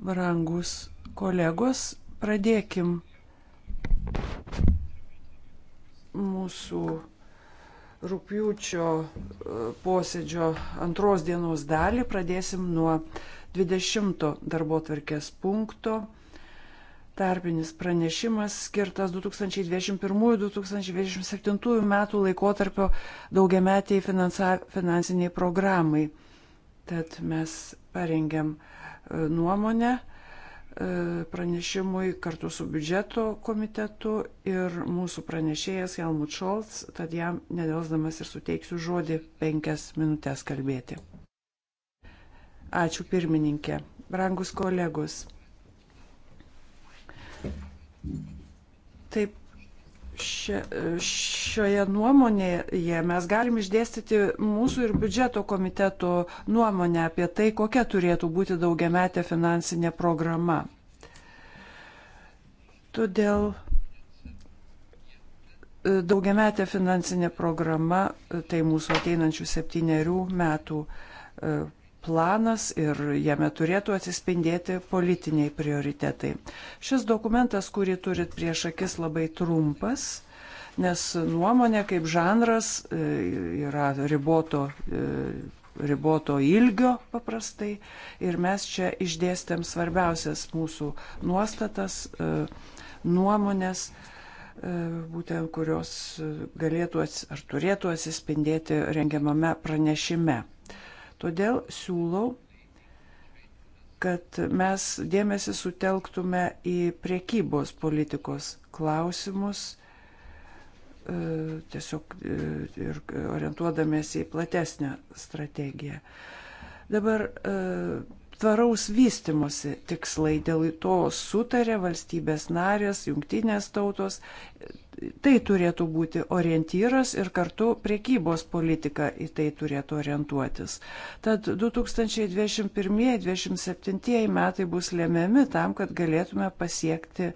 Brangus kolegos, pradėkim mūsų rūpjūčio e, posėdžio antros dienos dalį. Pradėsim nuo 20 darbo tvarkės punkto. Tarpinis pranešimas skirtas 2021-2027 metų laikotarpio daugiametiai finansiniai programai. Tad mes parengėm e, nuomonę e, pranešimui kartu su biudžeto komitetu ir mūsų pranešėjas Helmut Scholz, tad jam nedėlsdamas ir suteiksiu žodį penkias minutės kalbėti. Ačiū pirmininkė, brangus kolegos. Taip šioje nuomonėje mes galim išdėstyti mūsų ir biudžeto komiteto nuomonę apie tai, kokia turėtų būti daugiametė finansinė programa. Todėl e, daugiametė finansinė programa, e, tai mūsų ateinančių septyniarių metų e, planas ir jame turėtų atsispindėti politiniai prioritetai. Šis dokumentas, kurį turit prieš akis, labai trumpas, nes nuomonė kaip žanras e, yra riboto e, riboto ilgio paprastai ir mes čia išdėstėm svarbiausias mūsų nuostatas, e, nuomonės, būtent kurios galėtų ats, ar turėtų atsispindėti rengiamame pranešime. Todėl siūlau, kad mes dėmesį sutelktume į priekybos politikos klausimus e, tiesiog e, ir orientuodamėsi į platesnę strategiją. Dabar e, tvaraus vystimosi tikslai dėl to sutarė valstybės narės, jungtinės tautos, tai turėtų būti orientyras ir kartu priekybos politika į tai turėtų orientuotis. Tad 2021-2027 metai bus lemiami tam, kad galėtume pasiekti e,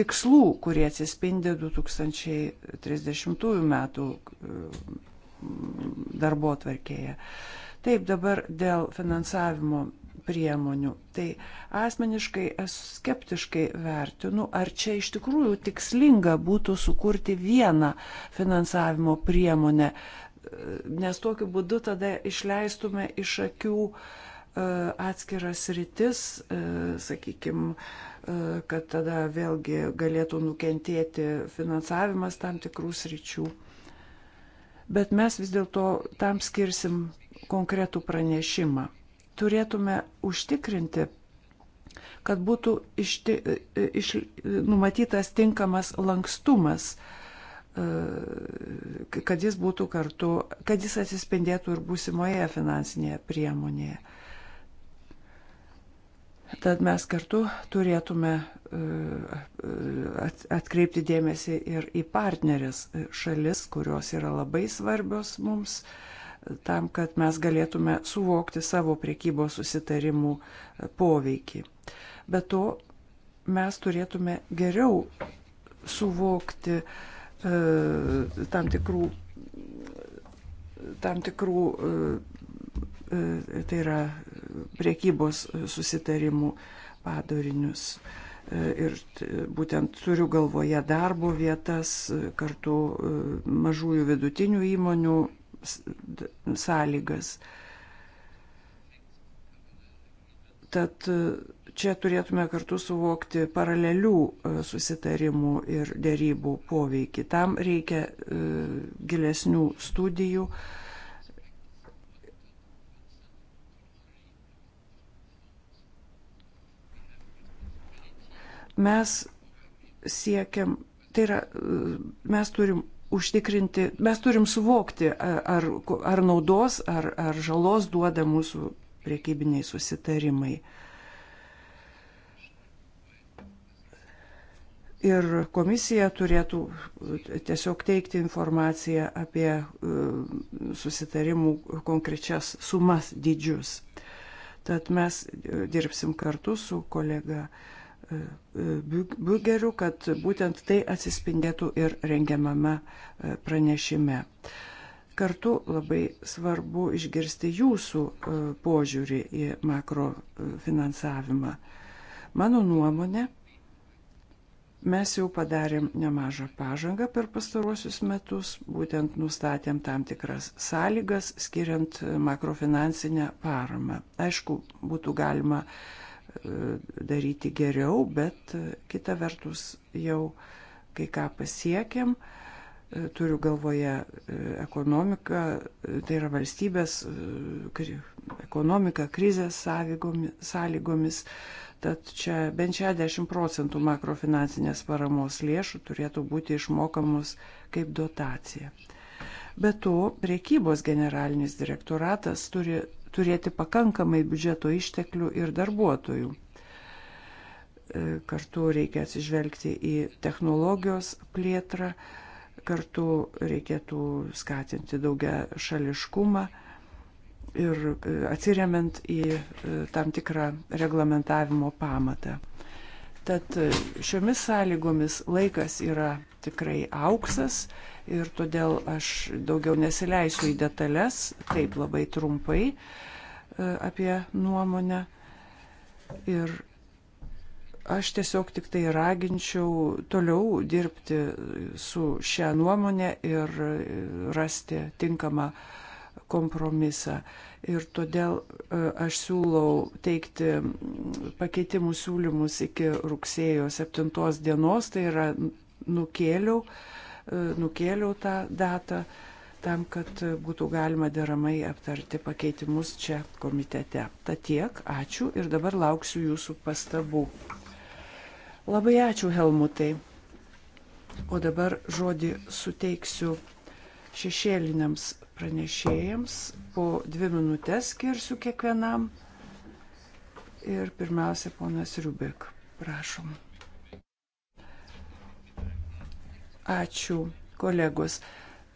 tikslų, kurie atsispindi 2030 metų e, darbo atvarkėje. Taip, dabar dėl finansavimo priemonių. Tai asmeniškai esu skeptiškai vertinu, ar čia iš tikrųjų tikslinga būtų sukurti vieną finansavimo priemonę, nes tokiu būdu tada išleistume iš akių e, atskiras rytis, e, sakykime, kad tada vėlgi galėtų nukentėti finansavimas tam tikrų sričių. Bet mes vis dėlto tam skirsim konkretų pranešimą turėtume užtikrinti, kad būtų išti, iš, numatytas tinkamas lankstumas, e, kad jis būtų kartu, kad jis atsispindėtų ir būsimoje finansinėje priemonėje. Tad mes kartu turėtume e, atkreipti dėmesį ir į partnerės e, šalis, kurios yra labai svarbios mums. Uh, tam, kad mes galėtume suvokti savo priekybos susitarimų e, poveikį. Be to, mes turėtume geriau suvokti e, tam tikrų, tam tikrų e, e tai yra priekybos susitarimų padarinius. E, ir būtent turiu galvoje darbo vietas, kartu mažųjų vidutinių įmonių sąlygas. Tad e, čia turėtume kartu suvokti paralelių e, susitarimų ir dėrybų poveikį. Tam reikia e, gilesnių studijų. Mes siekiam, tai yra, mes turim užtikrinti, mes turim suvokti, ar, ar naudos, ar, ar žalos duoda mūsų priekybiniai susitarimai. Ir komisija turėtų tiesiog teikti informaciją apie e, susitarimų konkrečias sumas dydžius. Tad mes dirbsim kartu su kolega uh, Bugerių, kad būtent tai atsispindėtų ir rengiamame e, pranešime. Kartu labai svarbu išgirsti jūsų e, požiūrį į makrofinansavimą. E, Mano nuomonė, mes jau padarėm nemažą pažangą per pastaruosius metus, būtent nustatėm tam tikras sąlygas, skiriant makrofinansinę paramą. Aišku, būtų galima uh, daryti geriau, bet e, kita vertus jau kai ką pasiekėm, e, turiu galvoje e, ekonomiką, tai yra valstybės ekonomika krizės sąlygomis, tad čia bent 60 procentų makrofinansinės paramos lėšų turėtų būti išmokamos kaip dotacija. Be to, priekybos generalinis direktoratas turi turėti pakankamai biudžeto išteklių ir darbuotojų. E, kartu reikia atsižvelgti į technologijos plėtrą, kartu reikėtų skatinti daugia šališkumą ir e, atsiriamant į e, tam tikrą reglamentavimo pamatą. Tad e, šiomis sąlygomis laikas yra tikrai auksas ir todėl aš daugiau nesileisiu į detalės, taip labai trumpai e, apie nuomonę. Ir aš tiesiog tik tai raginčiau toliau dirbti su šią nuomonę ir rasti tinkamą uh, kompromisą. Ir todėl e, aš siūlau teikti mm, pakeitimų siūlymus iki rugsėjo 7 dienos, tai yra nukėliau, e, nukėliau tą datą tam, kad būtų galima deramai aptarti pakeitimus čia komitete. Ta tiek, ačiū ir dabar lauksiu jūsų pastabų. Labai ačiū Helmutai. O dabar žodį suteiksiu šešėliniams pranešėjams. Po dvi minutės skirsiu kiekvienam. Ir pirmiausia, ponas Rubik, prašom. Ačiū, kolegos.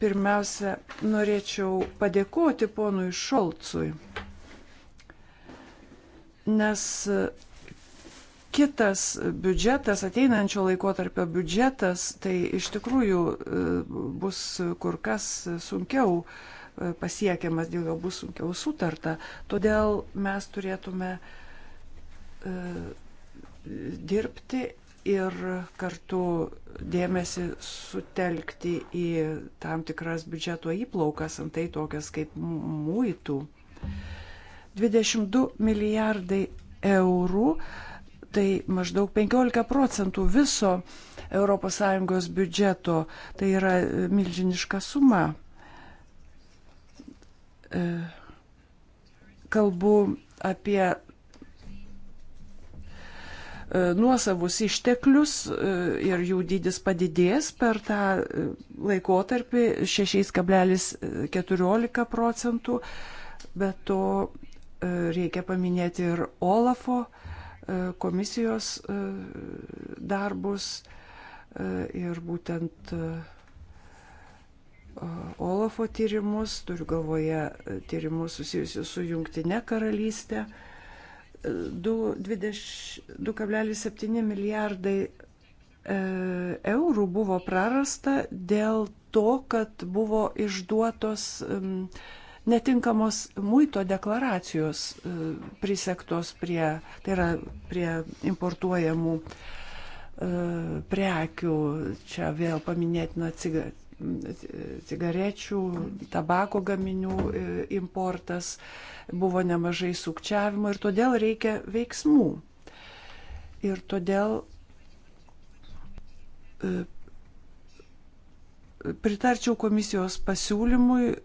Pirmiausia, norėčiau padėkoti ponui Šolcui, nes kitas biudžetas, ateinančio laikotarpio biudžetas, tai iš tikrųjų e, bus kur kas sunkiau pasiekiamas, dėl jo bus sunkiau sutarta. Todėl mes turėtume e, dirbti ir kartu dėmesį sutelkti į tam tikras biudžeto įplaukas, antai tokias kaip muitų. 22 milijardai eurų, tai maždaug 15 procentų viso ES biudžeto, tai yra milžiniška suma. E, kalbu apie e, nuosavus išteklius e, ir jų dydis padidės per tą laikotarpį 6,14 procentų, bet to reikia paminėti ir Olafo komisijos darbus ir būtent Olafo tyrimus, turiu galvoje e, tyrimus susijusius su Junktinė karalystė. 2,7 e, milijardai e, eurų buvo prarasta dėl to, kad buvo išduotos netinkamos muito deklaracijos prisektos prie, tai yra, prie importuojamų prekių. Čia vėl paminėtina cigaretė cigarečių, tabako gaminių e, importas, buvo nemažai sukčiavimo ir todėl reikia veiksmų. Ir todėl e, pritarčiau komisijos pasiūlymui e,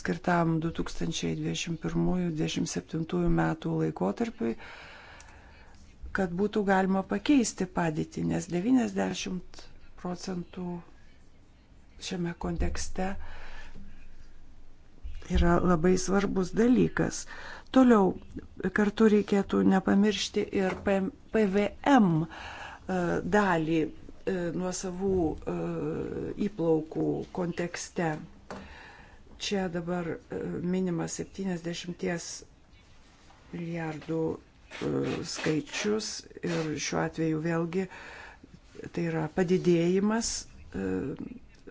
skirtam 2021-2027 metų laikotarpiui, kad būtų galima pakeisti padėtį, nes 90 procentų šiame kontekste yra labai svarbus dalykas. Toliau kartu reikėtų nepamiršti ir PVM e, dalį e, nuo savų e, įplaukų kontekste. Čia dabar minima 70 milijardų skaičius ir šiuo atveju vėlgi tai yra padidėjimas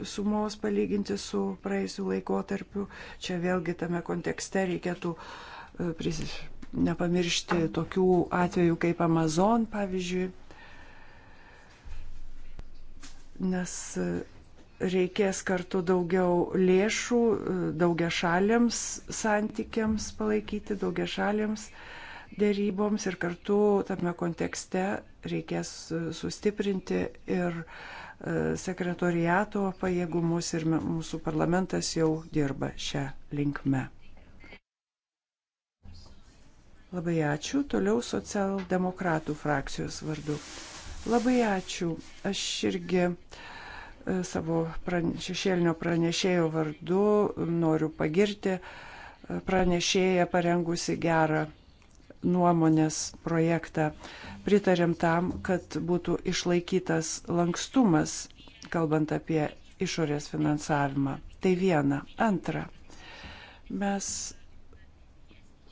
sumos palyginti su praėjusiu laikotarpiu. Čia vėlgi tame kontekste reikėtų e, pris, nepamiršti tokių atvejų kaip Amazon, pavyzdžiui, nes e, reikės kartu daugiau lėšų e, daugia šalėms santykiams palaikyti, daugia šalėms dėryboms ir kartu tame kontekste reikės sustiprinti ir uh, sekretoriato pajėgumus ir mūsų parlamentas jau dirba šią linkme. Labai ačiū. Toliau socialdemokratų frakcijos vardu. Labai ačiū. Aš irgi e, savo šešėlinio pranešėjo vardu noriu pagirti e, pranešėją parengusi gerą nuomonės projektą. Pritarėm tam, kad būtų išlaikytas lankstumas, kalbant apie išorės finansavimą. Tai viena. Antra, mes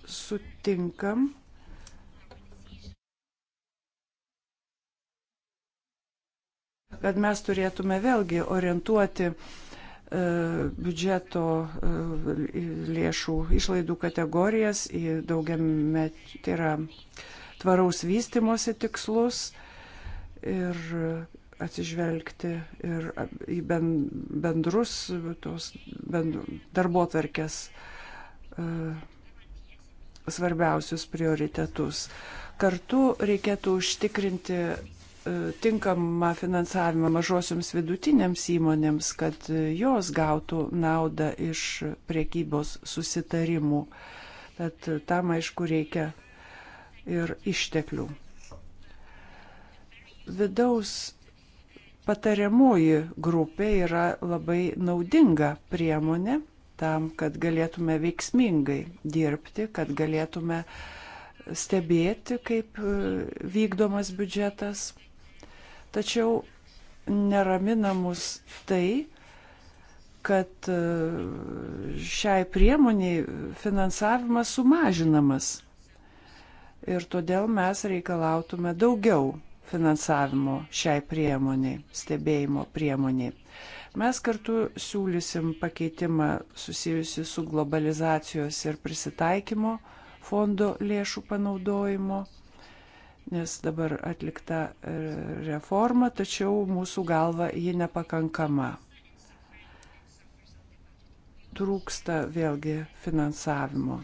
sutinkam kad mes turėtume vėlgi orientuoti uh, E, biudžeto e, lėšų išlaidų kategorijas į daugiamet, tai yra tvaraus vystimosi tikslus ir atsižvelgti ir į bendrus tos darbo tvarkės e, svarbiausius prioritetus. Kartu reikėtų užtikrinti tinkamą finansavimą mažosioms vidutinėms įmonėms, kad jos gautų naudą iš priekybos susitarimų. Tad tam aišku reikia ir išteklių. Vidaus patariamoji grupė yra labai naudinga priemonė tam, kad galėtume veiksmingai dirbti, kad galėtume stebėti, kaip vykdomas biudžetas, Tačiau neraminamus tai, kad e, šiai priemoniai finansavimas sumažinamas. Ir todėl mes reikalautume daugiau finansavimo šiai priemoniai, stebėjimo priemoniai. Mes kartu siūlysim pakeitimą susijusi su globalizacijos ir prisitaikymo fondo lėšų panaudojimo nes dabar atlikta e, reforma, tačiau mūsų galva ji nepakankama. Trūksta vėlgi finansavimo.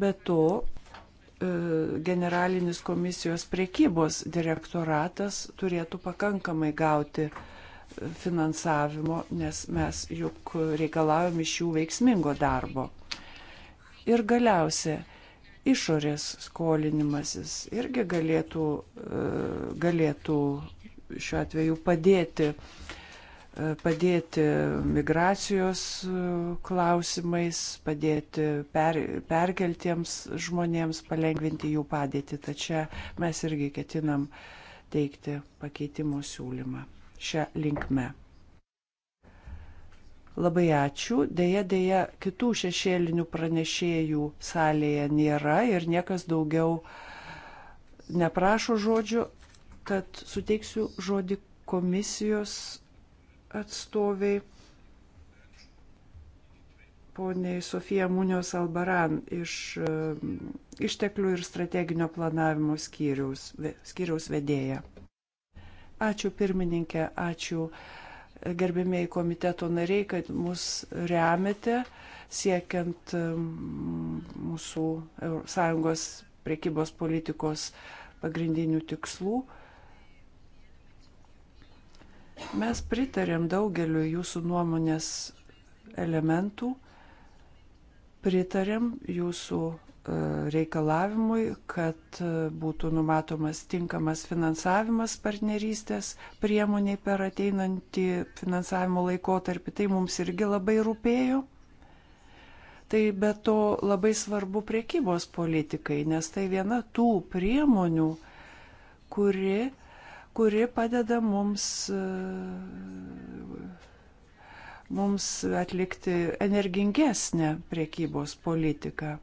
Be to, e, generalinis komisijos priekybos direktoratas turėtų pakankamai gauti e, finansavimo, nes mes juk reikalavom iš jų veiksmingo darbo. Ir galiausiai išorės skolinimasis irgi galėtų, e, galėtų šiuo atveju padėti, e, padėti migracijos e, klausimais, padėti per, perkeltiems žmonėms, palengvinti jų padėtį. Tačiau mes irgi ketinam teikti pakeitimo siūlymą šią linkmę. Labai ačiū. Deja, deja, kitų šešėlinių pranešėjų salėje nėra ir niekas daugiau neprašo žodžio, tad suteiksiu žodį komisijos atstoviai poniai Sofija Munios Albaran iš e, išteklių ir strateginio planavimo skyriaus, skyriaus vedėja. Ačiū pirmininkė, ačiū gerbėmiai komiteto nariai, kad mus remiate siekiant um, mūsų sąjungos priekybos politikos pagrindinių tikslų. Mes pritarėm daugeliu jūsų nuomonės elementų, pritarėm jūsų reikalavimui, kad e, būtų numatomas tinkamas finansavimas partnerystės priemoniai per ateinantį finansavimo laikotarpį. Tai mums irgi labai rūpėjo. Tai be to labai svarbu priekybos politikai, nes tai viena tų priemonių, kuri, kuri padeda mums, e, mums atlikti energingesnę priekybos politiką.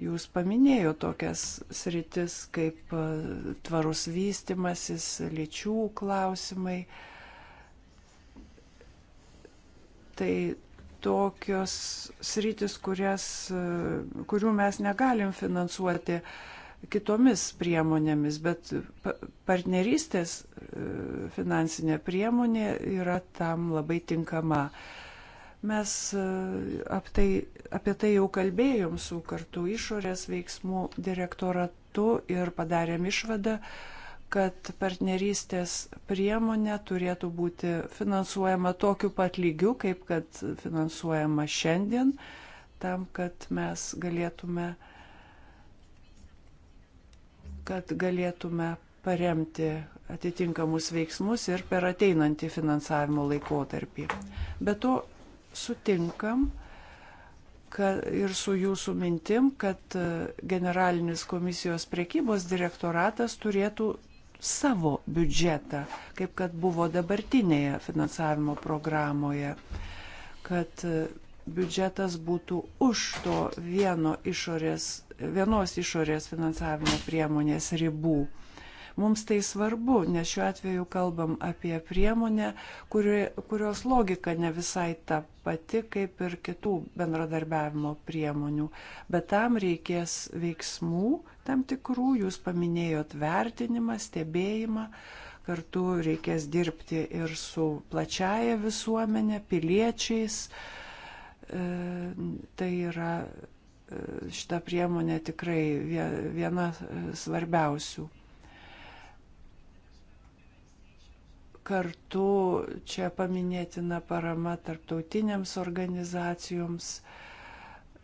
Jūs paminėjo tokias sritis kaip e, tvarus vystimasis, lyčių klausimai. Tai tokios sritis, kurias, e, kurių mes negalim finansuoti kitomis priemonėmis, bet partnerystės e, finansinė priemonė yra tam labai tinkama. Mes e, ap tai, apie tai jau kalbėjom su kartu išorės veiksmų direktoratu ir padarėm išvadą, kad partnerystės priemonė turėtų būti finansuojama tokiu pat lygiu, kaip kad finansuojama šiandien, tam, kad mes galėtume, kad galėtume paremti atitinkamus veiksmus ir per ateinantį finansavimo laikotarpį. Be to, sutinkam kad, ir su jūsų mintim, kad e, generalinis komisijos priekybos direktoratas turėtų savo biudžetą, kaip kad buvo dabartinėje finansavimo programoje, kad e, biudžetas būtų už to vieno išorės, vienos išorės finansavimo priemonės ribų. Mums tai svarbu, nes šiuo atveju kalbam apie priemonę, kuri, kurios logika ne visai ta pati kaip ir kitų bendradarbiavimo priemonių, bet tam reikės veiksmų tam tikrų, jūs paminėjot vertinimą, stebėjimą kartu reikės dirbti ir su plačiaja visuomenė, piliečiais. E, tai yra e, šita priemonė tikrai viena svarbiausių. Kartu čia paminėtina parama tarptautinėms organizacijoms.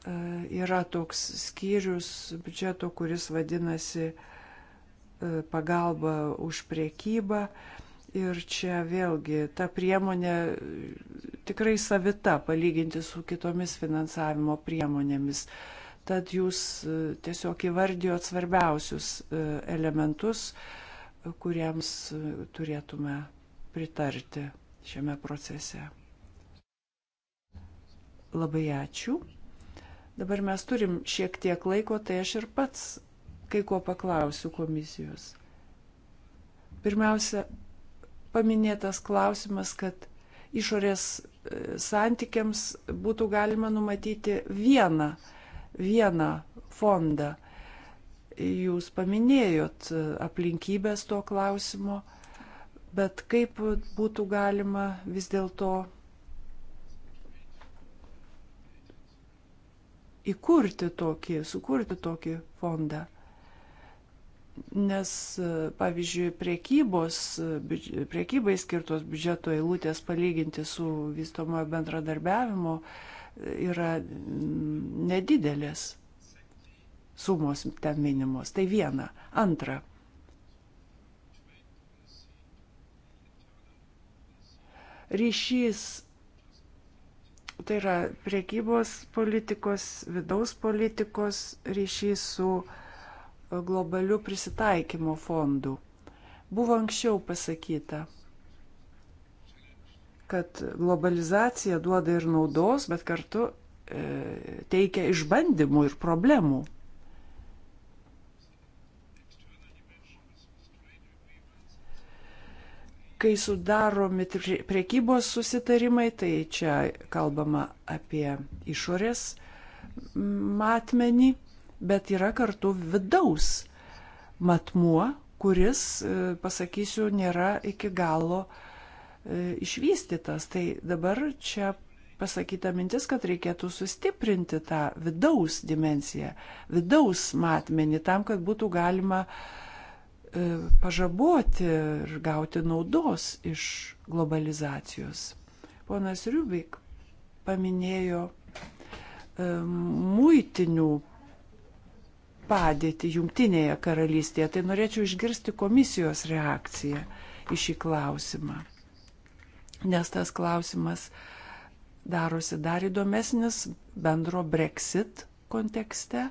E, yra toks skyrius biudžeto, kuris vadinasi e, pagalba už priekybą. Ir čia vėlgi ta priemonė tikrai savita palyginti su kitomis finansavimo priemonėmis. Tad jūs e, tiesiog įvardijot svarbiausius elementus, kuriems turėtume pritarti šiame procese. Labai ačiū. Dabar mes turim šiek tiek laiko, tai aš ir pats kai ko paklausiu komisijos. Pirmiausia, paminėtas klausimas, kad išorės e, santykiams būtų galima numatyti vieną, vieną fondą. Jūs paminėjot e, aplinkybės to klausimo bet kaip būtų galima vis dėlto įkurti tokį, sukurti tokį fondą. Nes, pavyzdžiui, priekybos, priekybai skirtos biudžeto eilutės palyginti su vystomojo bendradarbiavimo e, yra nedidelės sumos ten minimos. Tai viena. Antra. ryšys tai yra priekybos politikos, vidaus politikos ryšys su e, globaliu prisitaikymo fondu. Buvo anksčiau pasakyta, kad globalizacija duoda ir naudos, bet kartu e, teikia išbandymų ir problemų. kai sudaromi priekybos susitarimai, tai čia kalbama apie išorės matmenį, bet yra kartu vidaus matmuo, kuris, e, pasakysiu, nėra iki galo e, išvystytas. Tai dabar čia pasakyta mintis, kad reikėtų sustiprinti tą vidaus dimenciją, vidaus matmenį, tam, kad būtų galima uh, E, pažaboti ir gauti naudos iš globalizacijos. Ponas Riubik paminėjo e, muitinių padėtį Jungtinėje karalystėje. Tai norėčiau išgirsti komisijos reakciją į šį klausimą. Nes tas klausimas darosi dar įdomesnis bendro Brexit kontekste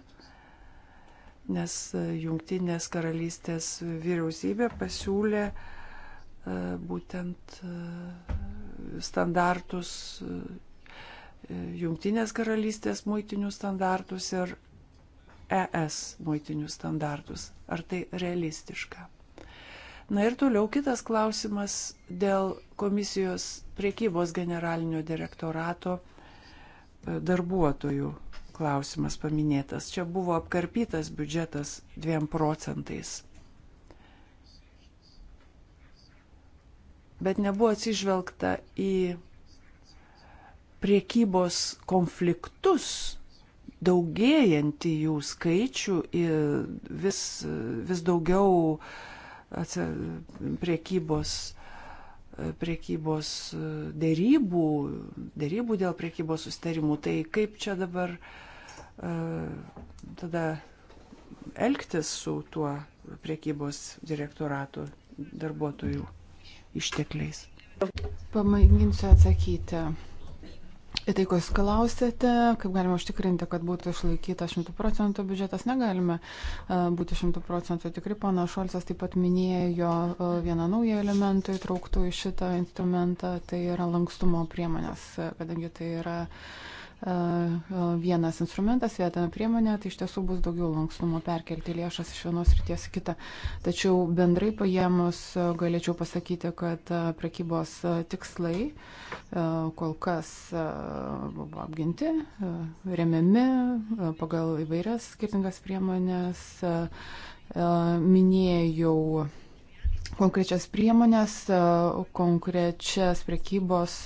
nes e, Jungtinės karalystės vyriausybė pasiūlė e, būtent e, standartus, Jungtinės karalystės muitinių standartus ir ES muitinių standartus. Ar tai realistiška? Na ir toliau kitas klausimas dėl komisijos priekybos generalinio direktorato darbuotojų klausimas paminėtas. Čia buvo apkarpytas biudžetas 2 procentais. Bet nebuvo atsižvelgta į priekybos konfliktus, daugėjantį jų skaičių ir vis, vis daugiau atsia, priekybos priekybos dėrybų, dėrybų dėl priekybos sustarimų. Tai kaip čia dabar uh, E, tada elgtis su tuo priekybos direktorato darbuotojų ištekliais. Pamėginsiu atsakyti. Į tai, ko jūs klausėte, kaip galima užtikrinti, kad būtų išlaikyta 100 procentų biudžetas, negalime e, būti 100 procentų tikri. Pana Šolcas taip pat minėjo e, vieną naują elementą įtrauktų į šitą instrumentą, tai yra lankstumo priemonės, kadangi tai yra uh, vienas instrumentas, viena priemonė, tai iš tiesų bus daugiau lankstumo perkelti lėšas iš vienos ryties į kitą. Tačiau bendrai paėmus galėčiau pasakyti, kad prekybos tikslai kol kas buvo apginti, remiami pagal įvairias skirtingas priemonės. Minėjau konkrečias priemonės, konkrečias prekybos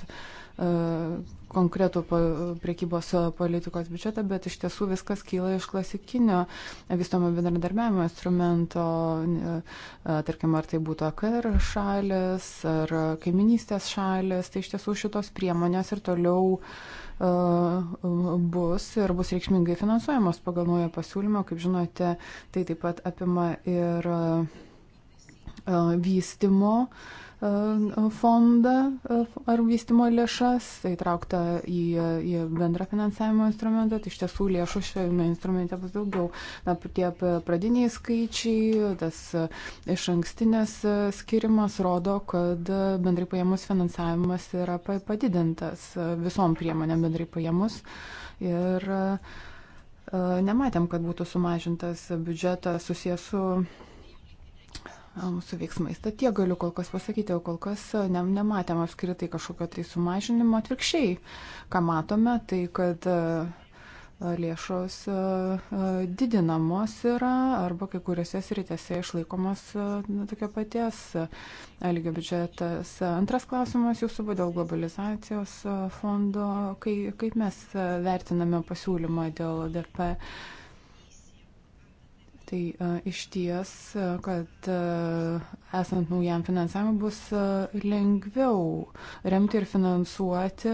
konkretų priekybos e, politikos biudžetą, bet iš tiesų viskas kyla iš klasikinio vystomo bendradarbiavimo instrumento, e, e, tarkim, ar tai būtų AKR šalis, ar kaiminystės šalis, tai iš tiesų šitos priemonės ir toliau bus ir bus reikšmingai finansuojamos pagal naują pasiūlymą. Kaip žinote, tai taip pat apima ir vystimo uh, fondą ar vystimo lėšas, įtraukta į, e, į e bendrą finansavimo instrumentą, tai iš tiesų nu lėšų šiame instrumente bus daugiau. Na, tie pradiniai skaičiai, tas iš ankstinės skirimas rodo, kad bendrai paėmus finansavimas yra padidintas visom priemonėm bendrai uh, paėmus. Ir nematėm, kad būtų sumažintas biudžetas susijęs su mūsų veiksmais. Tad tiek galiu kol kas pasakyti, o kol kas e, ne, nematėm apskritai kažkokio tai sumažinimo. Atvirkščiai, ką matome, tai kad e, lėšos e, didinamos yra arba kai kuriuose sritėse išlaikomas tokio paties lygio biudžetas. Antras klausimas jūsų buvo dėl globalizacijos fondo. Kai, kaip mes vertiname pasiūlymą dėl DP? Tai iš ties, kad esant naujam finansavimui bus lengviau remti ir finansuoti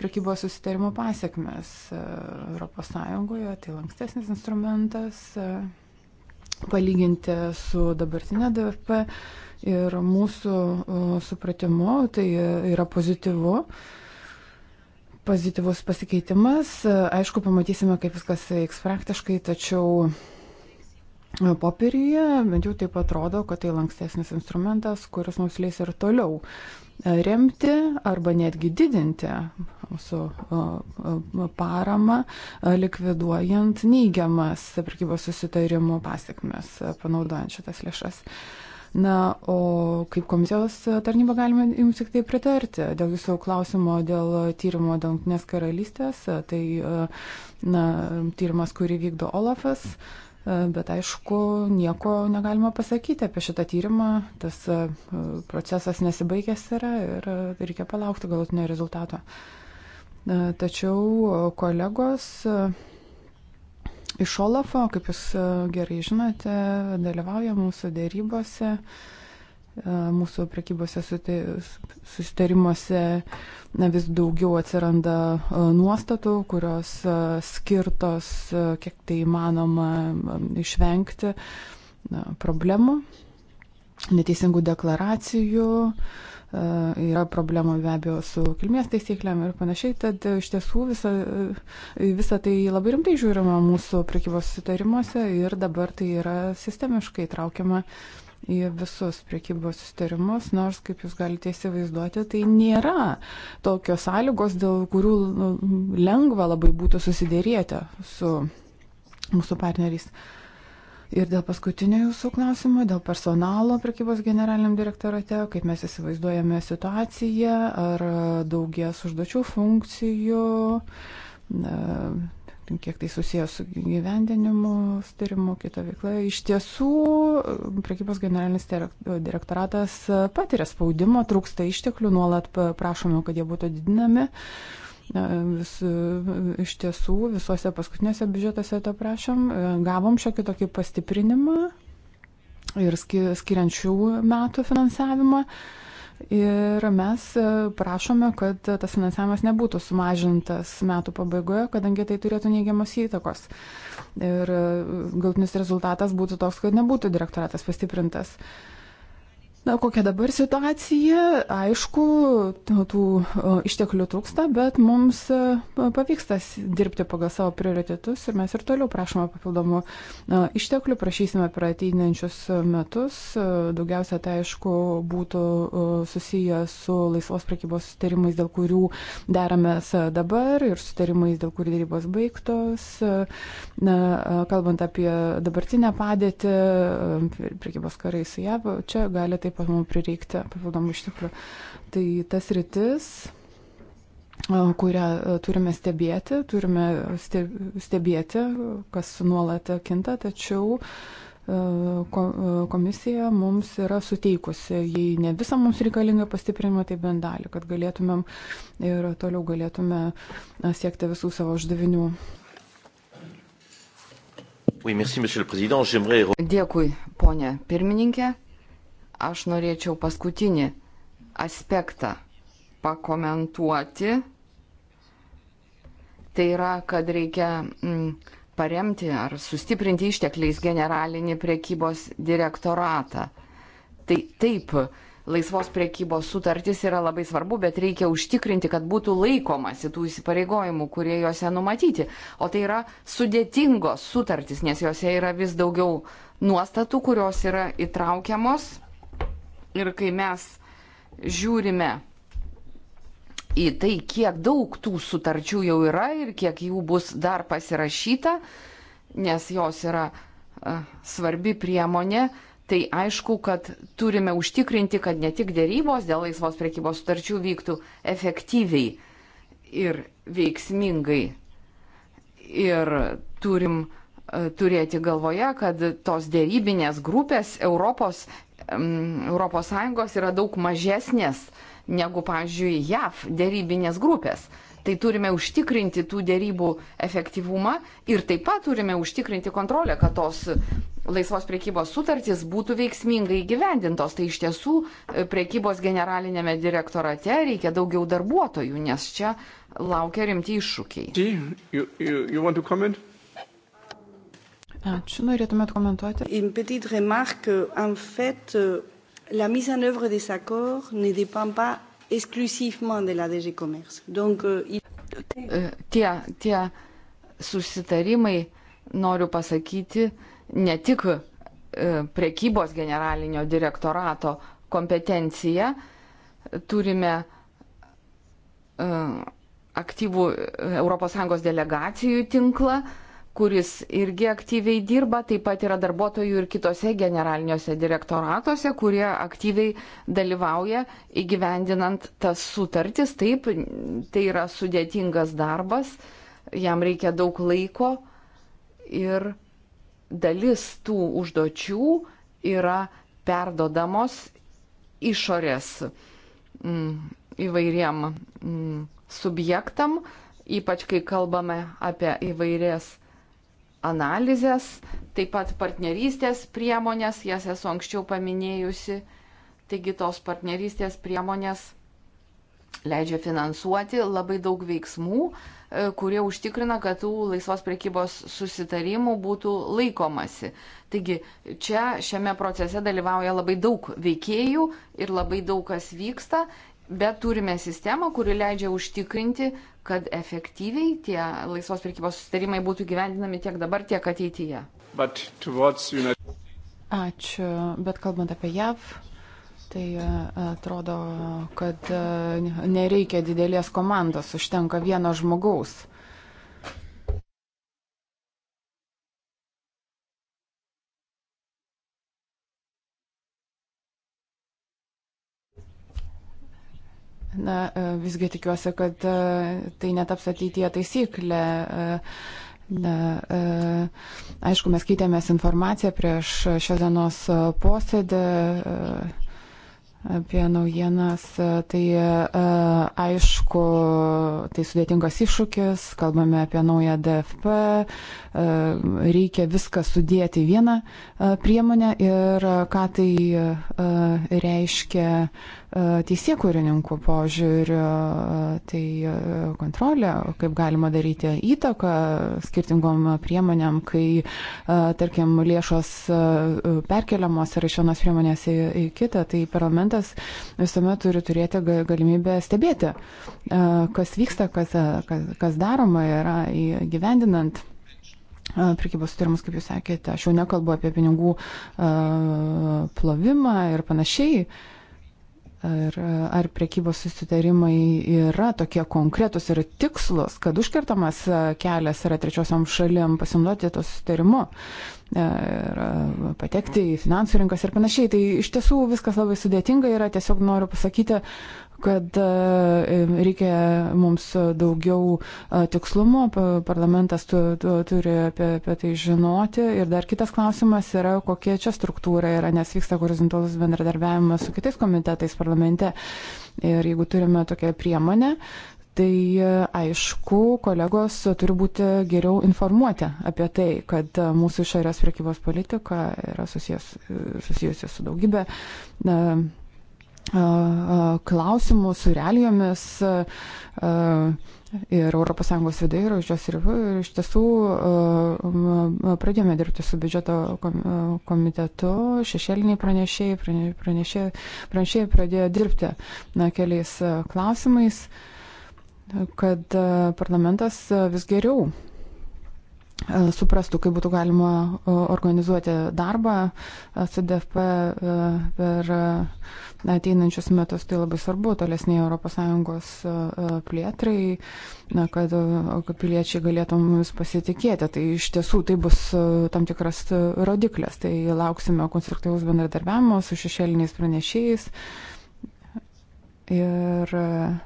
prekybos susitarimo pasiekmes ES, tai lankstesnis instrumentas palyginti su dabartinė DFP ir mūsų supratimu tai yra pozityvu pozityvus pasikeitimas. Aišku, pamatysime, kaip viskas veiks praktiškai, tačiau Popieriuje, bent jau taip atrodo, kad tai lankstesnis instrumentas, kuris mums leis ir toliau e, remti arba netgi didinti mūsų e, e, paramą, likviduojant neigiamas prekybos susitarimų pasiekmes, panaudojant šitas lėšas. Na, o kaip komisijos tarnyba galime jums tik tai pritarti. Dėl jūsų klausimo, dėl tyrimo dėl Junktinės karalystės, tai na, tyrimas, kurį vykdo Olafas. Uh, E, bet aišku, nieko negalima pasakyti apie šitą tyrimą, tas e, procesas nesibaigęs yra ir e, reikia palaukti galutinio rezultato. Tačiau kolegos iš Olafo, kaip jūs gerai žinote, dalyvauja mūsų dėrybose. Uh, E, mūsų prekybose susitarimuose vis daugiau atsiranda e, nuostatų, kurios e, skirtos, kiek tai įmanoma, išvengti problemų, neteisingų deklaracijų. Yra problema be abejo su kilmės taisyklėm ir panašiai, tad iš tiesų visa, visa tai labai rimtai žiūrima mūsų prekybos sutarimuose ir dabar tai yra sistemiškai traukiama uh, į visus priekybos sustarimus, nors, kaip jūs galite įsivaizduoti, tai nėra tokios sąlygos, dėl kurių nu, lengva labai būtų susidėrėti su mūsų partneriais. Ir dėl paskutinio jūsų klausimo, dėl personalo prekybos generaliniam direktorate, kaip mes įsivaizduojame situaciją, ar daugies užduočių funkcijų. Na, kiek tai susijęs su gyvendinimu, tyrimu, kita veikla. Iš tiesų, prekybos generalinis direktoratas patiria spaudimo, trūksta išteklių, nuolat prašome, kad jie būtų didinami. Vis, iš tiesų, visuose paskutiniuose biudžetuose to prašom, gavom šiokį tokį pastiprinimą ir skiriančių metų finansavimą. Uh, Ir mes e, prašome, kad e, tas finansavimas nebūtų sumažintas metų pabaigoje, kadangi tai turėtų neigiamos įtakos. Ir e, galtinis rezultatas būtų toks, kad nebūtų direktoratas pastiprintas. Uh, Na, kokia dabar situacija? Aišku, tų išteklių trūksta, bet mums e, pavyksta dirbti pagal savo prioritetus ir mes ir toliau prašome papildomų e, išteklių, prašysime per ateinančius metus. E, daugiausia tai, aišku, būtų susiję su laisvos prekybos sutarimais, dėl kurių deramės dabar ir sutarimais, dėl kurių dėrybos baigtos. Na, kalbant apie dabartinę padėtį, prekybos karai su JAV, čia gali tai taip pat mums prireikti papildomų išteklių. Tai tas rytis, kurią turime stebėti, turime stebėti, kas nuolat kinta, tačiau komisija mums yra suteikusi, jei ne visą mums reikalingą pastiprinimą, tai bent dalį, kad galėtumėm ir toliau galėtume siekti visų savo uždavinių. Oui, merci, Dėkui, ponė pirmininkė aš norėčiau paskutinį aspektą pakomentuoti. Tai yra, kad reikia mm, paremti ar sustiprinti ištekliais generalinį priekybos direktoratą. Tai taip, laisvos priekybos sutartis yra labai svarbu, bet reikia užtikrinti, kad būtų laikomasi tų įsipareigojimų, kurie juose numatyti. O tai yra sudėtingos sutartis, nes juose yra vis daugiau nuostatų, kurios yra įtraukiamos Ir kai mes žiūrime į tai, kiek daug tų sutarčių jau yra ir kiek jų bus dar pasirašyta, nes jos yra e, svarbi priemonė, tai aišku, kad turime užtikrinti, kad ne tik dėrybos dėl laisvos priekybos sutarčių vyktų efektyviai ir veiksmingai. Ir turim e, turėti galvoje, kad tos dėrybinės grupės Europos ES yra daug mažesnės negu, pavyzdžiui, JAV dėrybinės grupės. Tai turime užtikrinti tų dėrybų efektyvumą ir taip pat turime užtikrinti kontrolę, kad tos laisvos priekybos sutartys būtų veiksmingai gyvendintos. Tai iš tiesų e, priekybos generalinėme direktorate reikia daugiau darbuotojų, nes čia laukia rimti iššūkiai. You, you, you Ačiū, norėtumėt komentuoti? Une petite remarque, en fait, euh, la mise en œuvre des accords ne dépend pas exclusivement de la DG Commerce. Donc, euh, il... Euh, tie, tie susitarimai, noriu pasakyti, ne tik prekybos generalinio direktorato kompetencija, turime aktyvų ES delegacijų tinklą, kuris irgi aktyviai dirba, taip pat yra darbuotojų ir kitose generaliniuose direktoratuose, kurie aktyviai dalyvauja įgyvendinant tas sutartis. Taip, tai yra sudėtingas darbas, jam reikia daug laiko ir dalis tų užduočių yra perdodamos išorės mm, įvairiem mm, subjektam, ypač kai kalbame apie įvairias analizės, taip pat partnerystės priemonės, jas esu anksčiau paminėjusi. Taigi tos partnerystės priemonės leidžia finansuoti labai daug veiksmų, e, kurie užtikrina, kad tų laisvos prekybos susitarimų būtų laikomasi. Taigi čia šiame procese dalyvauja labai daug veikėjų ir labai daug kas vyksta, bet turime sistemą, kuri leidžia užtikrinti, kad efektyviai tie laisvos prekybos sustarimai būtų gyvendinami tiek dabar, tiek ateityje. Ačiū, bet kalbant apie JAV, tai e, atrodo, kad e, nereikia didelės komandos, užtenka vieno žmogaus. Na, e, visgi tikiuosi, kad e, tai netaps ateityje taisyklė. E, na, aišku, mes keitėmės informaciją prieš šios dienos posėdį Apie naujienas, e, tai e, aišku, tai sudėtingas iššūkis, kalbame apie naują DFP, e, reikia viską sudėti vieną priemonę ir ką tai reiškia teisėkūrininkų požiūriu, tai kontrolė, kaip galima daryti įtaką skirtingom priemonėm, kai, tarkim, lėšos perkeliamos yra iš vienos priemonės į kitą, tai parlamentas parlamentas visuomet turi turėti galimybę stebėti, kas vyksta, kas, kas, kas daroma yra įgyvendinant prekybos sutarimus, kaip jūs sakėte. Aš jau nekalbu apie pinigų plovimą ir panašiai. Uh, Ar, ar priekybos susitarimai yra tokie konkretus ir tikslus, kad užkirtamas kelias yra trečiosiam šalim pasimduoti to susitarimu e, ir e, patekti į finansų rinkas ir panašiai. Tai iš tiesų viskas labai sudėtinga yra, tiesiog noriu pasakyti, kad e, reikia mums daugiau e, tikslumo, parlamentas tu, tu, turi apie, apie tai žinoti. Ir dar kitas klausimas yra, kokia čia struktūra yra, nes vyksta horizontalus bendradarbiavimas su kitais komitetais parlamente. Ir jeigu turime tokią priemonę, tai e, aišku, kolegos turi būti geriau informuoti apie tai, kad mūsų išorės priekybos politika yra susijęs, susijusi su daugybė. Uh, klausimų su realijomis ir ES vidai, ir už jos ribų. Ir iš tiesų pradėjome dirbti su biudžeto komitetu, šešėliniai pranešėjai, pranešėjai, pranešėjai pradėjo dirbti na, keliais klausimais, kad parlamentas vis geriau E, suprastų, kaip būtų galima e, organizuoti darbą e, CDFP per ateinančius metus. Tai labai svarbu tolesniai ES plėtrai, kad piliečiai galėtų mumis pasitikėti. Tai iš tiesų tai bus tam tikras rodiklis. Tai lauksime konstruktyvaus bendradarbiavimo su šešėliniais pranešėjais. Ir uh...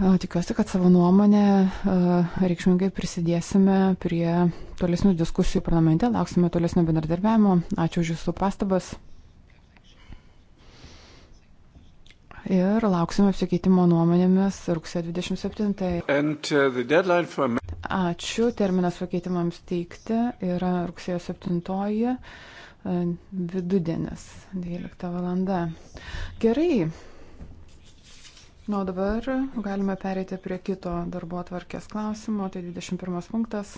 Tikiuosi, kad savo nuomonę reikšmingai prisidėsime prie tolesnių diskusijų parlamente, lauksime tolesnio bendradarbiavimo. Ačiū už Jūsų pastabas. Ir lauksime apsikeitimo nuomonėmis rugsėjo 27. Uh, for... Ačiū. Terminas pakeitimams teikti yra rugsėjo 7 vidudienis, 12 valanda. Gerai. Na, o dabar galime pereiti prie kito darbo atvarkės klausimo, tai 21 punktas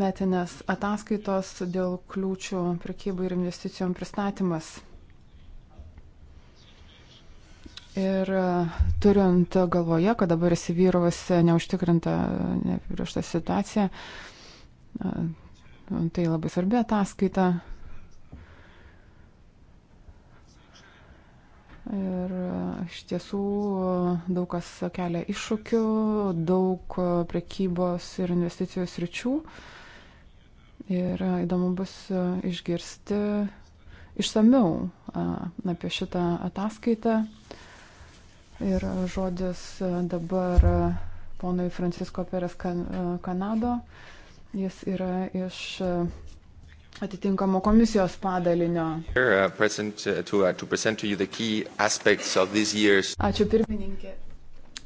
metinės ataskaitos dėl kliūčių prekybai ir investicijom pristatymas. Ir turint galvoje, kad dabar įsivyravusi neužtikrinta neapibriešta situacija, tai labai svarbi ataskaita. Ir e, iš tiesų e, daug kas kelia iššūkių, daug e, prekybos ir investicijų sričių. Ir įdomu bus išgirsti išsameu apie šitą ataskaitą. Ir žodis dabar ponui Francisko Perez Kanado. Jis yra iš atitinkamo komisijos padalinio. Uh, uh, uh, Ačiū pirmininkė.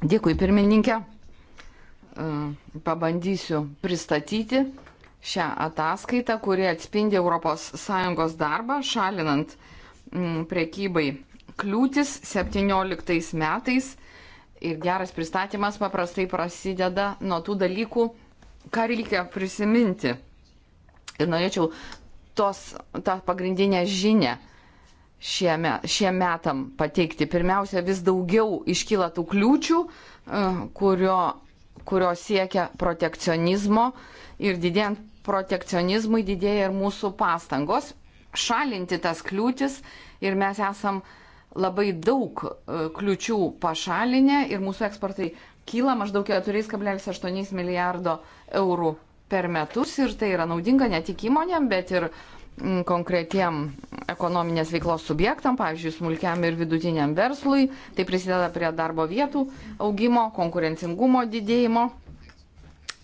Dėkui pirmininkė. E, pabandysiu pristatyti šią ataskaitą, kuri atspindi ES darbą šalinant mm, prekybai kliūtis 17 metais. Ir geras pristatymas paprastai prasideda nuo tų dalykų, ką reikia prisiminti. Ir norėčiau tos, tą pagrindinę žinę šieme, šiem metam pateikti. Pirmiausia, vis daugiau iškyla tų kliūčių, e, kurio, kurio siekia protekcionizmo ir didėjant protekcionizmui didėja ir mūsų pastangos šalinti tas kliūtis ir mes esam labai daug e, kliučių pašalinę ir mūsų eksportai kyla maždaug 4,8 milijardo eurų per metus ir tai yra naudinga ne tik įmonėm, bet ir mm, konkretiem ekonominės veiklos subjektam, pavyzdžiui, smulkiam ir vidutiniam verslui. Tai prisideda prie darbo vietų augimo, konkurencingumo didėjimo.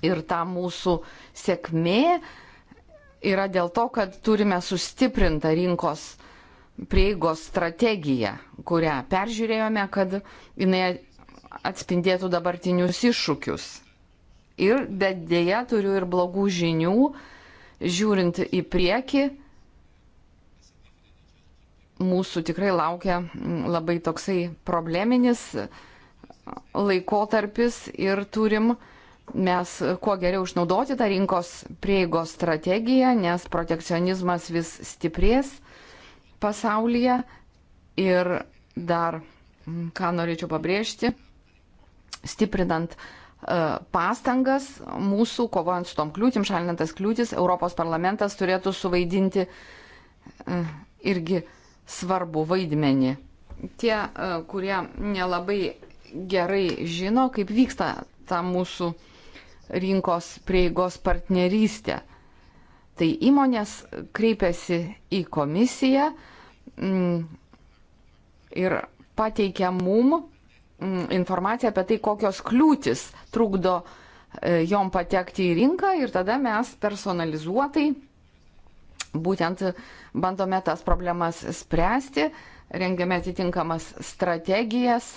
Ir ta mūsų sėkmė yra dėl to, kad turime sustiprintą rinkos prieigos strategiją, kurią peržiūrėjome, kad jinai atspindėtų dabartinius iššūkius. Ir, bet dėja, turiu ir blogų žinių, žiūrint į priekį. Mūsų tikrai laukia mm, labai toksai probleminis laikotarpis ir turim mes kuo geriau išnaudoti tą rinkos prieigos strategiją, nes protekcionizmas vis stiprės pasaulyje ir dar, mm, ką norėčiau pabrėžti, stiprinant uh, E, pastangas mūsų, kovojant su tom kliūtim, šalinant tas kliūtis, Europos parlamentas turėtų suvaidinti e, irgi svarbu vaidmenį. Tie, e, kurie nelabai gerai žino, kaip vyksta ta mūsų rinkos prieigos partnerystė. Tai įmonės kreipiasi į komisiją mm, ir pateikia mum informaciją apie tai, kokios kliūtis trukdo jom patekti į rinką ir tada mes personalizuotai būtent bandome tas problemas spręsti, rengiame atitinkamas strategijas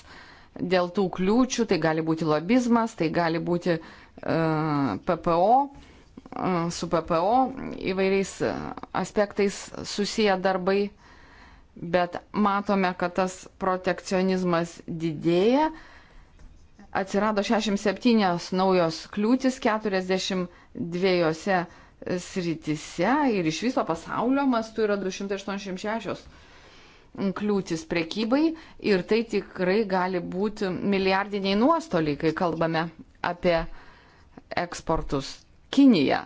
dėl tų kliūčių, tai gali būti lobizmas, tai gali būti PPO, su PPO įvairiais aspektais susiję darbai bet matome, kad tas protekcionizmas didėja. Atsirado 67 naujos kliūtis 42 sritise ir iš viso pasaulio mastu yra 286 kliūtis prekybai ir tai tikrai gali būti milijardiniai nuostoliai, kai kalbame apie eksportus. Kinija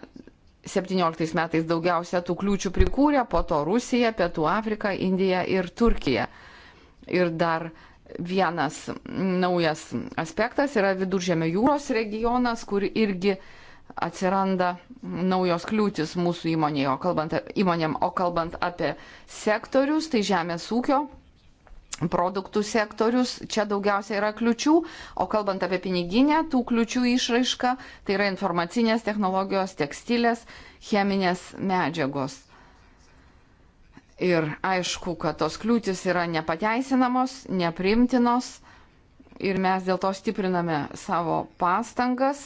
17 metais daugiausia tų kliūčių prikūrė, po to Rusija, Pietų Afrika, Indija ir Turkija. Ir dar vienas naujas aspektas yra Viduržėmio jūros regionas, kur irgi atsiranda naujos kliūtis mūsų įmonėje, o kalbant, įmonėm, o kalbant apie sektorius, tai žemės ūkio produktų sektorius, čia daugiausia yra kliučių, o kalbant apie piniginę, tų kliučių išraiška, tai yra informacinės technologijos, tekstilės, cheminės medžiagos. Ir aišku, kad tos kliūtis yra nepateisinamos, neprimtinos ir mes dėl to stipriname savo pastangas,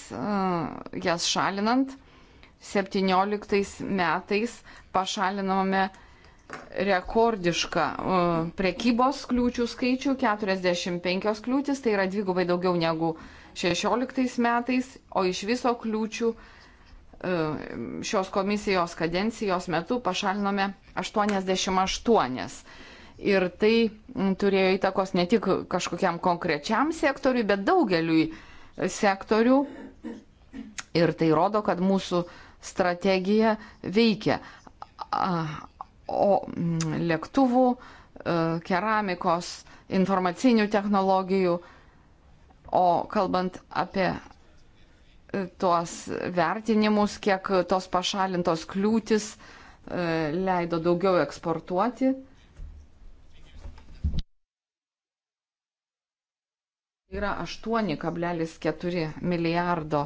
jas šalinant. 17 metais pašalinome rekordišką e, prekybos kliūčių skaičių - 45 kliūtis, tai yra dvigubai daugiau negu 16 metais, o iš viso kliūčių e, šios komisijos kadencijos metu pašalinome 88. Ir tai turėjo įtakos ne tik kažkokiam konkrečiam sektoriui, bet daugeliui sektorių. Ir tai rodo, kad mūsų strategija veikia o, mm, lėktuvų, e, keramikos, informacinių technologijų. O kalbant apie e, tuos vertinimus, kiek tos pašalintos kliūtis e, leido daugiau eksportuoti. Yra 8,4 milijardo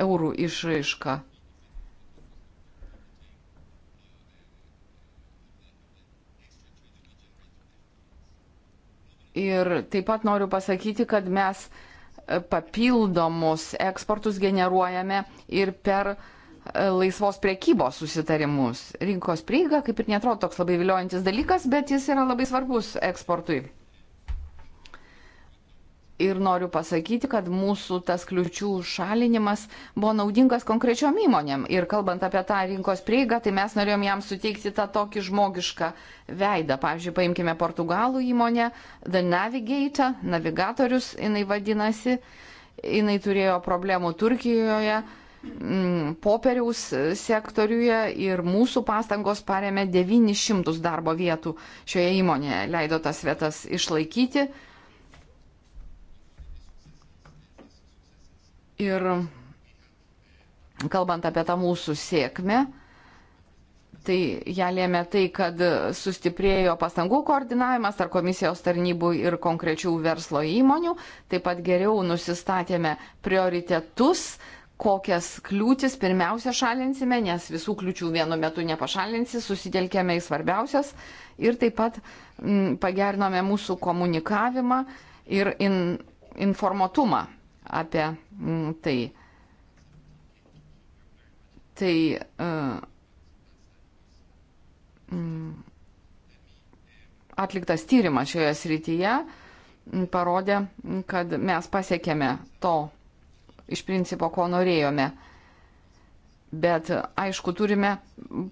eurų išraiška. Iš Ir taip pat noriu pasakyti, kad mes e, papildomus eksportus generuojame ir per e, laisvos priekybos susitarimus. Rinkos prieiga kaip ir netrodo toks labai viliojantis dalykas, bet jis yra labai svarbus eksportui ir noriu pasakyti, kad mūsų tas kliučių šalinimas buvo naudingas konkrečiom įmonėm. Ir kalbant apie tą rinkos prieigą, tai mes norėjom jam suteikti tą tokį žmogišką veidą. Pavyzdžiui, paimkime portugalų įmonę, The Navigator, navigatorius jinai vadinasi, jinai turėjo problemų Turkijoje mm, popieriaus sektoriuje ir mūsų pastangos paremė 900 darbo vietų šioje įmonėje, leido tas vietas išlaikyti Ir kalbant apie tą mūsų sėkmę, tai ją lėmė tai, kad sustiprėjo pastangų koordinavimas tarp komisijos tarnybų ir konkrečių verslo įmonių, taip pat geriau nusistatėme prioritetus, kokias kliūtis pirmiausia šalinsime, nes visų kliūčių vienu metu nepašalinsi, susitelkėme į svarbiausias ir taip pat m, mm, pagernome mūsų komunikavimą ir in, informatumą apie tai. Mm, tai uh, mm, atliktas tyrimas šioje srityje mm, parodė, kad mes pasiekėme to iš principo, ko norėjome. Bet aišku, turime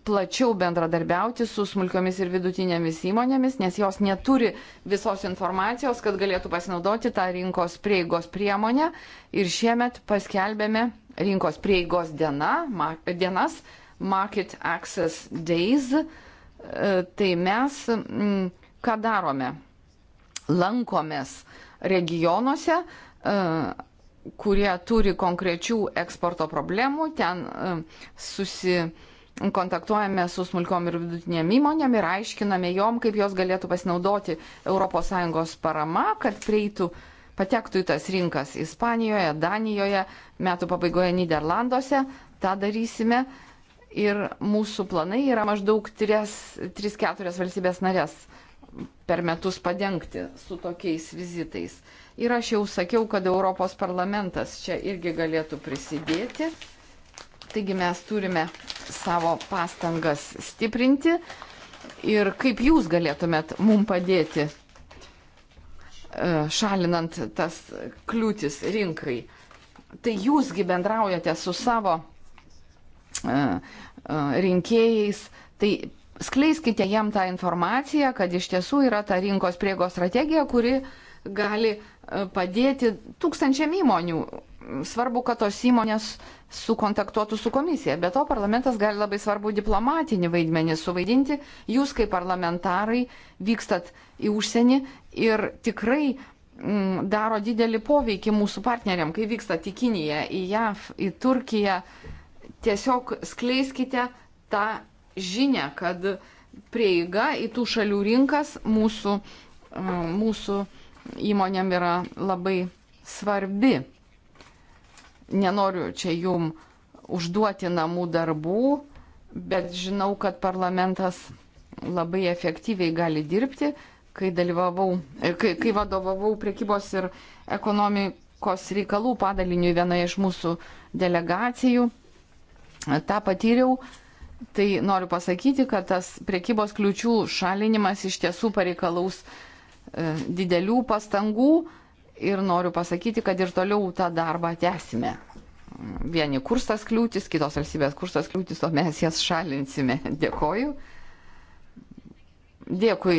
plačiau bendradarbiauti su smulkiomis ir vidutinėmis įmonėmis, nes jos neturi visos informacijos, kad galėtų pasinaudoti tą rinkos prieigos priemonę. Ir šiemet paskelbėme rinkos prieigos diena, ma, dienas, Market Access Days. E, tai mes mm, ką darome? Lankomės regionuose e, kurie turi konkrečių eksporto problemų, ten susikontaktuojame su smulkiom ir vidutinėm įmonėm ir aiškiname jom, kaip jos galėtų pasinaudoti ES parama, kad prieitų, patektų į tas rinkas Ispanijoje, Danijoje, metų pabaigoje Niderlanduose. Ta darysime ir mūsų planai yra maždaug 3-4 valstybės narės per metus padengti su tokiais vizitais. Ir aš jau sakiau, kad Europos parlamentas čia irgi galėtų prisidėti. Taigi mes turime savo pastangas stiprinti. Ir kaip jūs galėtumėt mum padėti e, šalinant tas kliūtis rinkai. Tai jūsgi bendraujate su savo e, e, rinkėjais, tai skleiskite jam tą informaciją, kad iš tiesų yra ta rinkos priego strategija, kuri uh, gali e, padėti tūkstančiam įmonių. Svarbu, kad tos įmonės sukontaktuotų su komisija. Be to, parlamentas gali labai svarbu diplomatinį vaidmenį suvaidinti. Jūs kaip parlamentarai vykstat į užsienį ir tikrai m, mm, daro didelį poveikį mūsų partneriam, kai vykstat į Kiniją, į JAV, į Turkiją. Tiesiog skleiskite tą žinę, kad prieiga į tų šalių rinkas mūsų, m, mm, mūsų įmonėm yra labai svarbi. Nenoriu čia jum užduoti namų darbų, bet žinau, kad parlamentas labai efektyviai gali dirbti, kai, e, kai, kai vadovavau priekybos ir ekonomikos reikalų padaliniui vienoje iš mūsų delegacijų. Ta patyriau, tai noriu pasakyti, kad tas priekybos kliučių šalinimas iš tiesų pareikalaus uh, E, didelių pastangų ir noriu pasakyti, kad ir toliau tą darbą tęsime. Vieni kursas kliūtis, kitos valstybės kursas kliūtis, o mes jas šalinsime. Dėkoju. Dėkui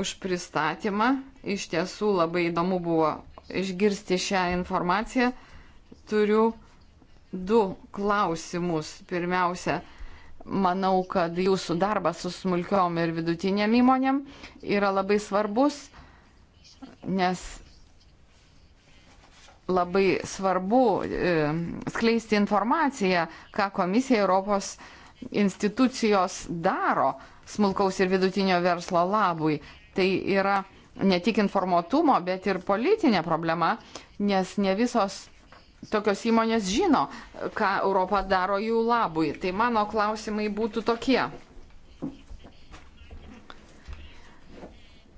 už pristatymą. Iš tiesų labai įdomu buvo išgirsti šią informaciją. Turiu du klausimus. Pirmiausia, manau, kad jūsų darbas su smulkiom ir vidutinėm įmonėm yra labai svarbus, nes labai svarbu e, skleisti informaciją, ką komisija Europos institucijos daro smulkaus ir vidutinio verslo labui. Tai yra ne tik informatumo, bet ir politinė problema, nes ne visos tokios įmonės žino, ką Europa daro jų labui. Tai mano klausimai būtų tokie.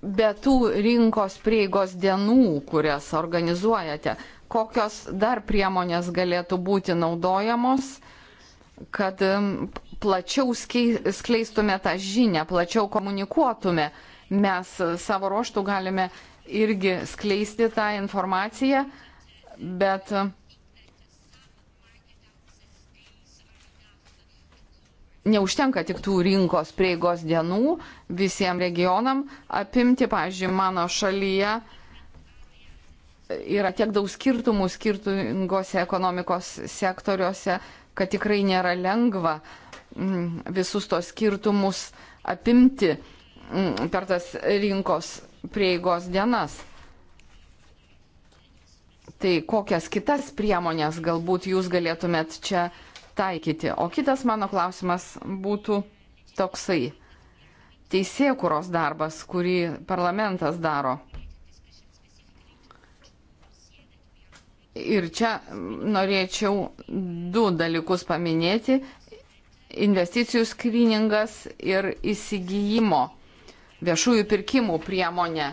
Be tų rinkos prieigos dienų, kurias organizuojate, kokios dar priemonės galėtų būti naudojamos, kad um, plačiau skleistume tą žinią, plačiau komunikuotume. Mes uh, savo ruoštų galime irgi skleisti tą informaciją, bet uh, neužtenka tik tų rinkos prieigos dienų visiems regionam apimti, pavyzdžiui, mano šalyje yra tiek daug skirtumų skirtingose ekonomikos sektoriuose, kad tikrai nėra lengva mm, visus tos skirtumus apimti mm, per tas rinkos prieigos dienas. Tai kokias kitas priemonės galbūt jūs galėtumėt čia uh, taikyti. O kitas mano klausimas būtų toksai. Teisėkuros darbas, kurį parlamentas daro. Ir čia norėčiau du dalykus paminėti - investicijų skriningas ir įsigijimo viešųjų pirkimų priemonė.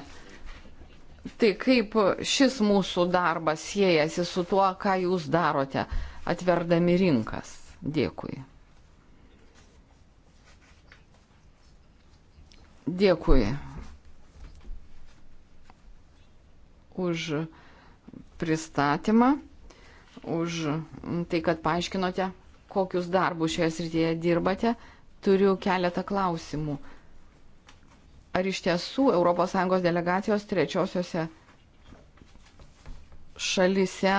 Tai kaip šis mūsų darbas siejasi su tuo, ką jūs darote? atverdami rinkas. Dėkui. Dėkui už pristatymą, už tai, kad paaiškinote, kokius darbus šioje srityje dirbate. Turiu keletą klausimų. Ar iš tiesų ES delegacijos trečiosiose šalise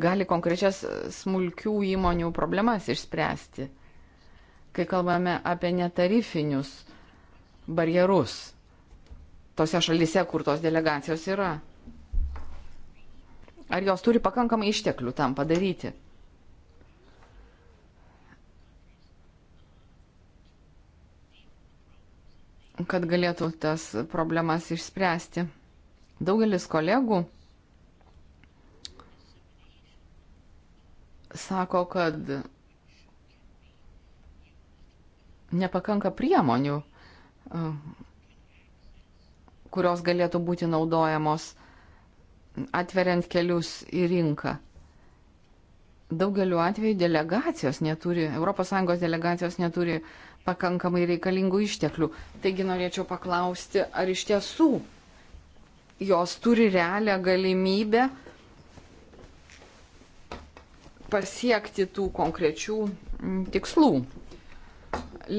gali konkrečias smulkių įmonių problemas išspręsti, kai kalbame apie netarifinius barjerus tose šalise, kur tos delegacijos yra. Ar jos turi pakankamai išteklių tam padaryti? Kad galėtų tas problemas išspręsti. Daugelis kolegų sako, kad nepakanka priemonių, uh, kurios galėtų būti naudojamos atveriant kelius į rinką. Daugeliu atveju delegacijos neturi, ES delegacijos neturi pakankamai reikalingų išteklių. Taigi norėčiau paklausti, ar iš tiesų jos turi realią galimybę uh, pasiekti tų konkrečių mm, tikslų,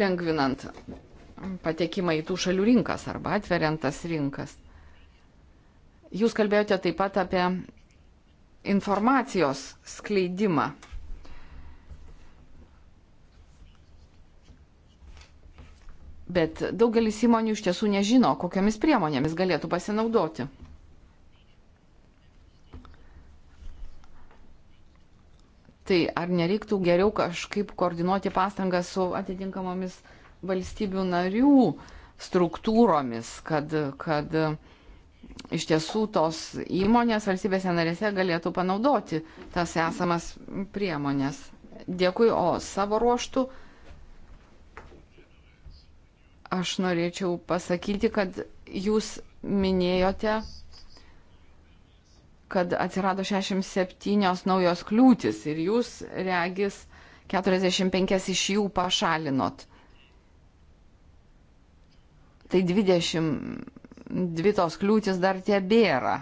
lengvinant mm, patekimą į tų šalių rinkas arba atveriant tas rinkas. Jūs kalbėjote taip pat apie informacijos skleidimą. Bet daugelis įmonių iš tiesų nežino, kokiamis priemonėmis galėtų pasinaudoti. Tai ar nereiktų geriau kažkaip koordinuoti pastangą su atitinkamomis valstybių narių struktūromis, kad, kad iš tiesų tos įmonės valstybėse narėse galėtų panaudoti tas esamas priemonės. Dėkui, o savo ruoštų aš norėčiau pasakyti, kad jūs minėjote kad atsirado 67 naujos kliūtis ir jūs, regis, 45 iš jų pašalinot. Tai 22 tos kliūtis dar tebėra.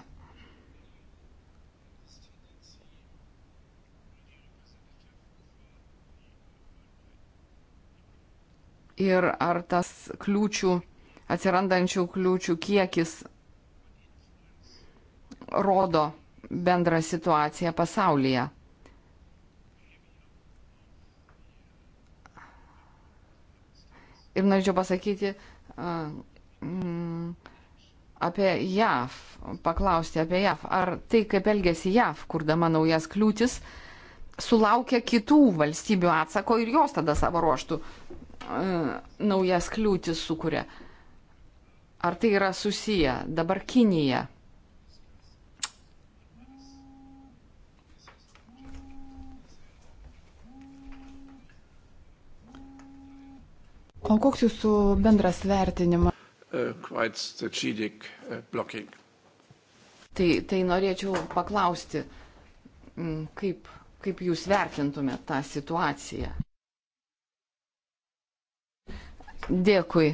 Ir ar tas kliūčių, atsirandančių kliūčių kiekis rodo bendrą situaciją pasaulyje. Ir norėčiau pasakyti mm, apie JAV, paklausti apie JAV, ar tai, kaip elgėsi JAV, kurdama naujas kliūtis, sulaukia kitų valstybių atsako ir jos tada savo ruoštų naujas kliūtis sukuria. Ar tai yra susiję dabar Kinija? O koks jūsų bendras vertinimas? Uh, uh, tai, tai norėčiau paklausti, mm, kaip, kaip jūs vertintumėt tą situaciją? Dėkui.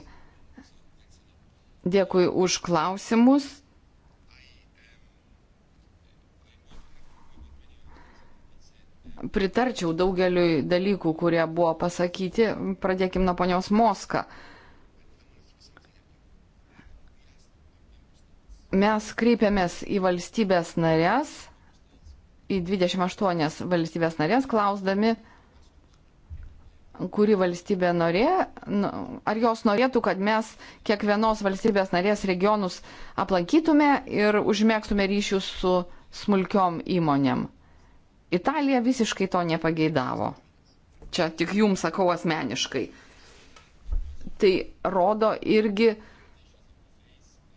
Dėkui už klausimus. pritarčiau daugeliui dalykų, kurie buvo pasakyti. Pradėkim nuo ponios Moska. Mes kreipėmės į valstybės narės, į 28 valstybės narės, klausdami, kuri valstybė norė, nu, ar jos norėtų, kad mes kiekvienos valstybės narės regionus aplankytume ir užmėgstume ryšius su smulkiom įmonėm. Italija visiškai to nepageidavo. Čia tik jums sakau asmeniškai. Tai rodo irgi,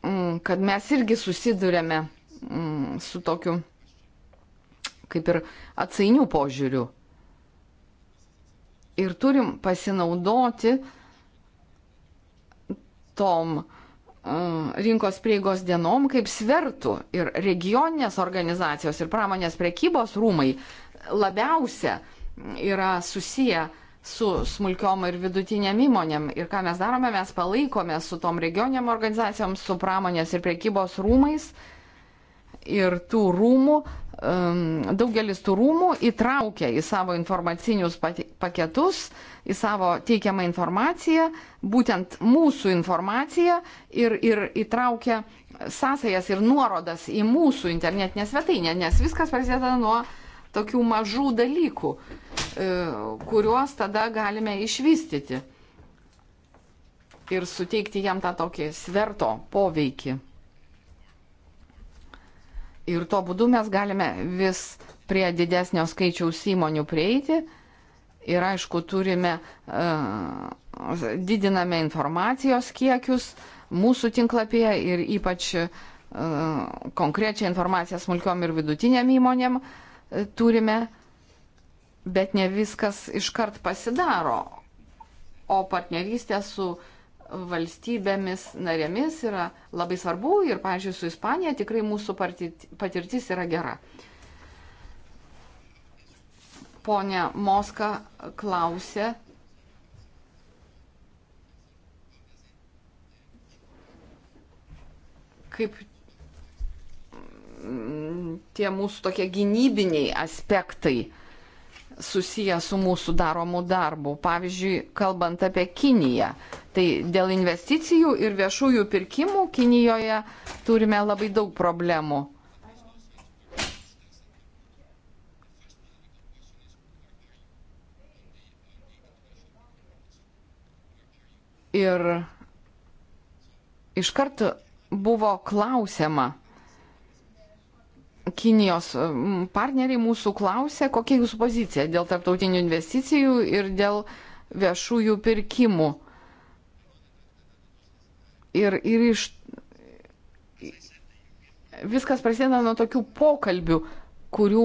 mm, kad mes irgi susidurėme mm, su tokiu kaip ir atsainių požiūrių. Ir turim pasinaudoti tom uh, rinkos prieigos dienom kaip svertų ir regioninės organizacijos ir pramonės prekybos rūmai labiausia yra susiję su smulkiom ir vidutiniam įmonėm. Ir ką mes darome, mes palaikome su tom regioniniam organizacijom, su pramonės ir prekybos rūmais uh, ir tų rūmų, um, daugelis tų rūmų įtraukia į savo informacinius paketus, į savo teikiamą informaciją, būtent mūsų informaciją ir, ir įtraukia sąsajas ir nuorodas į mūsų internetinę svetainę, nes viskas prasideda nuo tokių mažų dalykų, e, kuriuos tada galime išvystyti ir suteikti jam tą tokį sverto poveikį. Ir tuo būdu mes galime vis prie didesnio skaičiaus įmonių prieiti. Ir aišku, turime, uh, didiname informacijos kiekius mūsų tinklapyje ir ypač uh, konkrečią informaciją smulkiom ir vidutiniam įmonėm e, turime, bet ne viskas iškart pasidaro. O partnerystė su uh, valstybėmis narėmis yra labai svarbu ir, pažiūrėjau, su Ispanija tikrai mūsų patirtis yra gera. Pone Moska klausė. Kaip tie mūsų tokie gynybiniai aspektai susiję su mūsų daromu darbu. Pavyzdžiui, kalbant apie Kiniją, uh, Tai dėl investicijų ir viešųjų pirkimų Kinijoje turime labai daug problemų. Ir iškart buvo klausiama, Kinijos partneriai mūsų klausė, kokia jūsų pozicija dėl tarptautinių investicijų ir dėl viešųjų pirkimų. Ir, ir iš. Viskas prasideda nuo tokių pokalbių, kurių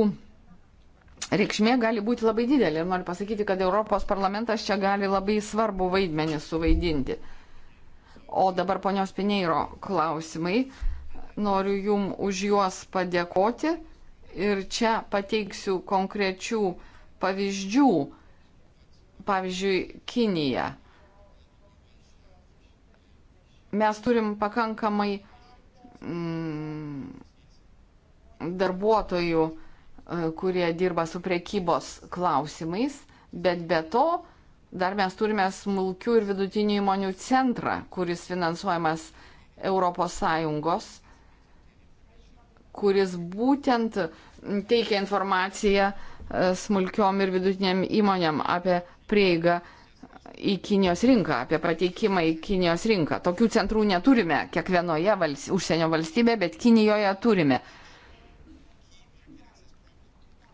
reikšmė gali būti labai didelė. Ir noriu pasakyti, kad Europos parlamentas čia gali labai svarbu vaidmenį suvaidinti. O dabar ponios Pineiro klausimai. Noriu jum už juos padėkoti. Ir čia pateiksiu konkrečių pavyzdžių. Pavyzdžiui, Kinija mes turim pakankamai mm, darbuotojų, e, kurie dirba su priekybos klausimais, bet be to dar mes turime smulkių ir vidutinių įmonių centrą, kuris finansuojamas ES, kuris būtent teikia informaciją e, smulkiom ir vidutiniam įmonėm apie prieigą į Kinijos rinką, apie pateikimą į Kinijos rinką. Tokių centrų neturime kiekvienoje vals, užsienio valstybėje, bet Kinijoje turime.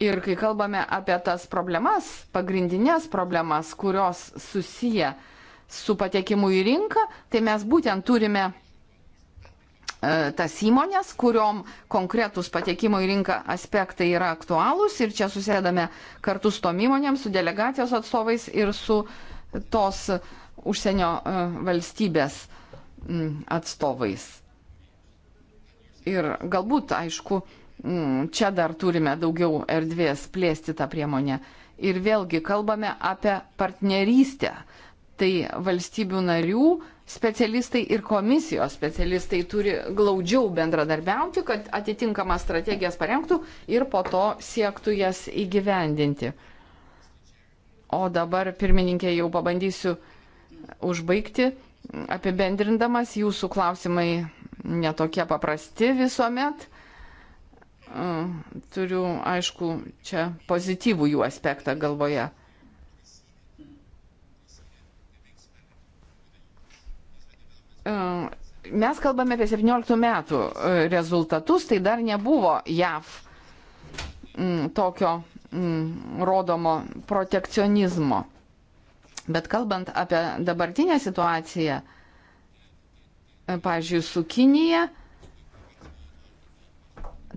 Ir kai kalbame apie tas problemas, pagrindinės problemas, kurios susiję su patekimu į rinką, tai mes būtent turime e, tas įmonės, kuriuom konkretus patekimo į rinką aspektai yra aktualūs ir čia susėdame kartu su tom įmonėm, su delegacijos atstovais ir su uh, tos e, užsienio e, valstybės atstovais. Ir galbūt, aišku, čia dar turime daugiau erdvės plėsti tą priemonę. Ir vėlgi kalbame apie partnerystę. Tai valstybių narių specialistai ir komisijos specialistai turi glaudžiau bendradarbiauti, kad atitinkamas strategijas parengtų ir po to siektų jas įgyvendinti. O dabar, pirmininkė, jau pabandysiu užbaigti. Apibendrindamas, jūsų klausimai netokie paprasti visuomet. E, turiu, aišku, čia pozityvų jų aspektą galvoje. E, mes kalbame apie 17 metų e, rezultatus, tai dar nebuvo JAV tokio mm, rodomo protekcionizmo. Bet kalbant apie dabartinę situaciją, э, pavyzdžiui, su Kinija,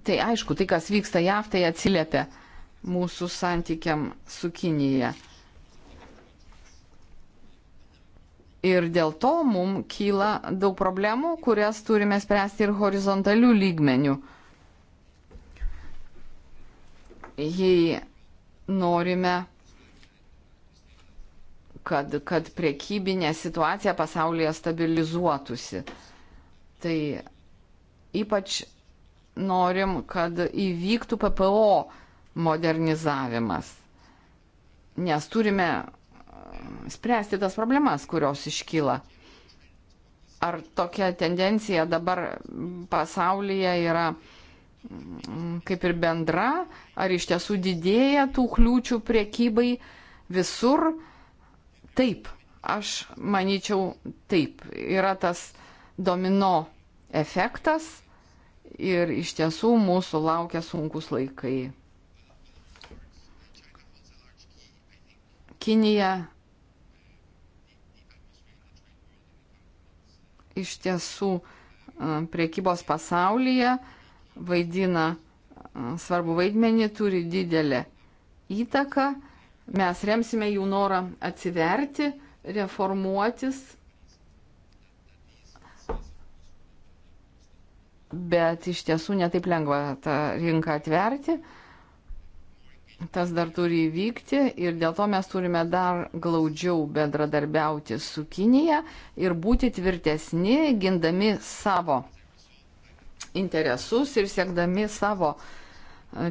tai aišku, tai kas vyksta JAV, tai atsiliepia mūsų santykiam su Kinija. Ir dėl to mums kyla daug problemų, kurias turime spręsti ir horizontalių lygmenių jei norime, kad, kad priekybinė situacija pasaulyje stabilizuotųsi, tai ypač norim, kad įvyktų PPO modernizavimas. Nes turime e, spręsti tas problemas, kurios iškyla. Ar tokia tendencija dabar pasaulyje yra kaip ir bendra, ar iš tiesų didėja tų kliūčių priekybai visur. Taip, aš manyčiau, taip, yra tas domino efektas ir iš tiesų mūsų laukia sunkus laikai. Kinija iš tiesų priekybos pasaulyje uh, vaidina svarbu vaidmenį, turi didelę įtaką. Mes remsime jų norą atsiverti, reformuotis, bet iš tiesų netaip lengva tą rinką atverti. Tas dar turi įvykti ir dėl to mes turime dar glaudžiau bendradarbiauti su Kinija ir būti tvirtesni, gindami savo interesus ir siekdami savo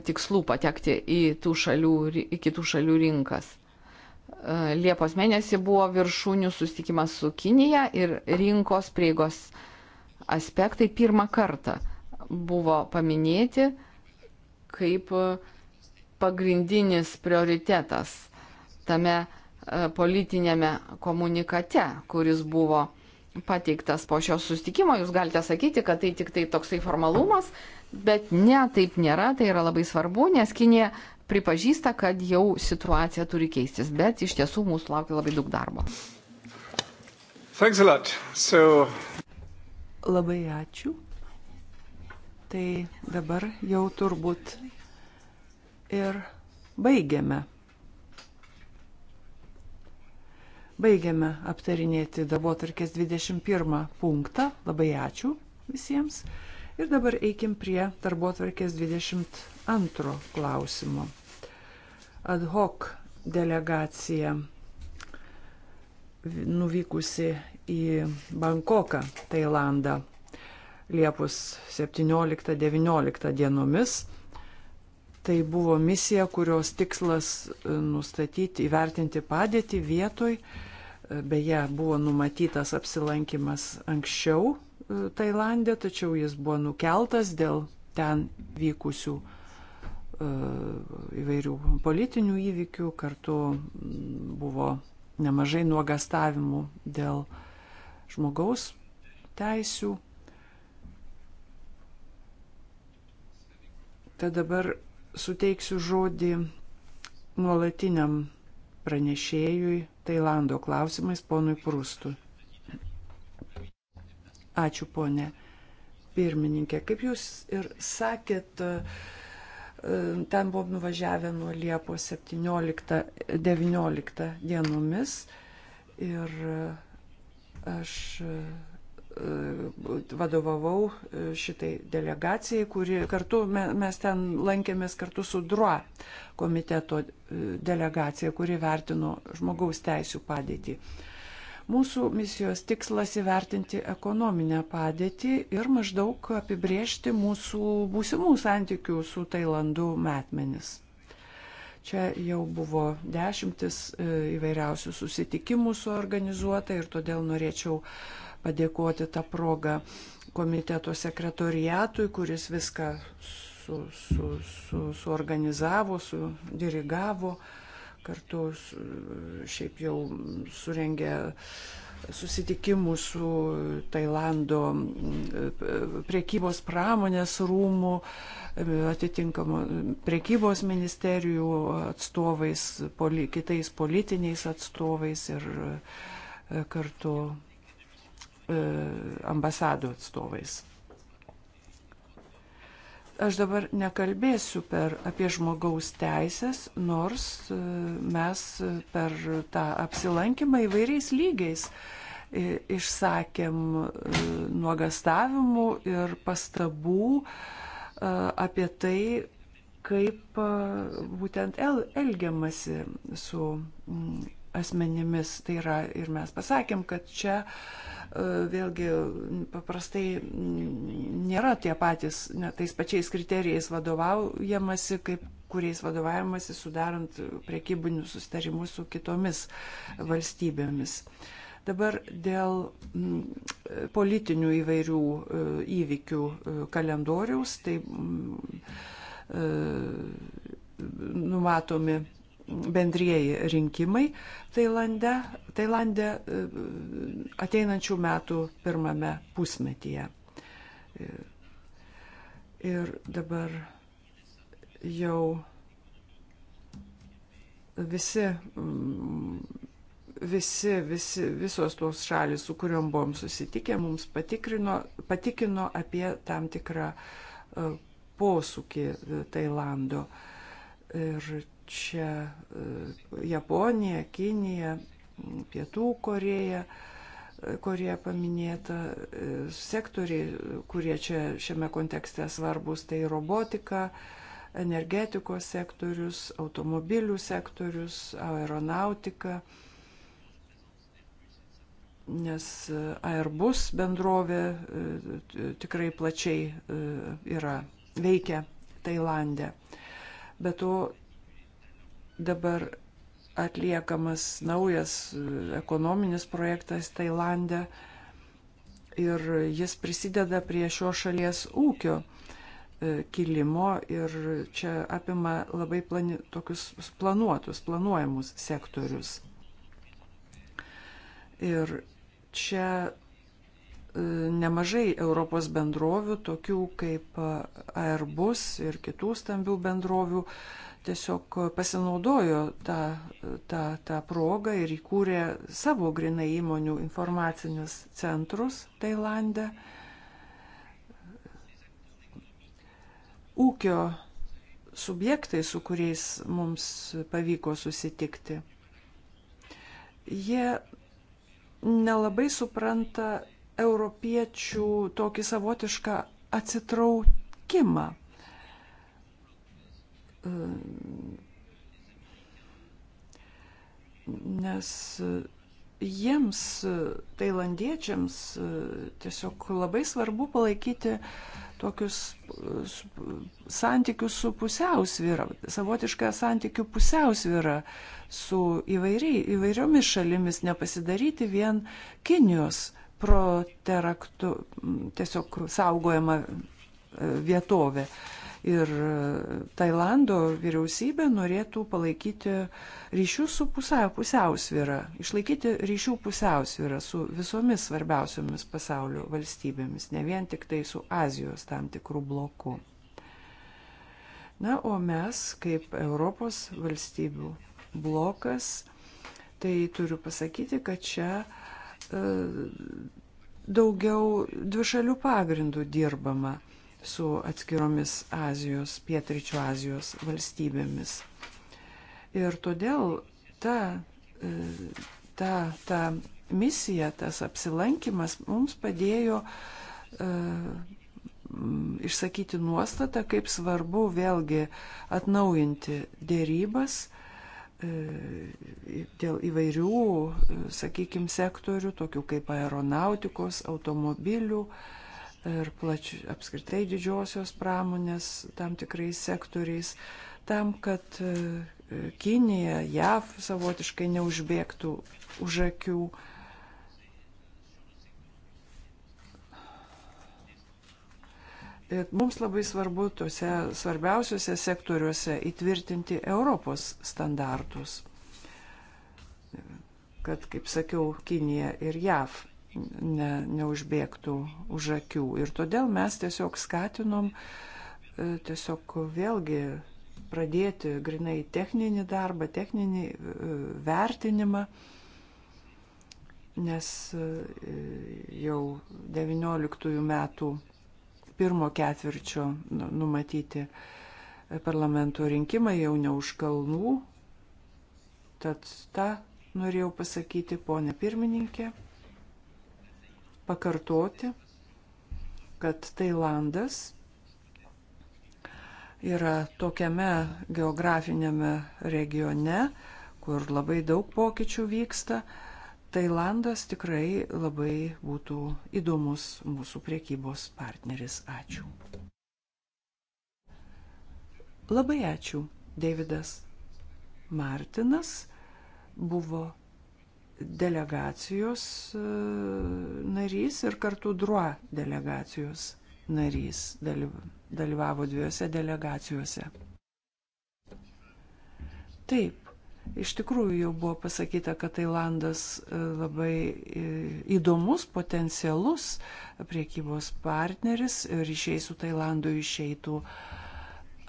tikslų patekti į, šalių, į kitų šalių rinkas. Liepos mėnesį buvo viršūnių susitikimas su Kinija ir rinkos prieigos aspektai pirmą kartą buvo paminėti kaip pagrindinis prioritetas tame politinėme komunikate, kuris buvo pateiktas po šio sustikimo, jūs galite sakyti, kad tai tik tai toksai formalumas, bet ne, taip nėra, tai yra labai svarbu, nes Kinė pripažįsta, kad jau situacija turi keistis, bet iš tiesų mūsų laukia labai daug darbo. So... Labai ačiū. Tai dabar jau turbūt ir baigiame. Baigiame aptarinėti darbo tarkės 21 punktą. Labai ačiū visiems. Ir dabar eikim prie darbo tarkės 22 klausimo. Ad hoc delegacija nuvykusi į Bankoką, Tailandą, Liepus 17-19 dienomis. Tai buvo misija, kurios tikslas e, nustatyti, įvertinti padėtį vietoj Beje, buvo numatytas apsilankimas anksčiau e, Tailandė, tačiau jis buvo nukeltas dėl ten vykusių e, įvairių politinių įvykių, kartu buvo nemažai nuogastavimų dėl žmogaus teisių. Tad dabar suteiksiu žodį nuolatiniam pranešėjui Tailando klausimais ponui Prūstui. Ačiū, ponė pirmininkė. Kaip jūs ir sakėt, ten buvom nuvažiavę nuo Liepos 17-19 dienomis ir aš E, vadovavau e, šitai delegacijai, kuri kartu mes ten lankėmės kartu su DROA komiteto e, delegacija, kuri vertino žmogaus teisų padėtį. Mūsų misijos tikslas įvertinti ekonominę padėtį ir maždaug apibriežti mūsų būsimų santykių su Tailandu metmenis. Čia jau buvo dešimtis e, įvairiausių susitikimų suorganizuota ir todėl norėčiau padėkoti tą progą komiteto sekretoriatui, kuris viską su, su, su, suorganizavo, sudirigavo, kartu šiaip jau surengė uh, susitikimų su Tailando mm, priekybos pramonės rūmų, atitinkamo priekybos ministerijų atstovais, poli, kitais politiniais atstovais ir e, kartu e, ambasadų atstovais. Aš dabar nekalbėsiu per, apie žmogaus teisės, nors e, mes per tą apsilankymą įvairiais lygiais e, išsakėm e, nuogastavimų ir pastabų apie tai, kaip būtent elgiamasi su asmenimis. Tai yra ir mes pasakėm, kad čia e, vėlgi paprastai nėra tie patys, ne, tais pačiais kriterijais vadovaujamasi, kaip kuriais vadovaujamasi sudarant priekybinius sustarimus su kitomis valstybėmis. Dabar dėl politinių įvairių e, įvykių e, kalendoriaus, tai numatomi bendrieji rinkimai Tailande, Tailande e, ateinančių metų pirmame pusmetyje. E, ir dabar jau visi, mm, visi, visi visos tos šalis, su kuriuom buvom susitikę, mums patikino apie tam tikrą e, posūkį Tailando. Ir čia e, Japonija, Kinija, Pietų Koreja, Koreja paminėta, e, sektoriai, kurie čia šiame kontekste svarbus, tai robotika, energetikos sektorius, automobilių sektorius, aeronautika, nes Airbus bendrovė e, tikrai plačiai yra veikia Tailandė. Bet to dabar atliekamas naujas ekonominis projektas Tailandė ir jis prisideda prie šios šalies ūkio e, kilimo ir čia apima labai plani, tokius planuotus, planuojamus sektorius. Ir čia e, nemažai Europos bendrovių, tokių kaip Airbus ir kitų stambių bendrovių, tiesiog e, pasinaudojo tą, tą, tą progą ir įkūrė savo grinai įmonių informacinius centrus Tailande. Ūkio subjektai, su kuriais mums pavyko susitikti, jie nelabai supranta europiečių tokį savotišką atsitraukimą Nes e, jiems, e, tailandiečiams, e, tiesiog labai svarbu palaikyti tokius santykius su pusiausvyra, savotišką santykių pusiausvyrą su įvairiai, įvairiomis šalimis, nepasidaryti vien Kinijos proteraktų tiesiog saugojama vietovė. Uh, Ir e, Tailando vyriausybė norėtų palaikyti ryšius su pusiau, pusiausvyrą, išlaikyti ryšių pusiausvyrą su visomis svarbiausiomis pasaulio valstybėmis, ne vien tik tai su Azijos tam tikrų blokų. Na, o mes, kaip Europos valstybių blokas, tai turiu pasakyti, kad čia e, daugiau dvišalių pagrindų dirbama. E, su atskiromis Azijos, pietryčių Azijos valstybėmis. Ir todėl ta, e, ta, ta misija, tas apsilankimas mums padėjo e, išsakyti nuostatą, kaip svarbu vėlgi atnaujinti dėrybas e, dėl įvairių, sakykime, sektorių, tokių kaip aeronautikos, automobilių, uh, ir plačių apskritai didžiosios pramonės tam tikrais sektoriais, tam, kad e, Kinija, JAV savotiškai neužbėgtų už akių. Ir mums labai svarbu tuose svarbiausiuose sektoriuose įtvirtinti Europos standartus, kad, kaip sakiau, Kinija ir JAV ne, neužbėgtų už akių. Ir todėl mes tiesiog skatinom e, tiesiog vėlgi pradėti grinai techninį darbą, techninį e, vertinimą, nes e, jau 19 metų pirmo ketvirčio nu, numatyti parlamento rinkimai jau ne už kalnų. Tad tą norėjau pasakyti, ponė pirmininkė pakartoti, kad Tailandas yra tokiame geografinėme regione, kur labai daug pokyčių vyksta. Tailandas tikrai labai būtų įdomus mūsų priekybos partneris. Ačiū. Labai ačiū, Davidas Martinas buvo delegacijos e, narys ir kartu DRUA delegacijos narys dalyvavo dviejose delegacijose. Taip, iš tikrųjų jau buvo pasakyta, kad Tailandas e, labai e, įdomus, potencialus priekybos partneris, ryšiai su Tailandu išeitų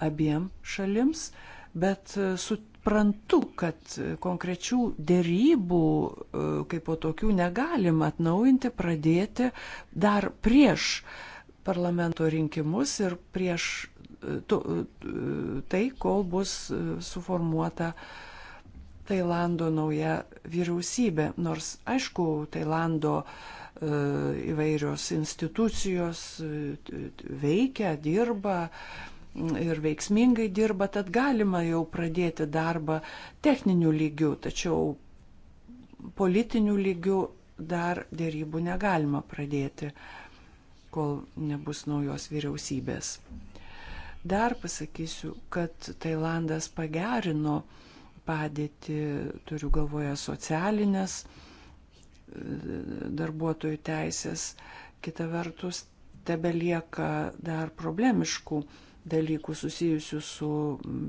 abiem šalims, bet su suprantu, kad e, konkrečių dėrybų e, kaip po tokių negalima atnaujinti, pradėti dar prieš parlamento rinkimus ir prieš e, tai, kol bus suformuota Tailando nauja vyriausybė. Nors, aišku, Tailando įvairios institucijos veikia, dirba, ir veiksmingai dirba, tad galima jau pradėti darbą techniniu lygiu, tačiau politiniu lygiu dar dėrybų negalima pradėti, kol nebus naujos vyriausybės. Dar pasakysiu, kad Tailandas pagerino padėtį, turiu galvoje socialinės darbuotojų teisės, kita vertus tebelieka dar problemiškų dalykų susijusių su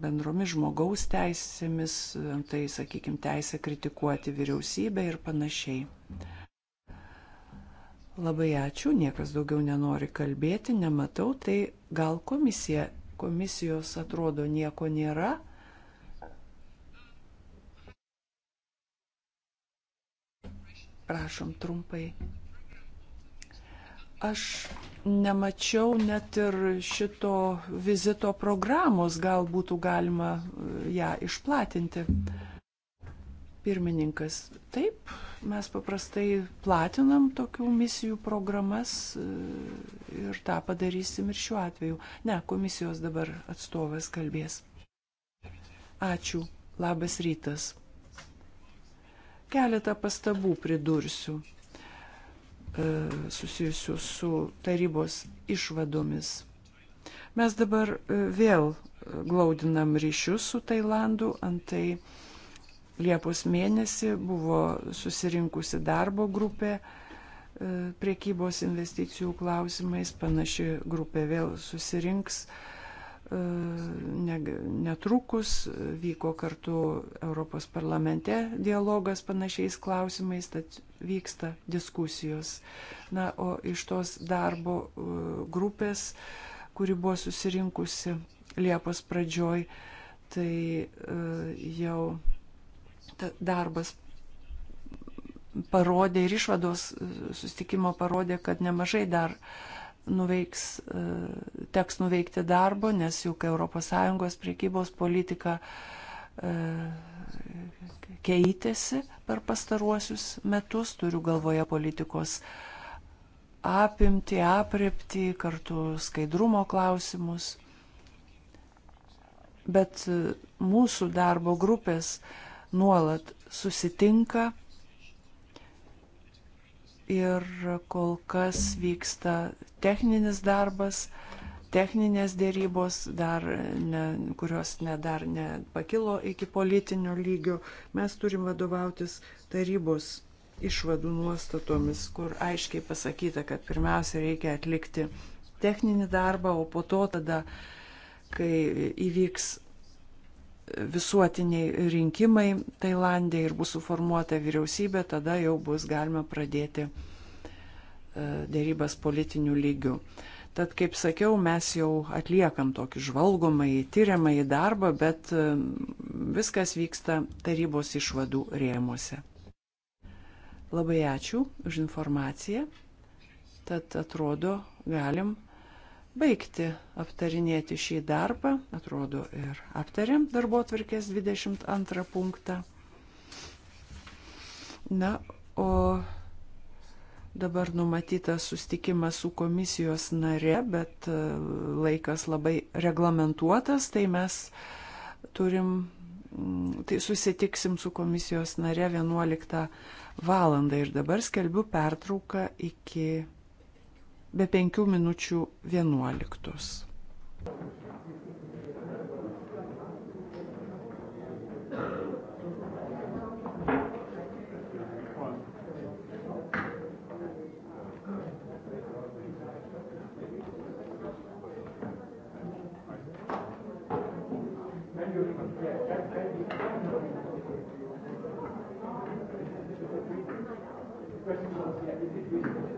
bendromis žmogaus teisėmis, tai, sakykime, teisė kritikuoti vyriausybę ir panašiai. Labai ačiū, niekas daugiau nenori kalbėti, nematau, tai gal komisija, komisijos atrodo nieko nėra. Prašom trumpai Aš nemačiau net ir šito vizito programos, gal būtų galima e, ją išplatinti. Pirmininkas, taip, mes paprastai platinam tokių misijų programas e, ir tą padarysim ir šiuo atveju. Ne, komisijos dabar atstovas kalbės. Ačiū, labas rytas. Keletą pastabų pridursiu. E, susijusių su tarybos išvadomis. Mes dabar e, vėl glaudinam ryšius su Tailandu, antai Liepos mėnesį buvo susirinkusi darbo grupė e, priekybos investicijų klausimais, panaši grupė vėl susirinks netrukus vyko kartu Europos parlamente dialogas panašiais klausimais, tad vyksta diskusijos. Na, o iš tos darbo grupės, kuri buvo susirinkusi Liepos pradžioj, tai jau darbas parodė ir išvados sustikimo parodė, kad nemažai dar uh, nuveiks, e, teks nuveikti darbo, nes juk ES priekybos politika e, keitėsi per pastaruosius metus, turiu galvoje politikos apimti, aprepti, kartu skaidrumo klausimus. Bet e, mūsų darbo grupės nuolat susitinka ir kol kas vyksta techninis darbas, techninės dėrybos, dar ne, kurios ne, dar nepakilo iki politinio lygio. Mes turim vadovautis tarybos išvadų nuostatomis, kur aiškiai pasakyta, kad pirmiausia reikia atlikti techninį darbą, o po to tada, kai įvyks visuotiniai rinkimai Tailandė ir bus suformuota vyriausybė, tada jau bus galima pradėti e, dėrybas politinių lygių. Tad, kaip sakiau, mes jau atliekam tokį žvalgomąjį, tyriamąjį darbą, bet e, viskas vyksta tarybos išvadų rėmuose. Labai ačiū už informaciją. Tad atrodo, galim baigti aptarinėti šį darbą. Atrodo, ir aptarėm darbo atvarkės 22 punktą. Na, o dabar numatytas sustikimas su komisijos nare, bet e, laikas labai reglamentuotas, tai mes turim, tai susitiksim su komisijos nare 11 valandą ir dabar skelbiu pertrauką iki be penkių minučių vienuoliktus. Thank you.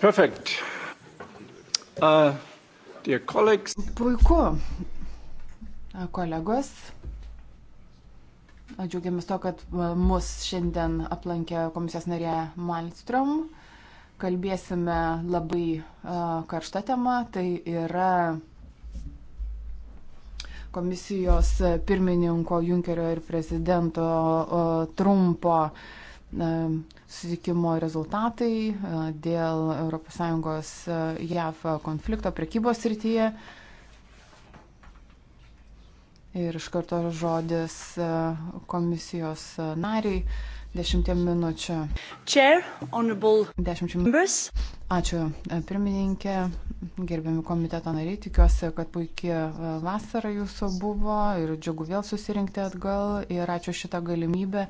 Perfect. Uh, dear colleagues. Puiku. Kolegos. Džiaugiamės to, kad uh, mus šiandien aplankė komisijos narė Malmström. Kalbėsime labai uh, karštą temą. Tai yra komisijos pirmininko Junkerio ir prezidento uh, Trumpo uh, susitikimo rezultatai e, dėl ES e, JAV konflikto prekybos rytyje. Ir iš karto žodis e, komisijos nariai Dešimtiem minučių. Chair, honorable Dešimčių members. Ačiū e, pirmininkė, gerbiami komiteto nariai, tikiuosi, kad puikia e, vasara jūsų buvo ir džiugu vėl susirinkti atgal ir ačiū šitą galimybę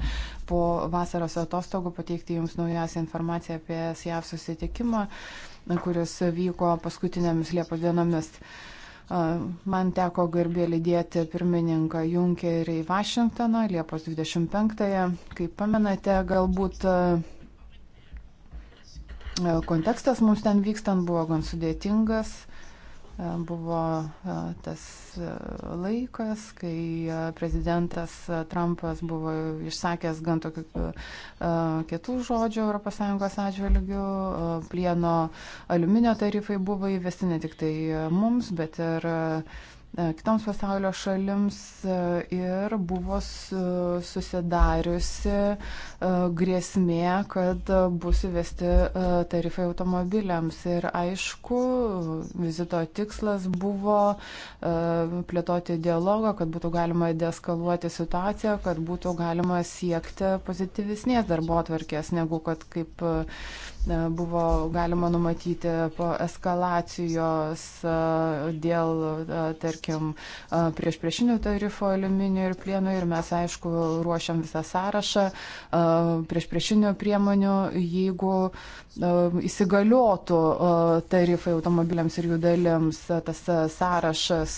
po vasaros atostogų pateikti jums naujausią informaciją apie SJAV susitikimą, kuris vyko paskutinėmis Liepos dienomis. Man teko garbė lydėti pirmininką Junkerį į Vašingtoną Liepos 25-ąją. Kaip pamenate, galbūt kontekstas mums ten vykstant buvo gan sudėtingas buvo tas laikas, kai prezidentas Trumpas buvo išsakęs gan tokių kitų žodžių ES atžvilgių. Plieno aliuminio tarifai buvo įvesti ne tik tai mums, bet ir E, kitoms pasaulio šalims e, ir buvo susidariusi e, grėsmė, kad bus įvesti tarifai automobiliams. Ir aišku, vizito tikslas buvo plėtoti dialogą, kad būtų galima deskaluoti situaciją, kad būtų galima siekti pozityvisnės darbo atvarkės, negu kad kaip E, buvo galima numatyti po eskalacijos e, dėl, e, tarkim, prieš priešinio tarifo aliuminio ir plieno ir mes, aišku, ruošiam visą sąrašą prieš priešinio priemonių, jeigu įsigaliotų tarifai automobiliams ir jų dalims. Tas sąrašas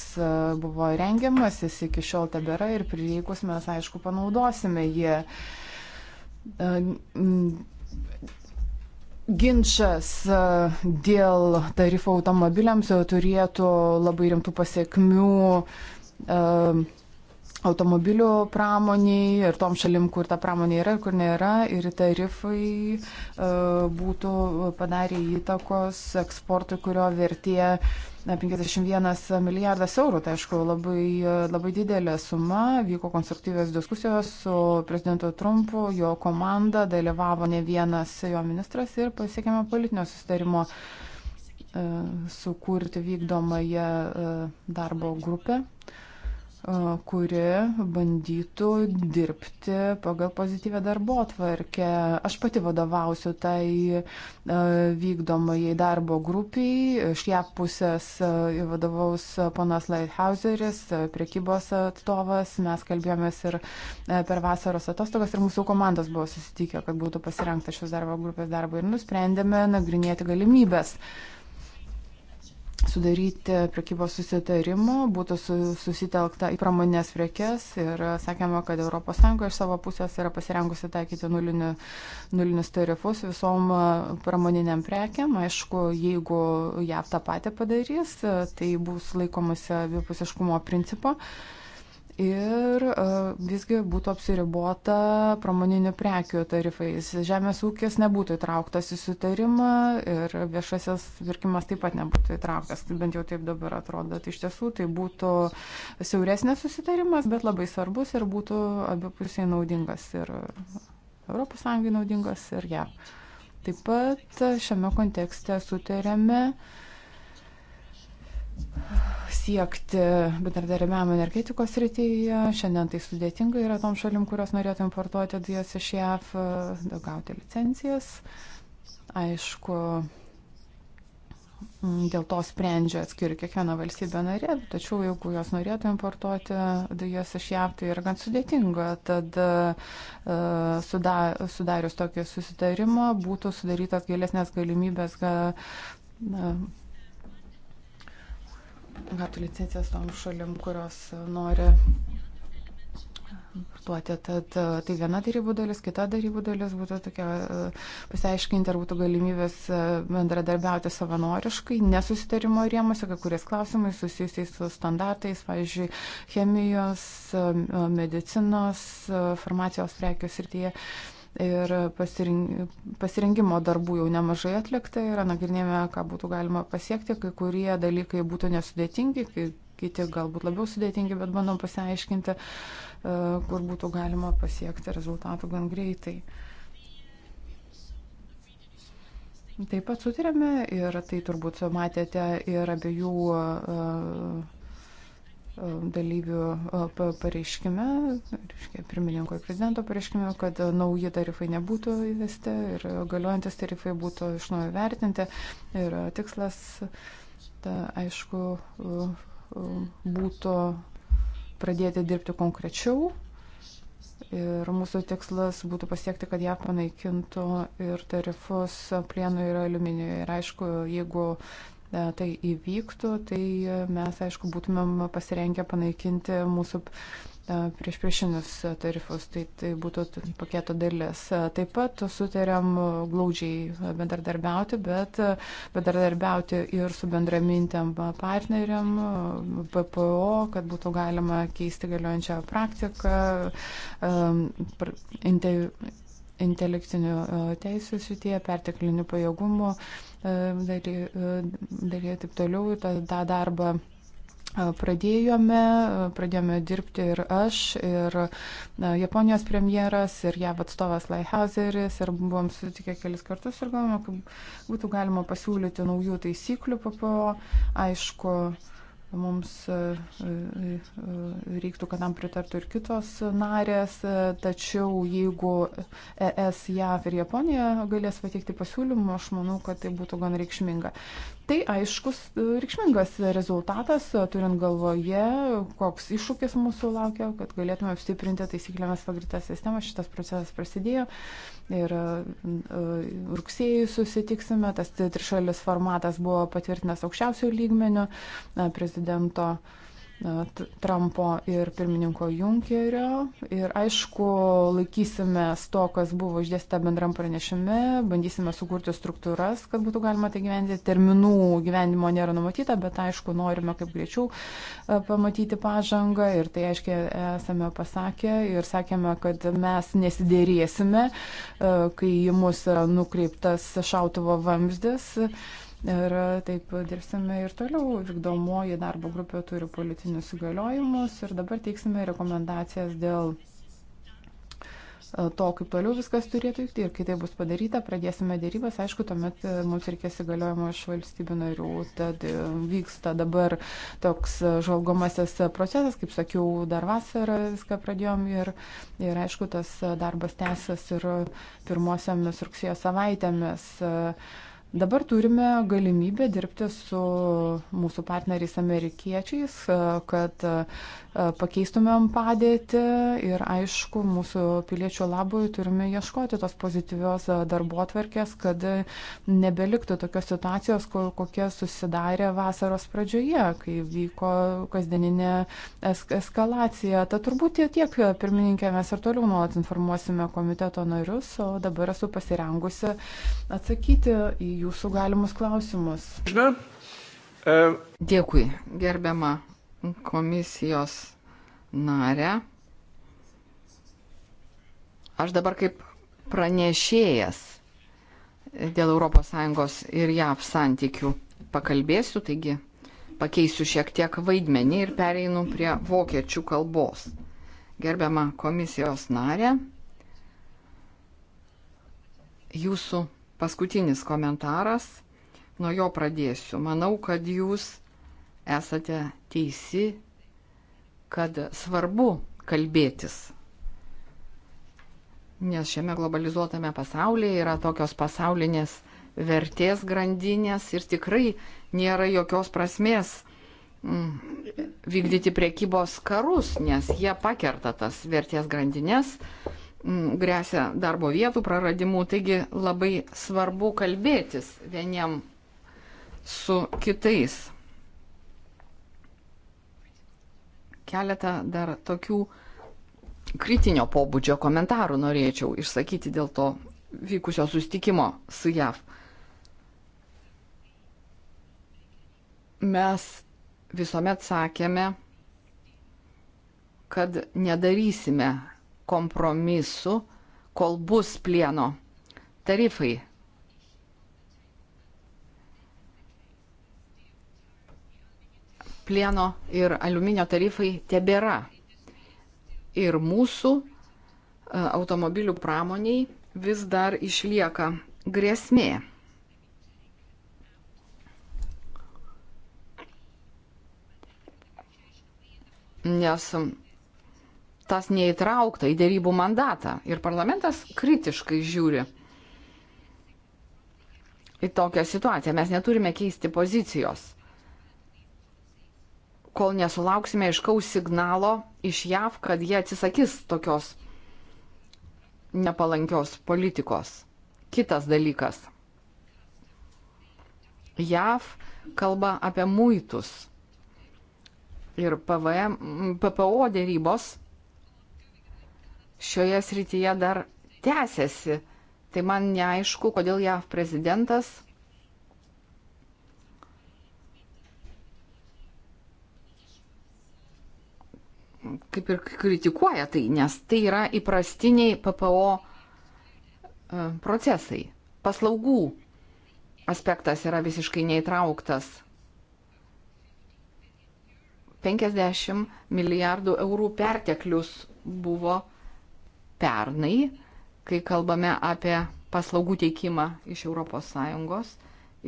buvo rengiamas, jis iki šiol tebėra ir prireikus mes, aišku, panaudosime jį ginčas e, dėl tarifo automobiliams turėtų labai rimtų pasiekmių e, automobilių pramoniai ir tom šalim, kur ta pramonė yra ir kur nėra. Ir tarifai e, būtų padarę įtakos eksportui, kurio vertė 51 milijardas eurų. Tai aišku, labai, labai didelė suma. Vyko konstruktyvės diskusijos su prezidentu Trumpu, jo komanda, dalyvavo ne vienas jo ministras ir pasiekėme politinio sustarimo e, sukurti vykdomąją e, darbo grupę kuri bandytų dirbti pagal pozityvę darbo tvarkę. Aš pati vadovausiu tai vykdomai darbo grupiai. Iš ją pusės vadovaus ponas Lighthouseris, priekybos atstovas. Mes kalbėjomės ir per vasaros atostogas ir mūsų komandos buvo susitikę, kad būtų pasirengta šios darbo grupės darbo ir nusprendėme nagrinėti galimybės. Uh, sudaryti prekybos susitarimų, būtų susitelkta į pramonės prekes ir e, sakėme, kad ES iš savo pusės yra pasirengusi taikyti nulini, nulinius tarifus visom e, pramoniniam prekiam. Aišku, jeigu JAV tą patį padarys, e, tai bus laikomasi abipusiškumo principo. Uh, ir e, visgi būtų apsiribota pramoninių prekių tarifais. Žemės ūkis nebūtų įtrauktas į sutarimą ir viešasis pirkimas taip pat nebūtų įtrauktas, bent jau taip dabar atrodo. Tai iš tiesų tai būtų siauresnės susitarimas, bet labai svarbus ir būtų abipusiai naudingas ir ES naudingas ir JAV. Taip pat šiame kontekste sutarėme siekti e, bendradarbiavimo energetikos rytyje. Šiandien tai sudėtinga yra tom šalim, kurios norėtų importuoti dujas iš JAV, e, gauti licencijas. Aišku, dėl to sprendžia atskiri kiekviena valstybė narė, tačiau jeigu jos norėtų importuoti dujas iš JAV, tai yra gan sudėtinga. Tad e, suda, sudarius tokį susitarimą būtų sudarytas gėlesnės galimybės. Ga, na, gautų licencijas tom šalim, kurios e, nori e, duoti. Tad e, tai viena darybų dalis, kita darybų dalis būtų tokia pasiaiškinti, ar būtų galimybės bendradarbiauti savanoriškai, nesusitarimo rėmose, kai kuriais klausimais susijusiais su standartais, pavyzdžiui, chemijos, medicinos, farmacijos prekios ir tie. Tai ir pasirengimo darbų jau nemažai atlikta yra, nagrinėjame, ką būtų galima pasiekti, kai kurie dalykai būtų nesudėtingi, kai kiti galbūt labiau sudėtingi, bet bandom pasiaiškinti, e, kur būtų galima pasiekti rezultatų gan greitai. Taip pat sutirėme ir tai turbūt matėte ir abiejų uh, dalyvių pareiškime, reiškia pirmininko ir prezidento pareiškime, kad nauji tarifai nebūtų įvesti ir galiojantis tarifai būtų iš naujo vertinti. Ir tikslas, ta, aišku, būtų pradėti dirbti konkrečiau. Ir mūsų tikslas būtų pasiekti, kad ją panaikintų ir tarifus plienui ir aliuminiui. Ir aišku, jeigu uh, E, tai įvyktų, tai e, mes, aišku, būtumėm pasirengę panaikinti mūsų e, prieš priešinius tarifus, tai, tai būtų paketo dalis. Taip pat sutariam glaudžiai bendradarbiauti, bet bendradarbiauti ir su bendramintėm partneriam, PPO, kad būtų galima keisti galiojančią praktiką, inte, intelektinių teisų srityje, perteklinių pajėgumų Ehm, daryti ehm, taip toliau ir tą, tą darbą e, pradėjome, e, pradėjome dirbti ir aš, ir e, Japonijos premjeras, ir JAV atstovas Laihauseris, ir buvom sutikę kelis kartus ir galvojom, kad būtų galima pasiūlyti naujų taisyklių PPO. Aišku, uh, Mums e, e, e, reiktų, kad tam pritartų ir kitos narės, tačiau jeigu ES, JAV ir Japonija galės pateikti pasiūlymų, aš manau, kad tai būtų gan reikšminga. Tai aiškus e, reikšmingas rezultatas, e, turint galvoje, koks iššūkis mūsų laukia, kad galėtume apstiprinti taisyklėmis pagritą sistemą. Šitas procesas prasidėjo ir e, rugsėjai susitiksime. Tas trišalis formatas buvo patvirtintas aukščiausių lygmenių prezidento. Uh, E, Trumpo ir pirmininko Junkerio. Ir aišku, laikysime to, kas buvo išdėsta bendram pranešime, bandysime sukurti struktūras, kad būtų galima tai gyventi. Terminų gyvenimo nėra numatyta, bet aišku, norime kaip greičiau e, pamatyti pažangą ir tai aiškiai esame pasakę ir sakėme, kad mes nesidėrėsime, e, kai į mus yra nukreiptas šautuvo vamzdis. Ir e, taip dirbsime ir toliau. Vykdomoji darbo grupė turi politinius įgaliojimus ir dabar teiksime rekomendacijas dėl e, to, kaip toliau viskas turėtų vykti ir kai tai bus padaryta, pradėsime dėrybas, aišku, tuomet e, mums reikės įgaliojimo iš valstybių narių, tad vyksta dabar toks žvalgomasis procesas, kaip sakiau, dar vasarą viską pradėjom ir, ir aišku, tas darbas tęsis ir pirmosiomis rugsėjo savaitėmis. Uh, Dabar turime galimybę dirbti su mūsų partneriais amerikiečiais, kad e, pakeistumėm padėtį ir aišku, mūsų piliečių labui turime ieškoti tos pozityvios e, darbo atverkės, kad nebeliktų tokios situacijos, kokia susidarė vasaros pradžioje, kai vyko kasdieninė esk eskalacija. Tad turbūt tiek, pirmininkė, mes ir toliau nuolat informuosime komiteto narius, o dabar esu pasirengusi atsakyti į jūsų galimus klausimus. E, Dėkui, gerbiama komisijos narė. Aš dabar kaip pranešėjas dėl ES ir JAV santykių pakalbėsiu, taigi pakeisiu šiek tiek vaidmenį ir pereinu prie vokiečių kalbos. Gerbiama komisijos narė, jūsų paskutinis komentaras, nuo jo pradėsiu. Manau, kad jūs esate teisi, kad svarbu kalbėtis. Nes šiame globalizuotame pasaulyje yra tokios pasaulinės vertės grandinės ir tikrai nėra jokios prasmės mm, vykdyti priekybos karus, nes jie pakerta tas vertės grandinės, Mm, grėsia darbo vietų praradimu, taigi labai svarbu kalbėtis vieniem su kitais. Keletą dar tokių kritinio pobūdžio komentarų norėčiau išsakyti dėl to vykusio sustikimo su JAV. Mes visuomet sakėme, kad nedarysime kompromisų, kol bus plieno tarifai. Plieno ir aliuminio tarifai tebėra. Ir mūsų e, automobilių pramoniai vis dar išlieka grėsmė. Nes tas neįtraukta į dėrybų mandatą. Ir parlamentas kritiškai žiūri į tokią situaciją. Mes neturime keisti pozicijos, kol nesulauksime iškaus signalo iš JAV, kad jie atsisakys tokios nepalankios politikos. Kitas dalykas. JAV kalba apie muitus ir PVM, PPO dėrybos šioje srityje dar tęsiasi. Tai man neaišku, kodėl JAV prezidentas kaip ir kritikuoja tai, nes tai yra įprastiniai PPO e, procesai. Paslaugų aspektas yra visiškai neįtrauktas. 50 milijardų eurų perteklius buvo uh, pernai, kai kalbame apie paslaugų teikimą iš ES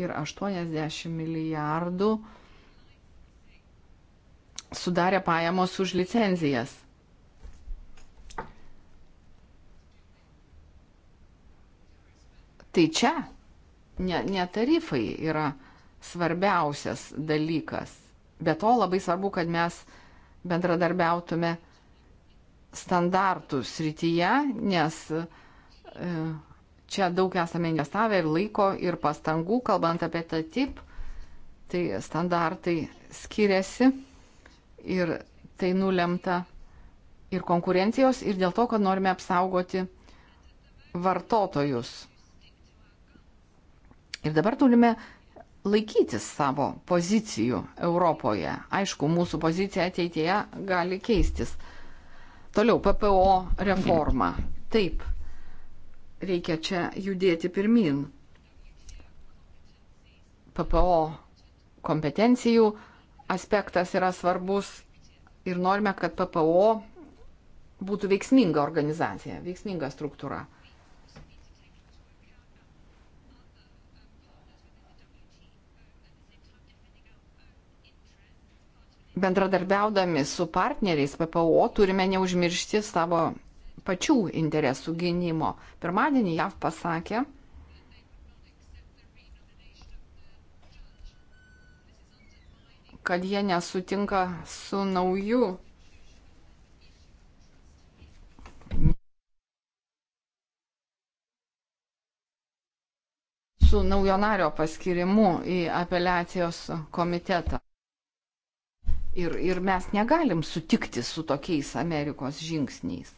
ir 80 milijardų sudarė pajamos už licenzijas. Tai čia ne, ne tarifai yra svarbiausias dalykas. Be to labai svarbu, kad mes bendradarbiautume standartų srityje, nes e, čia daug esame investavę ir laiko, ir pastangų, kalbant apie tą tip, tai standartai skiriasi ir tai nulemta ir konkurencijos, ir dėl to, kad norime apsaugoti vartotojus. Ir dabar turime laikytis savo pozicijų Europoje. Aišku, mūsų pozicija ateityje gali keistis. Toliau PPO reforma. Taip, reikia čia judėti pirmin. PPO kompetencijų aspektas yra svarbus ir norime, kad PPO būtų veiksminga organizacija, veiksminga struktūra. bendradarbiaudami su partneriais PPO turime neužmiršti savo pačių interesų gynimo. Pirmadienį JAV pasakė, kad jie nesutinka su nauju su naujo nario paskirimu į apeliacijos komitetą. Ir, ir mes negalim sutikti su tokiais Amerikos žingsniais.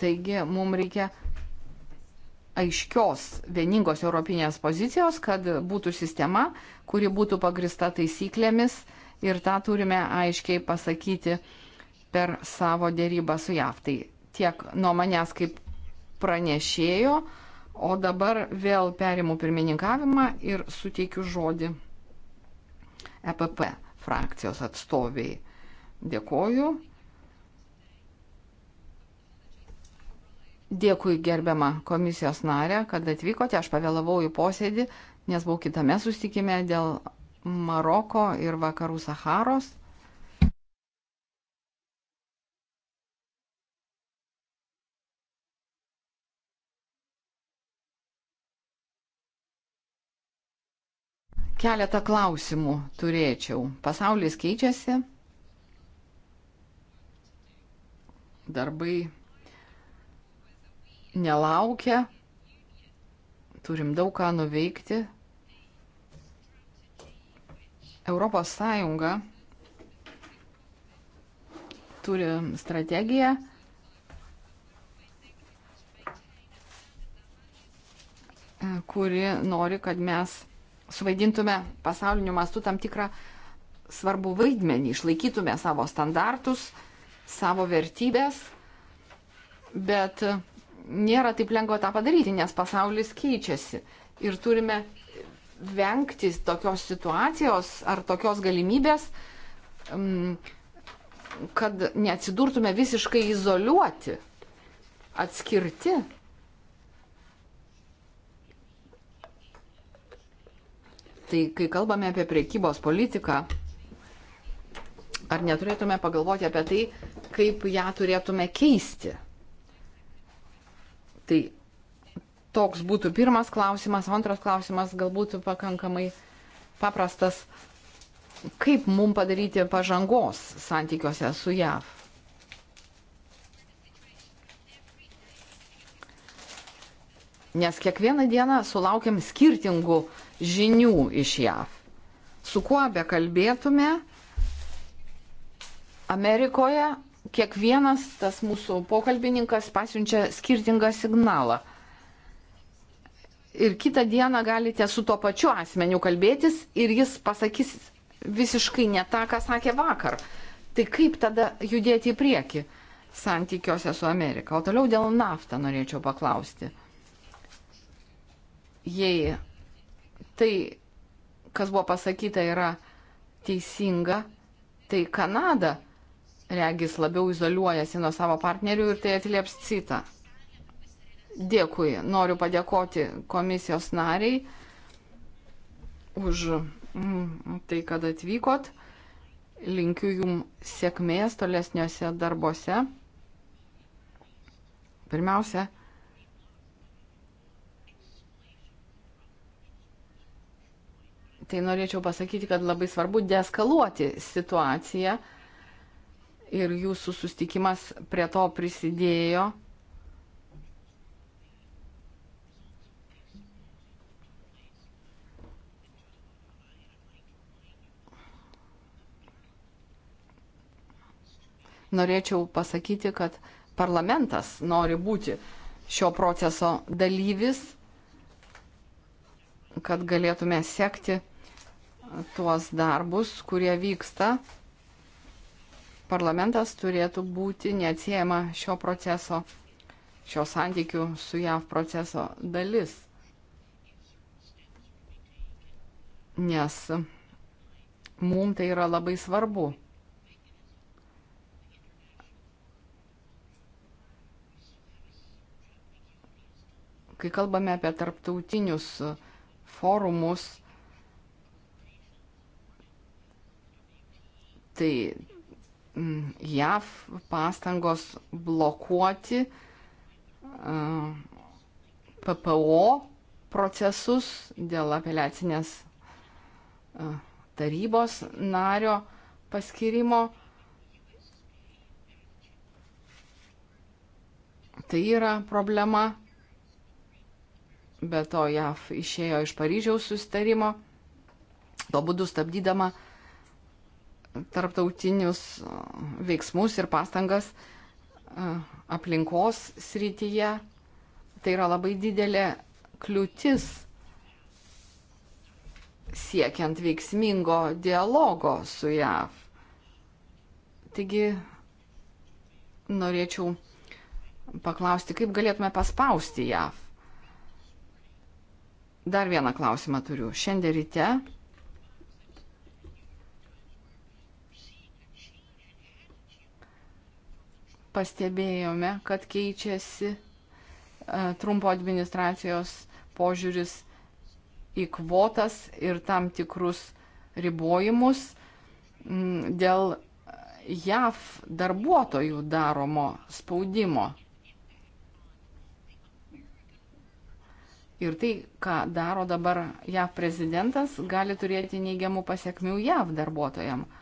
Taigi mums reikia aiškios, vieningos europinės pozicijos, kad būtų sistema, kuri būtų pagrista taisyklėmis ir tą turime aiškiai pasakyti per savo dėrybą su JAV. Tai tiek nuo manęs kaip pranešėjo. O dabar vėl perimu pirmininkavimą ir suteikiu žodį EPP frakcijos atstoviai. Dėkoju. Dėkui gerbiamą komisijos narę, kad atvykote. Aš pavėlavau į posėdį, nes buvau kitame susitikime dėl Maroko ir vakarų Saharos. Keletą klausimų turėčiau. Pasaulis keičiasi, darbai nelaukia, turim daug ką nuveikti. Europos Sąjunga turi strategiją, kuri nori, kad mes suvaidintume pasauliniu mastu tam tikrą svarbų vaidmenį, išlaikytume savo standartus, savo vertybės, bet nėra taip lengva tą padaryti, nes pasaulis keičiasi ir turime vengti tokios situacijos ar tokios galimybės, mm, kad neatsidurtume visiškai izoliuoti, atskirti Tai kai kalbame apie priekybos politiką, ar neturėtume pagalvoti apie tai, kaip ją turėtume keisti? Tai toks būtų pirmas klausimas, antras klausimas galbūt pakankamai paprastas. Kaip mums padaryti pažangos santykiuose su JAV? nes kiekvieną dieną sulaukiam skirtingų žinių iš JAV. Su kuo be kalbėtume, Amerikoje kiekvienas tas mūsų pokalbininkas pasiunčia skirtingą signalą. Ir kitą dieną galite su tuo pačiu asmeniu kalbėtis ir jis pasakys visiškai ne tą, ką sakė vakar. Tai kaip tada judėti į priekį santykiuose su Amerika? O toliau dėl naftą norėčiau paklausti jei tai, kas buvo pasakyta, yra teisinga, tai Kanada regis labiau izoliuojasi nuo savo partnerių ir tai atlieps citą. Dėkui, noriu padėkoti komisijos nariai už mm, tai, kad atvykot. Linkiu jum sėkmės tolesniuose darbuose. Pirmiausia, tai norėčiau pasakyti, kad labai svarbu deeskaluoti situaciją ir jūsų sustikimas prie to prisidėjo. Norėčiau pasakyti, kad parlamentas nori būti šio proceso dalyvis, kad galėtume sekti tuos darbus, kurie vyksta, parlamentas turėtų būti neatsiejama šio proceso, šio santykių su JAV proceso dalis. Nes mums tai yra labai svarbu. Kai kalbame apie tarptautinius forumus, Tai mm, JAV pastangos blokuoti PPO procesus dėl apeliacinės tarybos nario paskirimo. Tai yra problema. Be to, JAV išėjo iš Paryžiaus sustarimo, to būdu stabdydama uh, tarptautinius uh, veiksmus ir pastangas uh, aplinkos srityje. Tai yra labai didelė kliūtis siekiant veiksmingo dialogo su JAV. Taigi norėčiau paklausti, kaip galėtume paspausti JAV. Dar vieną klausimą turiu. Šiandien ryte pastebėjome, kad keičiasi e, trumpo administracijos požiūris į kvotas ir tam tikrus ribojimus dėl JAV darbuotojų daromo spaudimo. Ir tai, ką daro dabar JAV prezidentas, gali turėti neigiamų pasiekmių JAV darbuotojams.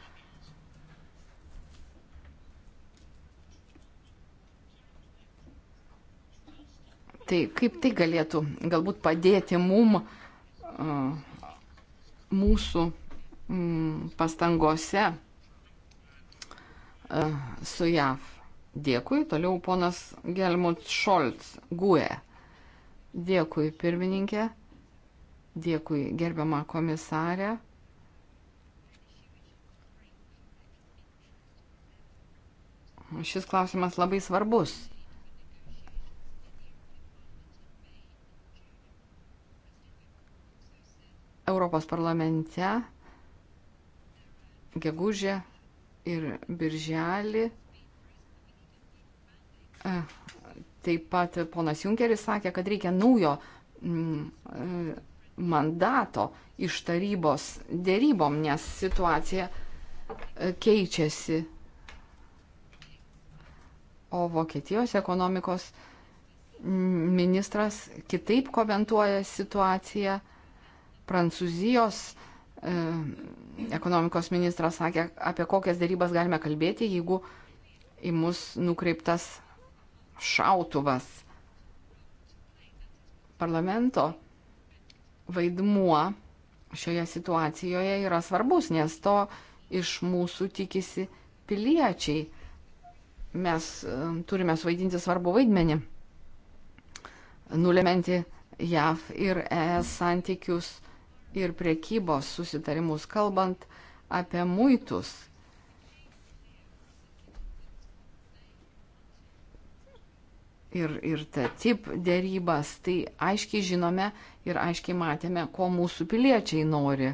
Tai kaip tai galėtų galbūt padėti mum mūsų mm, pastangose su JAV. Dėkui, toliau ponas Gelmut Šolts, GUE. Dėkui, pirmininkė. Dėkui, gerbiama komisarė. Šis klausimas labai svarbus. Europos parlamente gegužę ir birželį. E, taip pat ponas Junkeris sakė, kad reikia naujo mm, e, mandato iš tarybos dėrybom, nes situacija e, keičiasi. O Vokietijos ekonomikos mm, ministras kitaip komentuoja situaciją Prancūzijos e, ekonomikos ministras sakė, apie kokias darybas galime kalbėti, jeigu į mus nukreiptas šautuvas. Parlamento vaidmuo šioje situacijoje yra svarbus, nes to iš mūsų tikisi piliečiai. Mes e, turime suvaidinti svarbu vaidmenį, nulementi JAV ir ES santykius ir priekybos susitarimus, kalbant apie muitus. Ir, ir ta tip dėrybas, tai aiškiai žinome ir aiškiai matėme, ko mūsų piliečiai nori.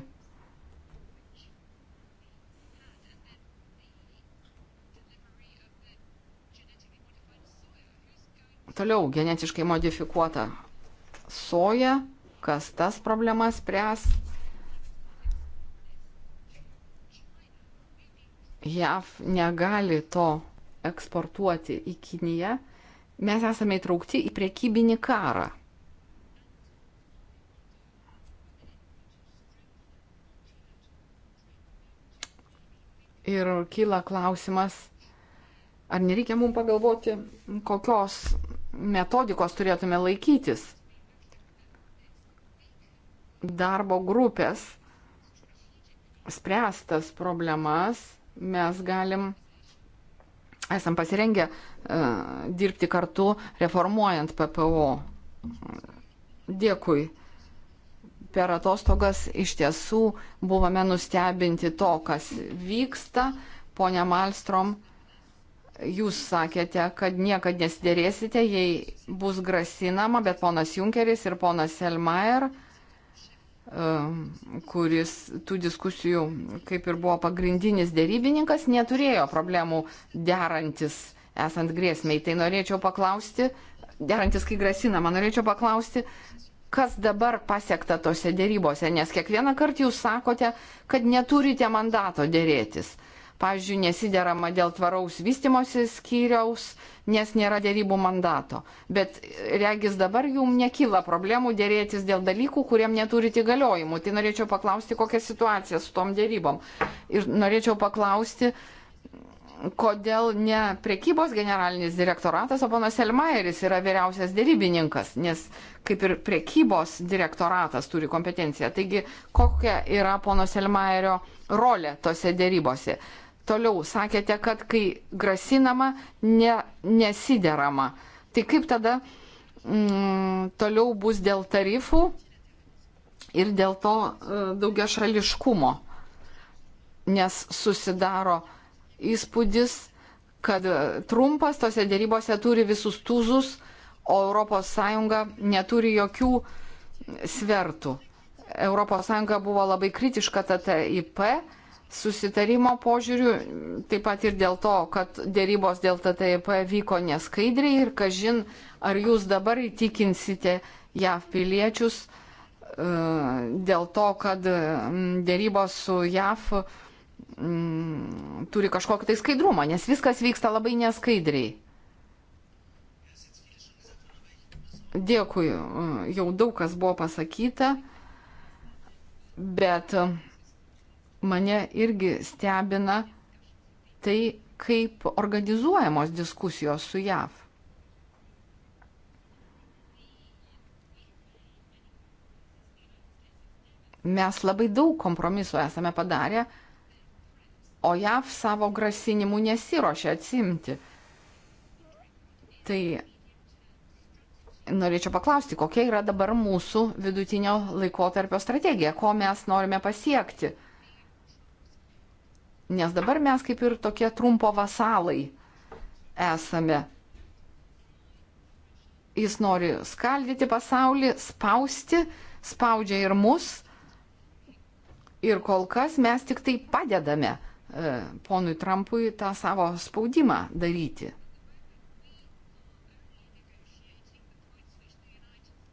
Toliau genetiškai modifikuota soja kas tas problemas spręs. JAV negali to eksportuoti į Kiniją. Mes esame įtraukti į priekybinį karą. Ir kyla klausimas, ar nereikia mums pagalvoti, kokios metodikos turėtume laikytis darbo grupės spręstas problemas mes galim, esam pasirengę e, dirbti kartu reformuojant PPO. Dėkui. Per atostogas iš tiesų buvome nustebinti to, kas vyksta. Pone Malstrom, jūs sakėte, kad niekad nesidėrėsite, jei bus grasinama, bet ponas Junkeris ir ponas Elmaier uh, kuris tų diskusijų kaip ir buvo pagrindinis dėrybininkas, neturėjo problemų derantis esant grėsmiai. Tai norėčiau paklausti, derantis kai grasinama, norėčiau paklausti, kas dabar pasiekta tose dėrybose, nes kiekvieną kartą jūs sakote, kad neturite mandato dėrėtis. Uh, pavyzdžiui, nesiderama dėl tvaraus vystimosi skyriaus, nes nėra dėrybų mandato. Bet regis dabar jums nekyla problemų dėrėtis dėl dalykų, kuriem neturite įgaliojimų. Tai norėčiau paklausti, kokia situacija su tom dėrybom. Ir norėčiau paklausti, kodėl ne prekybos generalinis direktoratas, o panas Elmairis yra vyriausias dėrybininkas, nes kaip ir prekybos direktoratas turi kompetenciją. Taigi, kokia yra pono Elmairio rolė tose dėrybose? Toliau sakėte, kad kai grasinama, ne, nesiderama. Tai kaip tada mm, toliau bus dėl tarifų ir dėl to e, daugia šališkumo? Nes susidaro įspūdis, kad e, Trumpas tose dėrybose turi visus tūzus, o ES neturi jokių svertų. ES buvo labai kritiška TTIP, susitarimo požiūriu, taip pat ir dėl to, kad dėrybos dėl TTIP vyko neskaidriai ir kažin, ar jūs dabar įtikinsite JAV piliečius e, dėl to, kad dėrybos su JAV turi kažkokį tai skaidrumą, nes viskas vyksta labai neskaidriai. Dėkui, e, jau daug kas buvo pasakyta, bet mane irgi stebina tai, kaip organizuojamos diskusijos su JAV. Mes labai daug kompromisų esame padarę, o JAV savo grasinimų nesiuošia atsimti. Tai norėčiau paklausti, kokia yra dabar mūsų vidutinio laikotarpio strategija, ko mes norime pasiekti. Nes dabar mes kaip ir tokie trumpo vasalai esame. Jis nori skaldyti pasaulį, spausti, spaudžia ir mus. Ir kol kas mes tik tai padedame e, ponui Trumpui tą savo spaudimą daryti.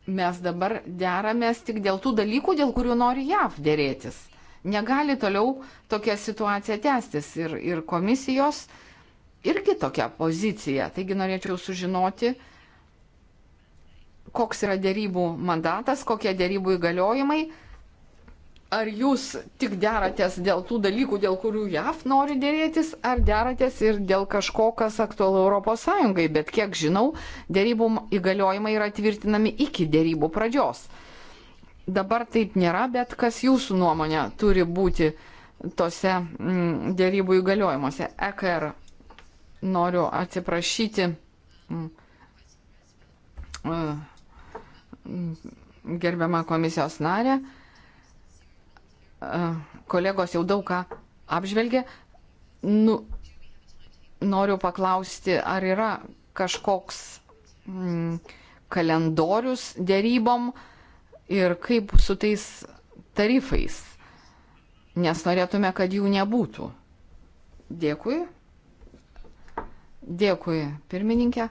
mes dabar deramės tik dėl tų dalykų, dėl kurių nori JAV dėrėtis. Negali toliau tokia situacija tęstis ir, ir komisijos irgi tokia pozicija. Taigi norėčiau sužinoti, koks yra dėrybų mandatas, kokie dėrybų įgaliojimai. Ar jūs tik deratės dėl tų dalykų, dėl kurių JAV nori dėrėtis, ar deratės ir dėl kažko, kas aktualu Europos Sąjungai, bet kiek žinau, dėrybų įgaliojimai yra tvirtinami iki dėrybų pradžios. Dabar taip nėra, bet kas jūsų nuomonė turi būti tose mm, dėrybų įgaliojimuose? EKR noriu atsiprašyti. Mm, mm, gerbiama komisijos narė, e, kolegos jau daug ką apžvelgė. Nu, noriu paklausti, ar yra kažkoks mm, kalendorius dėrybom, mm, ir kaip su tais tarifais, nes norėtume, kad jų nebūtų. Dėkui. Dėkui, pirmininkė.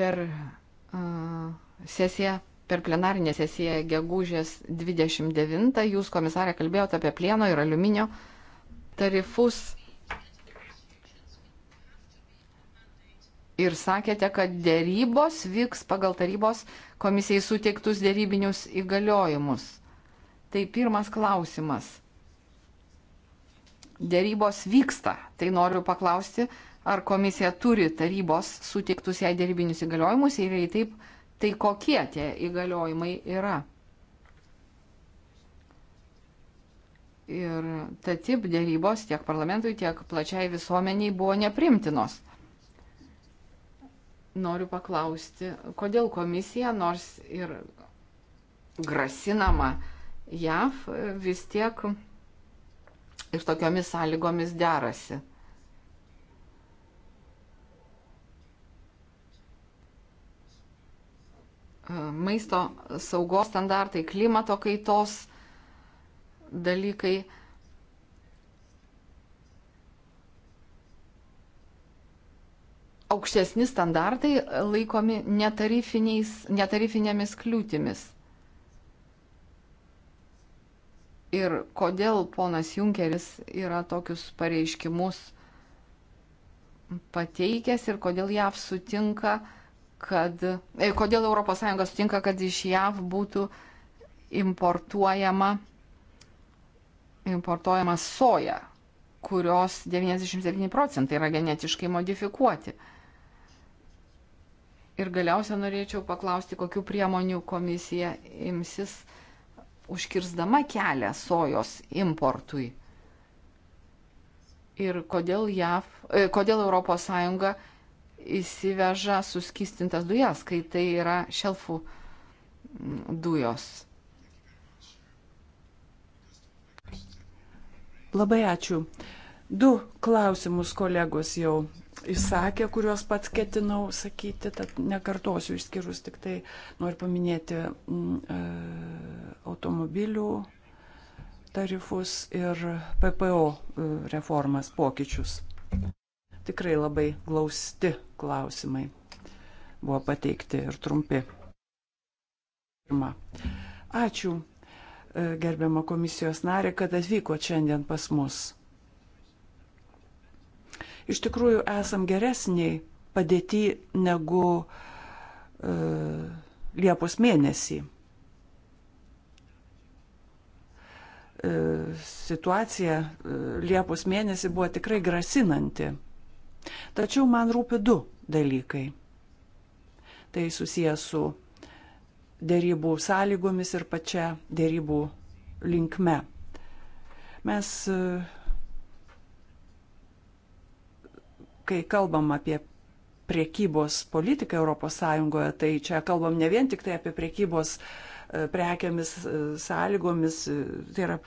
Per uh, sesiją, per plenarinę sesiją gegužės 29 jūs, komisarė, kalbėjote apie plieno ir aliuminio tarifus ir sakėte, kad dėrybos vyks pagal tarybos komisijai suteiktus dėrybinius įgaliojimus. Tai pirmas klausimas. Dėrybos vyksta. Tai noriu paklausti, ar komisija turi tarybos suteiktus jai dėrybinius įgaliojimus ir jei taip, tai kokie tie įgaliojimai yra. ir ta tip dėrybos tiek parlamentui, tiek plačiai visuomeniai buvo neprimtinos noriu paklausti, kodėl komisija, nors ir grasinama JAV, vis tiek ir tokiomis sąlygomis derasi. Maisto saugos standartai, klimato kaitos dalykai aukštesni standartai laikomi netarifinėmis kliūtimis. Ir kodėl ponas Junkeris yra tokius pareiškimus pateikęs ir kodėl JAV sutinka, kad, e, kodėl ES sutinka, kad iš JAV būtų importuojama, importuojama soja, kurios 97 procentai yra genetiškai modifikuoti. Ir galiausia norėčiau paklausti, kokiu priemonių komisija imsis užkirzdama kelią sojos importui. Ir kodėl, JAV, e, kodėl ES įsiveža suskistintas dujas, kai tai yra šelfų mm, dujos. Labai ačiū. Du klausimus kolegos jau išsakė, kuriuos pats ketinau sakyti, tad nekartosiu išskyrus, tik tai noriu paminėti mm, e, automobilių tarifus ir PPO e, reformas, pokyčius. Tikrai labai glausti klausimai buvo pateikti ir trumpi. Pirma. Ačiū e, gerbiamą komisijos narį, kad atvykot šiandien pas mus iš tikrųjų esam geresniai padėti negu e, Liepos mėnesį. E, situacija e, Liepos mėnesį buvo tikrai grasinanti. Tačiau man rūpi du dalykai. Tai susijęs su dėrybų sąlygomis ir pačia dėrybų linkme. Mes e, kai kalbam apie priekybos politiką ES, tai čia kalbam ne vien tik tai apie priekybos e, prekiamis e, sąlygomis, e, tai yra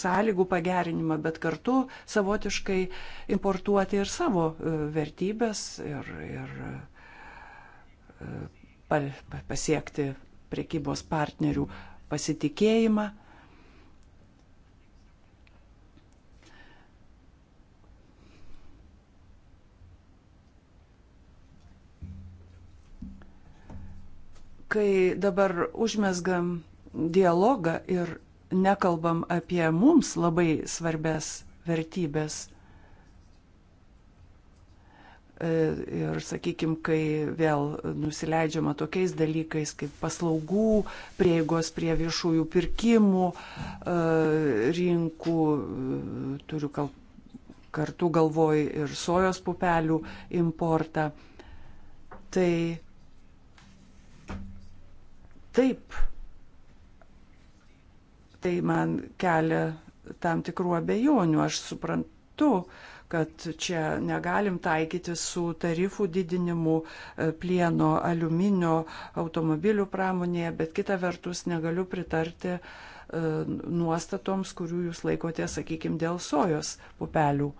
sąlygų pagerinimą, bet kartu savotiškai importuoti ir savo vertybės ir, ir pasiekti priekybos partnerių pasitikėjimą kai dabar užmesgam dialogą ir nekalbam apie mums labai svarbės vertybės, e, ir, sakykime, kai vėl nusileidžiama tokiais dalykais kaip paslaugų, prieigos prie viešųjų pirkimų, e, rinkų, turiu kartu galvoj ir sojos pupelių importą, tai Taip, tai man kelia tam tikrų abejonių. Aš suprantu, kad čia negalim taikyti su tarifų didinimu e, plieno, aliuminio, automobilių pramonėje, bet kita vertus negaliu pritarti e, nuostatoms, kurių jūs laikote, sakykime, dėl sojos pupelių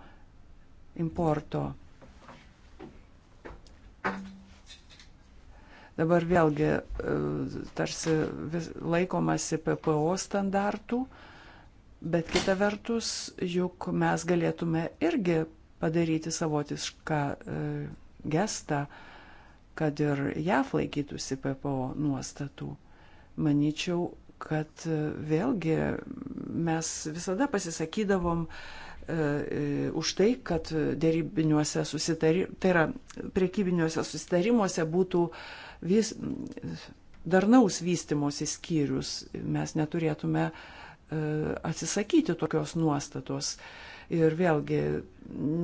importo. Thank you. Dabar vėlgi e, tarsi vis, laikomasi PPO standartų, bet kita vertus, juk mes galėtume irgi padaryti savotišką e, gestą, kad ir JAF laikytųsi PPO nuostatų. Maničiau, kad e, vėlgi mes visada pasisakydavom uh, E, už tai, kad dėrybiniuose susitarimuose, tai yra priekybiniuose susitarimuose būtų vis darnaus vystimosi skyrius. Mes neturėtume e, atsisakyti tokios nuostatos ir vėlgi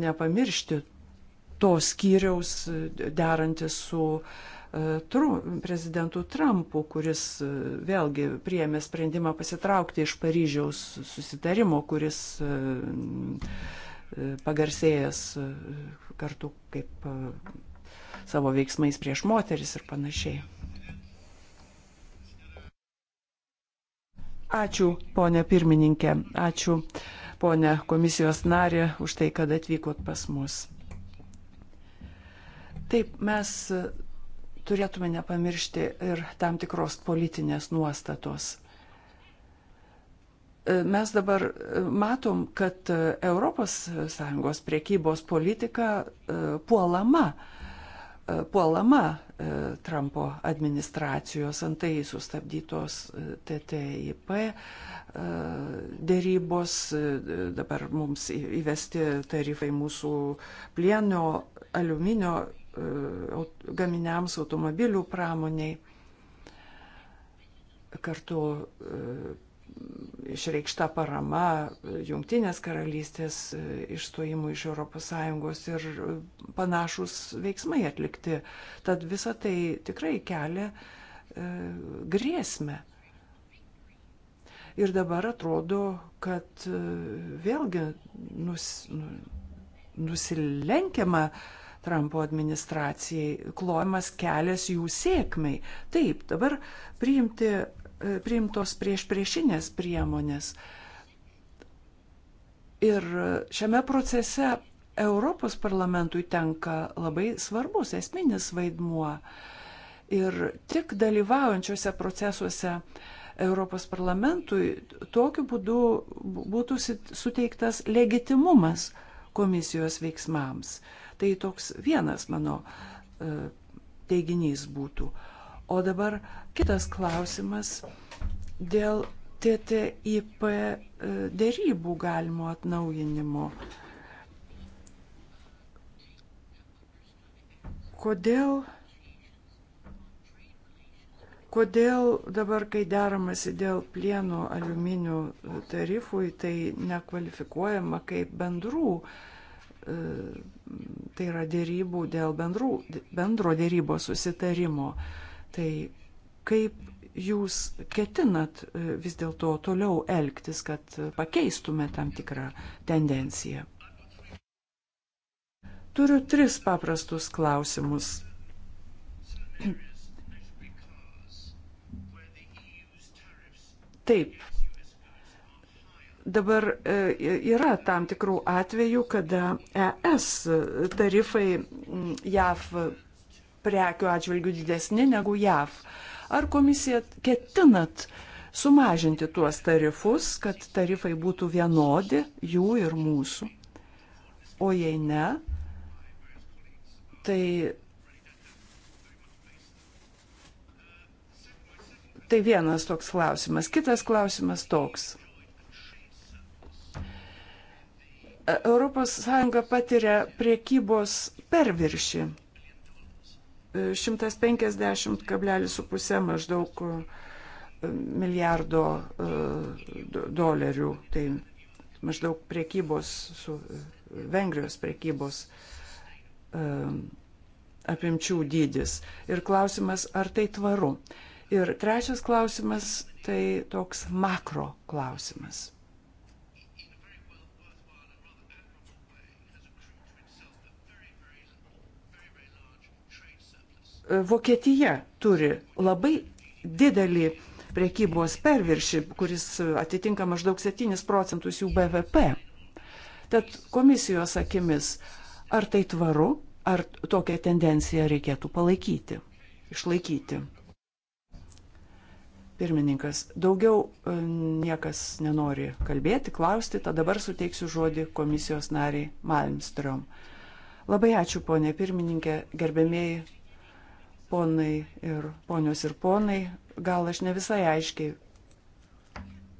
nepamiršti to skyriaus derantis su uh, Trum, prezidentu Trumpu, kuris e, vėlgi priėmė sprendimą pasitraukti iš Paryžiaus susitarimo, kuris e, e, pagarsėjęs kartu kaip savo veiksmais prieš moteris ir panašiai. Ačiū, ponė pirmininkė, ačiū, ponė komisijos narė, už tai, kad atvykot pas mus. Taip, mes turėtume nepamiršti ir tam tikros politinės nuostatos. E, mes dabar e, matom, kad ES priekybos politika e, puolama, puolama Trumpo administracijos antai sustabdytos TTIP dėrybos, dabar mums įvesti tarifai mūsų plieno, aliuminio E, gaminiams automobilių pramoniai. Kartu e, išreikšta parama Junktinės karalystės e, išstojimų iš ES ir panašus veiksmai atlikti. Tad visa tai tikrai kelia grėsmę. Ir dabar atrodo, kad vėlgi nus, nu, nusilenkiama uh, Trumpo administracijai, klojimas kelias jų sėkmei. Taip, dabar priimti, e, priimtos prieš priešinės priemonės. Ir šiame procese Europos parlamentui tenka labai svarbus, esminis vaidmuo. Ir tik dalyvaujančiose procesuose Europos parlamentui tokiu būdu būtų suteiktas legitimumas komisijos veiksmams. Tai toks vienas mano e, teiginys būtų. O dabar kitas klausimas dėl TTIP e, dėrybų galimo atnaujinimo. Kodėl, kodėl dabar, kai deramasi dėl plieno aliuminių tarifui, tai nekvalifikuojama kaip bendrų uh, E, tai yra dėrybų dėl bendrų, bendro dėrybo susitarimo. Tai kaip jūs ketinat e, vis dėlto toliau elgtis, kad pakeistume tam tikrą tendenciją? Turiu tris paprastus klausimus. Taip, Dabar e, yra tam tikrų atvejų, kada ES tarifai JAV prekių atžvilgių didesni negu JAV. Ar komisija ketinat sumažinti tuos tarifus, kad tarifai būtų vienodi jų ir mūsų? O jei ne, tai Tai vienas toks klausimas. Kitas klausimas toks. ES patiria priekybos perviršį. 150,5 e, maždaug e, milijardo e, dolerių. Tai maždaug priekybos su Vengrijos priekybos apimčių dydis. Ir klausimas, ar tai tvaru. Ir trečias klausimas, tai toks makro klausimas. Vokietija turi labai didelį priekybos perviršį, kuris atitinka maždaug 7 procentus jų BVP. Tad komisijos akimis, ar tai tvaru, ar tokią tendenciją reikėtų palaikyti, išlaikyti. Pirmininkas, daugiau e, niekas nenori kalbėti, klausti, tad dabar suteiksiu žodį komisijos nariai Malmström. Labai ačiū, ponė pirmininkė, gerbėmėjai ponai ir ponios ir ponai, gal aš ne visai aiškiai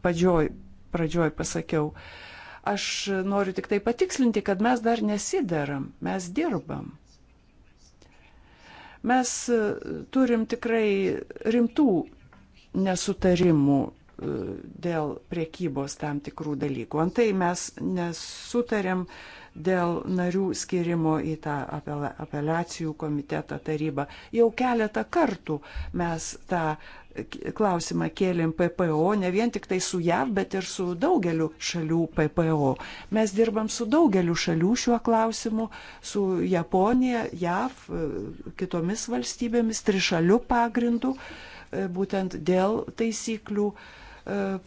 padžioj, pradžioj pasakiau. Aš noriu tik tai patikslinti, kad mes dar nesidaram, mes dirbam. Mes e, turim tikrai rimtų nesutarimų e, dėl priekybos tam tikrų dalykų. Antai mes nesutarėm uh, dėl narių skirimo į tą apeliacijų komiteto tarybą. Jau keletą kartų mes tą klausimą kėlėm PPO, ne vien tik tai su JAV, bet ir su daugeliu šalių PPO. Mes dirbam su daugeliu šalių šiuo klausimu, su Japonija, JAV, kitomis valstybėmis, trišalių pagrindų, e, būtent dėl taisyklių e,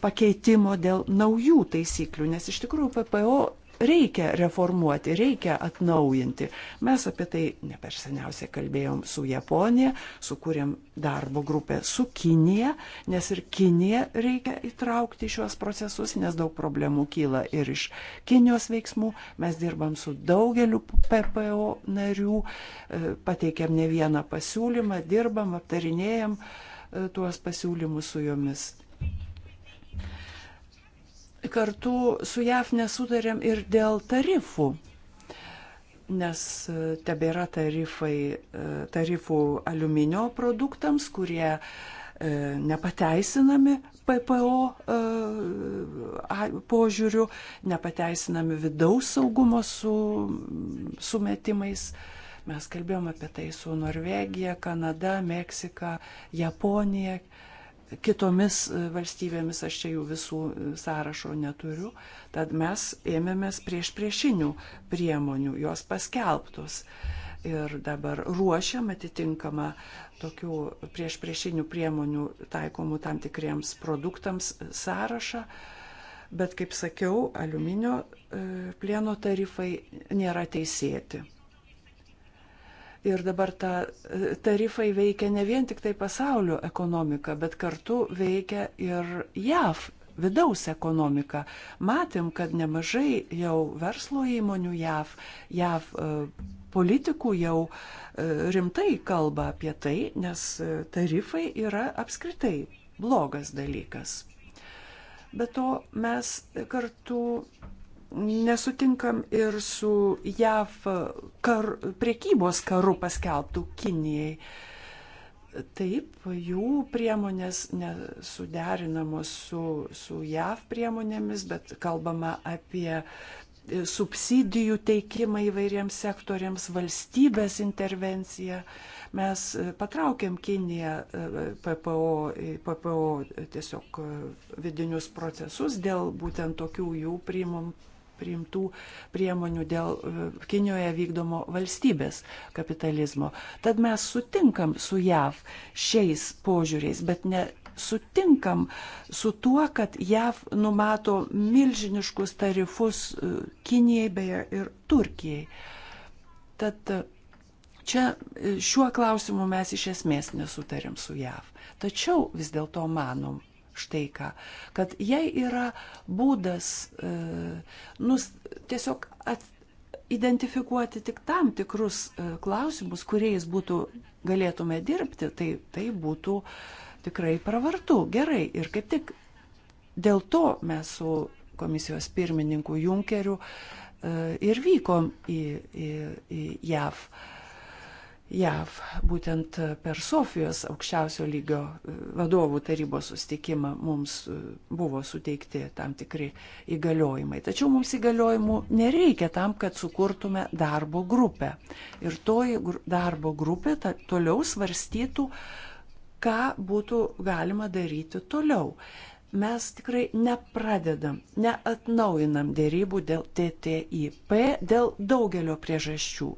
pakeitimo, dėl naujų taisyklių, nes iš tikrųjų PPO reikia reformuoti, reikia atnaujinti. Mes apie tai ne per seniausiai kalbėjom su Japonija, sukūrėm darbo grupę su Kinija, nes ir Kinija reikia įtraukti šiuos procesus, nes daug problemų kyla ir iš Kinijos veiksmų. Mes dirbam su daugeliu PPO narių, e, pateikėm ne vieną pasiūlymą, dirbam, aptarinėjom e, tuos pasiūlymus su jomis kartu su JAF nesutarėm ir dėl tarifų, nes e, tebėra tarifai, e, tarifų aliuminio produktams, kurie e, nepateisinami PPO požiūrių, nepateisinami vidaus saugumo su sumetimais. Mes kalbėjom apie tai su Norvegija, Kanada, Meksika, Japonija, kitomis e, valstybėmis, aš čia jų visų e, sąrašo neturiu, tad mes ėmėmės prieš priešinių priemonių, jos paskelbtos. Ir dabar ruošiam atitinkamą tokių prieš priešinių priemonių taikomų tam tikriems produktams e, sąrašą. Bet, kaip sakiau, aliuminio plieno tarifai nėra teisėti. Ir dabar ta tarifai veikia ne vien tik tai pasaulio ekonomiką, bet kartu veikia ir JAV vidaus ekonomiką. Matėm, kad nemažai jau verslo įmonių JAV, JAV e, politikų jau e, rimtai kalba apie tai, nes e, tarifai yra apskritai blogas dalykas. Be to mes kartu Nesutinkam ir su JAV kar, priekybos karu paskelbtų Kinijai. Taip, jų priemonės nesuderinamos su, su JAV priemonėmis, bet kalbama apie subsidijų teikimą įvairiems sektoriams, valstybės intervenciją. Mes patraukėm Kiniją PPO, PPO tiesiog vidinius procesus dėl būtent tokių jų priimam priimtų priemonių dėl e, Kinijoje vykdomo valstybės kapitalizmo. Tad mes sutinkam su JAV šiais požiūriais, bet ne sutinkam su tuo, kad JAV numato milžiniškus tarifus e, Kinijai beje ir Turkijai. Tad e, Čia šiuo klausimu mes iš esmės nesutarim su JAV. Tačiau vis dėlto manom, štai ką, kad jei yra būdas nu, tiesiog at, identifikuoti tik tam tikrus e, klausimus, kuriais būtų galėtume dirbti, tai tai būtų tikrai pravartu, gerai. Ir kaip tik dėl to mes su komisijos pirmininku Junkeriu e, ir vykom į, į, į JAV. Uh, JAV, būtent per Sofijos aukščiausio lygio e, vadovų tarybos sustikimą mums e, buvo suteikti tam tikri įgaliojimai. Tačiau mums įgaliojimų nereikia tam, kad sukurtume darbo grupę. Ir toji darbo grupė ta, toliau svarstytų, ką būtų galima daryti toliau. Mes tikrai nepradedam, neatnaujinam dėrybų dėl TTIP dėl daugelio priežasčių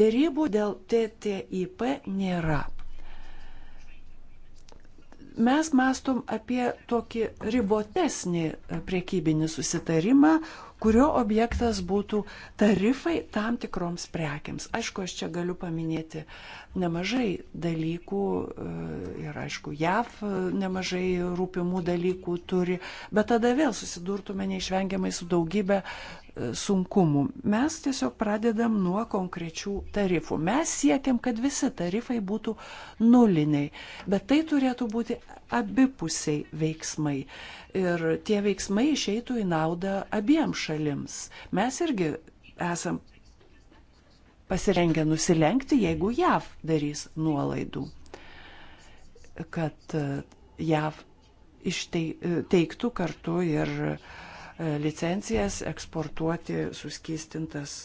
Dėrybų dėl TTIP nėra. Mes mastom apie tokį ribotesnį priekybinį susitarimą, kurio objektas būtų tarifai tam tikroms prekiams. Aišku, aš čia galiu paminėti nemažai dalykų e, ir, aišku, JAV e, nemažai rūpimų dalykų turi, bet tada vėl susidurtume neišvengiamai su daugybė e, sunkumų. Mes tiesiog pradedam nuo konkrečių tarifų. Mes siekiam, kad visi tarifai būtų nuliniai, bet tai turėtų būti abipusiai veiksmai ir tie veiksmai išeitų į naudą abiems šalims. Mes irgi esam pasirengę nusilenkti, jeigu JAV darys nuolaidų, kad e, JAV e, teiktų kartu ir e, licencijas eksportuoti suskystintas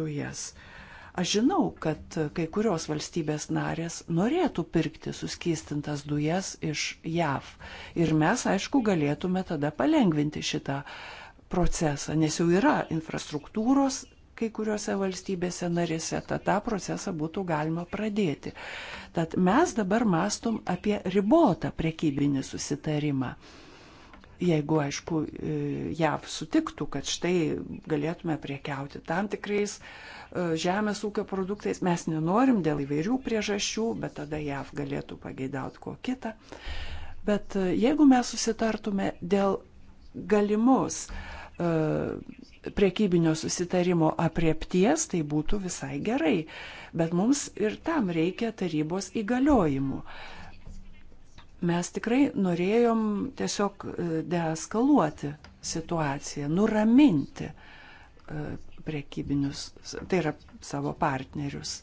dujas. Yes Aš žinau, kad kai kurios valstybės narės norėtų pirkti suskystintas dujas iš JAV. Ir mes, aišku, galėtume tada palengvinti šitą procesą, nes jau yra infrastruktūros kai kuriuose valstybėse narėse, tad tą procesą būtų galima pradėti. Tad mes dabar mastom apie ribotą prekybinį susitarimą jeigu, aišku, e, JAV sutiktų, kad štai galėtume priekiauti tam tikrais e, žemės ūkio produktais, mes nenorim dėl įvairių priežasčių, bet tada JAV galėtų pageidauti ko kitą. Bet e, jeigu mes susitartume dėl galimus priekybinio susitarimo apriepties, tai būtų visai gerai. Bet mums ir tam reikia tarybos įgaliojimų. Uh, mes tikrai norėjom tiesiog e, deeskaluoti situaciją, nuraminti e, priekybinius, tai yra savo partnerius.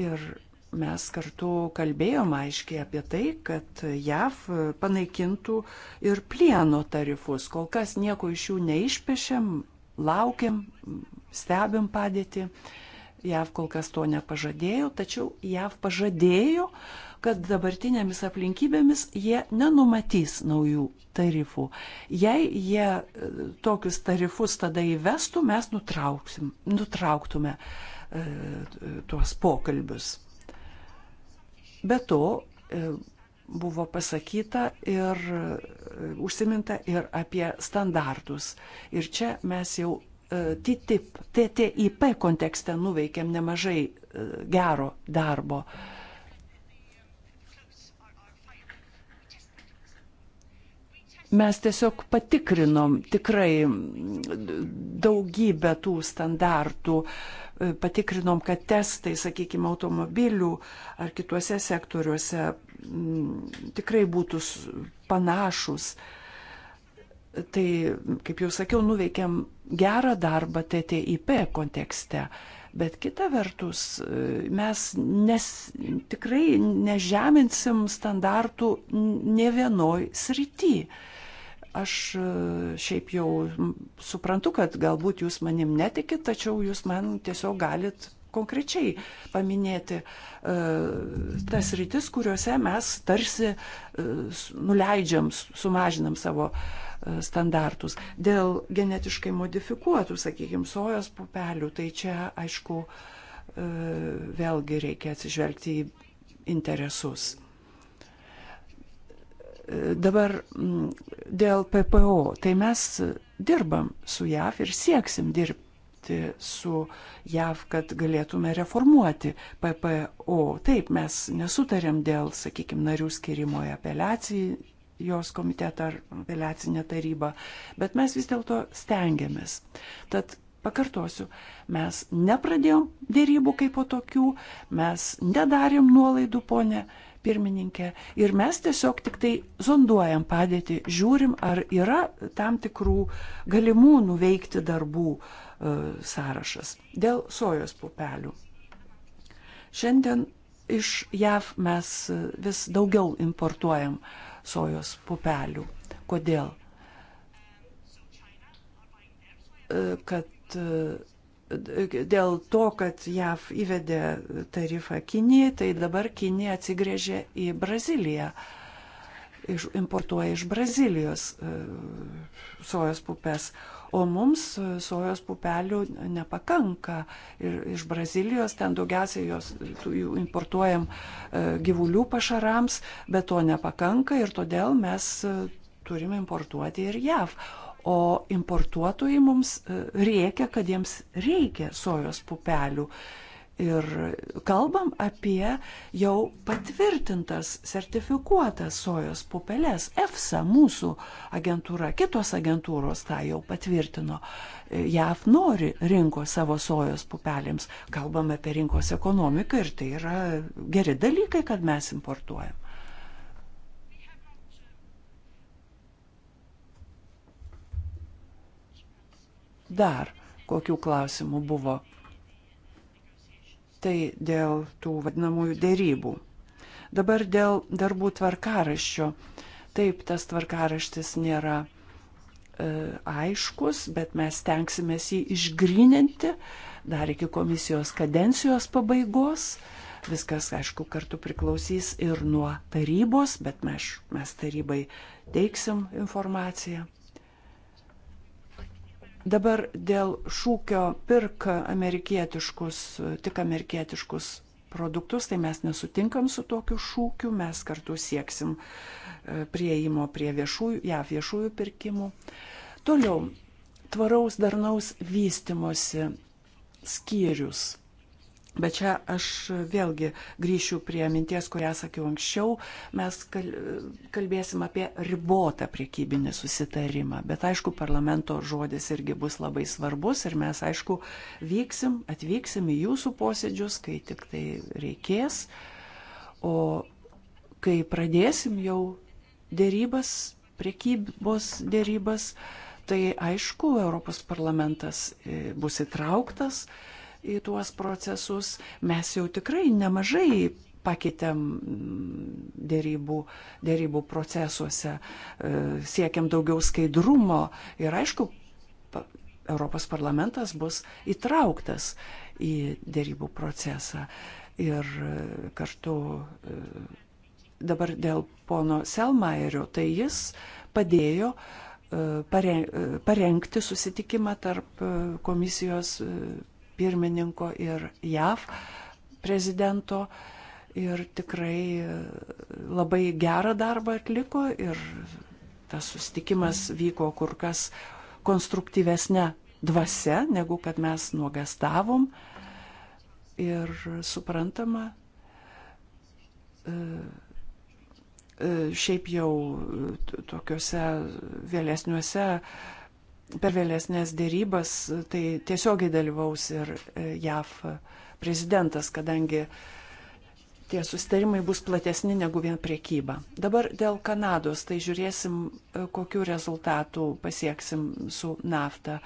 Ir mes kartu kalbėjom aiškiai apie tai, kad JAV panaikintų ir plieno tarifus. Kol kas nieko iš jų neišpešėm, laukiam, stebim padėtį. JAV kol kas to nepažadėjo, tačiau JAV pažadėjo kad dabartinėmis aplinkybėmis jie nenumatys naujų tarifų. Jei jie e, tokius tarifus tada įvestų, mes nutrauktume e, tuos pokalbius. Be to, e, buvo pasakyta ir e, užsiminta ir apie standartus. Ir čia mes jau e, TTIP, TTIP kontekste nuveikėm nemažai gero darbo. Uh, Mes tiesiog patikrinom tikrai daugybę tų standartų, e, patikrinom, kad testai, sakykime, automobilių ar kituose sektoriuose mm, tikrai būtų panašus. Tai, kaip jau sakiau, nuveikėm gerą darbą TTIP kontekste. Bet kita vertus, e, mes nes, tikrai nežeminsim standartų ne vienoj srity. Aš e, šiaip jau suprantu, kad galbūt jūs manim netikit, tačiau jūs man tiesiog galit konkrečiai paminėti e, tas rytis, kuriuose mes tarsi e, nuleidžiam, sumažinam savo standartus. Dėl genetiškai modifikuotų, sakykime, sojos pupelių, tai čia, aišku, vėlgi reikia atsižvelgti į interesus dabar mm, dėl PPO, tai mes dirbam su JAV ir sieksim dirbti su JAV, kad galėtume reformuoti PPO. Taip, mes nesutarėm dėl, sakykime, narių skirimo į apeliacijos komitetą ar apeliacinę tarybą, bet mes vis dėlto stengiamės. Tad pakartosiu, mes nepradėjom dėrybų kaip po tokių, mes nedarėm nuolaidų, ponė pirmininkė. Ir mes tiesiog tik tai zonduojam padėtį, žiūrim, ar yra tam tikrų galimų nuveikti darbų e, sąrašas dėl sojos pupelių. Šiandien iš JAV mes e, vis daugiau importuojam sojos pupelių. Kodėl? E, kad dėl to, kad JAV įvedė tarifą Kinijai, tai dabar Kinija atsigrėžė į Braziliją. Iš, importuoja iš Brazilijos e, sojos pupes, o mums e, sojos pupelių nepakanka. Ir iš Brazilijos ten daugiausiai jos jų importuojam e, gyvulių pašarams, bet to nepakanka ir todėl mes turime importuoti ir JAV o importuotojai mums e, rėkia, kad jiems reikia sojos pupelių. Ir kalbam apie jau patvirtintas, sertifikuotas sojos pupelės. EFSA, mūsų agentūra, kitos agentūros tą jau patvirtino. E, JAF nori rinkos savo sojos pupelėms. Kalbam apie rinkos ekonomiką ir tai yra geri dalykai, kad mes importuojam. dar kokių klausimų buvo. Tai dėl tų vadinamųjų dėrybų. Dabar dėl darbų tvarkaraščio. Taip, tas tvarkaraštis nėra e, aiškus, bet mes tenksimės jį išgrininti dar iki komisijos kadencijos pabaigos. Viskas, aišku, kartu priklausys ir nuo tarybos, bet mes, mes tarybai teiksim informaciją. Dabar dėl šūkio pirk amerikietiškus, tik amerikietiškus produktus, tai mes nesutinkam su tokiu šūkiu, mes kartu sieksim e, prieimo prie viešųjų, jav viešųjų pirkimų. Toliau, tvaraus darnaus vystimosi skyrius. Bet čia aš vėlgi grįšiu prie minties, kurią sakiau anksčiau. Mes kalbėsim apie ribotą priekybinį susitarimą. Bet aišku, parlamento žodis irgi bus labai svarbus ir mes aišku vyksim, atvyksim į jūsų posėdžius, kai tik tai reikės. O kai pradėsim jau dėrybas, priekybos dėrybas, tai aišku, Europos parlamentas e, bus įtrauktas. Uh, į tuos procesus, mes jau tikrai nemažai pakeitėm mm, dėrybų, dėrybų procesuose, e, siekiam daugiau skaidrumo ir aišku, Europos parlamentas bus įtrauktas į dėrybų procesą. Ir e, kartu e, dabar dėl pono Selmairio, tai jis padėjo parengti susitikimą tarp komisijos pirmininko ir JAV prezidento. Ir tikrai e, labai gerą darbą atliko ir tas sustikimas vyko kur kas konstruktyvesnė dvasia, negu kad mes nuogastavom. Ir suprantama, e, e, šiaip jau tokiuose vėlesniuose per vėlesnės dėrybas tai tiesiogiai dalyvaus ir e, JAV prezidentas, kadangi tie sustarimai bus platesni negu vien priekyba. Dabar dėl Kanados, tai žiūrėsim, e, kokiu rezultatu pasieksim su nafta.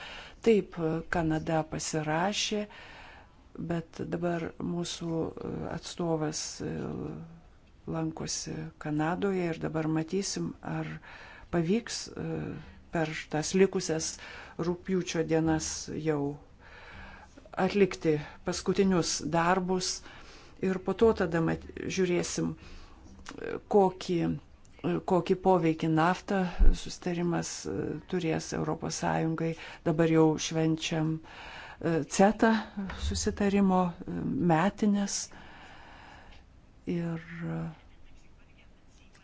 Taip, e, Kanada pasirašė, bet dabar mūsų atstovas lankosi Kanadoje ir dabar matysim, ar pavyks per tas likusias rūpjūčio dienas jau atlikti paskutinius darbus ir po to tada mat, žiūrėsim, kokį, kokį poveikį naftą sustarimas e, turės ES. Dabar jau švenčiam e, CETA susitarimo e, metinės ir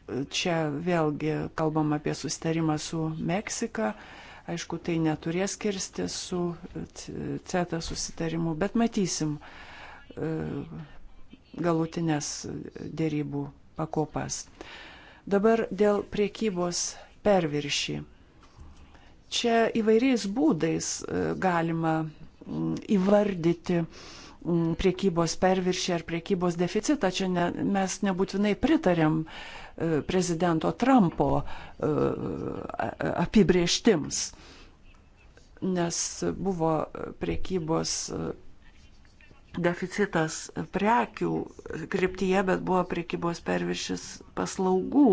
Čia vėlgi kalbam apie susitarimą su Meksika. Aišku, tai neturės kirsti su CETA susitarimu, bet matysim e, galutinės dėrybų pakopas. Dabar dėl priekybos perviršį. Čia įvairiais būdais e, galima įvardyti priekybos perviršį ar priekybos deficitą. Čia ne, mes nebūtinai pritarėm E, prezidento Trumpo e, apibrieštims, nes buvo priekybos e, deficitas prekių kryptyje, bet buvo priekybos perviršis paslaugų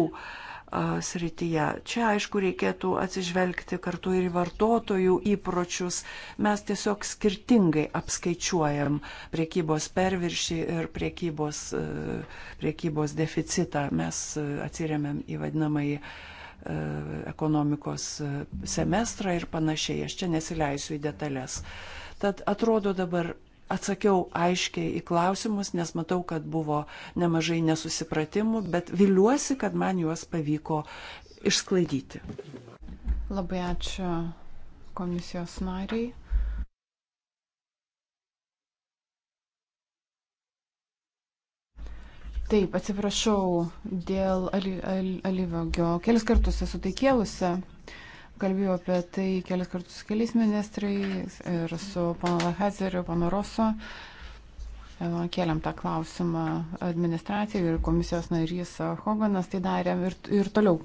srityje. Čia, aišku, reikėtų atsižvelgti kartu ir į vartotojų įpročius. Mes tiesiog skirtingai apskaičiuojam priekybos perviršį ir priekybos, e, priekybos deficitą. Mes e, atsiriamėm į vadinamąjį e, ekonomikos semestrą ir panašiai. Aš čia nesileisiu į detalės. Tad atrodo dabar atsakiau aiškiai į klausimus, nes matau, kad buvo nemažai nesusipratimų, bet viliuosi, kad man juos pavyko išsklaidyti. Labai ačiū komisijos nariai. Taip, atsiprašau dėl alyvogio. Kelis kartus esu tai kėlusi kalbėjau apie tai kelias kartus su keliais ministrais ir su pano Lahazeriu, pano Roso. E, kėlėm tą klausimą administracijai ir komisijos narys Hoganas tai darėm ir, ir toliau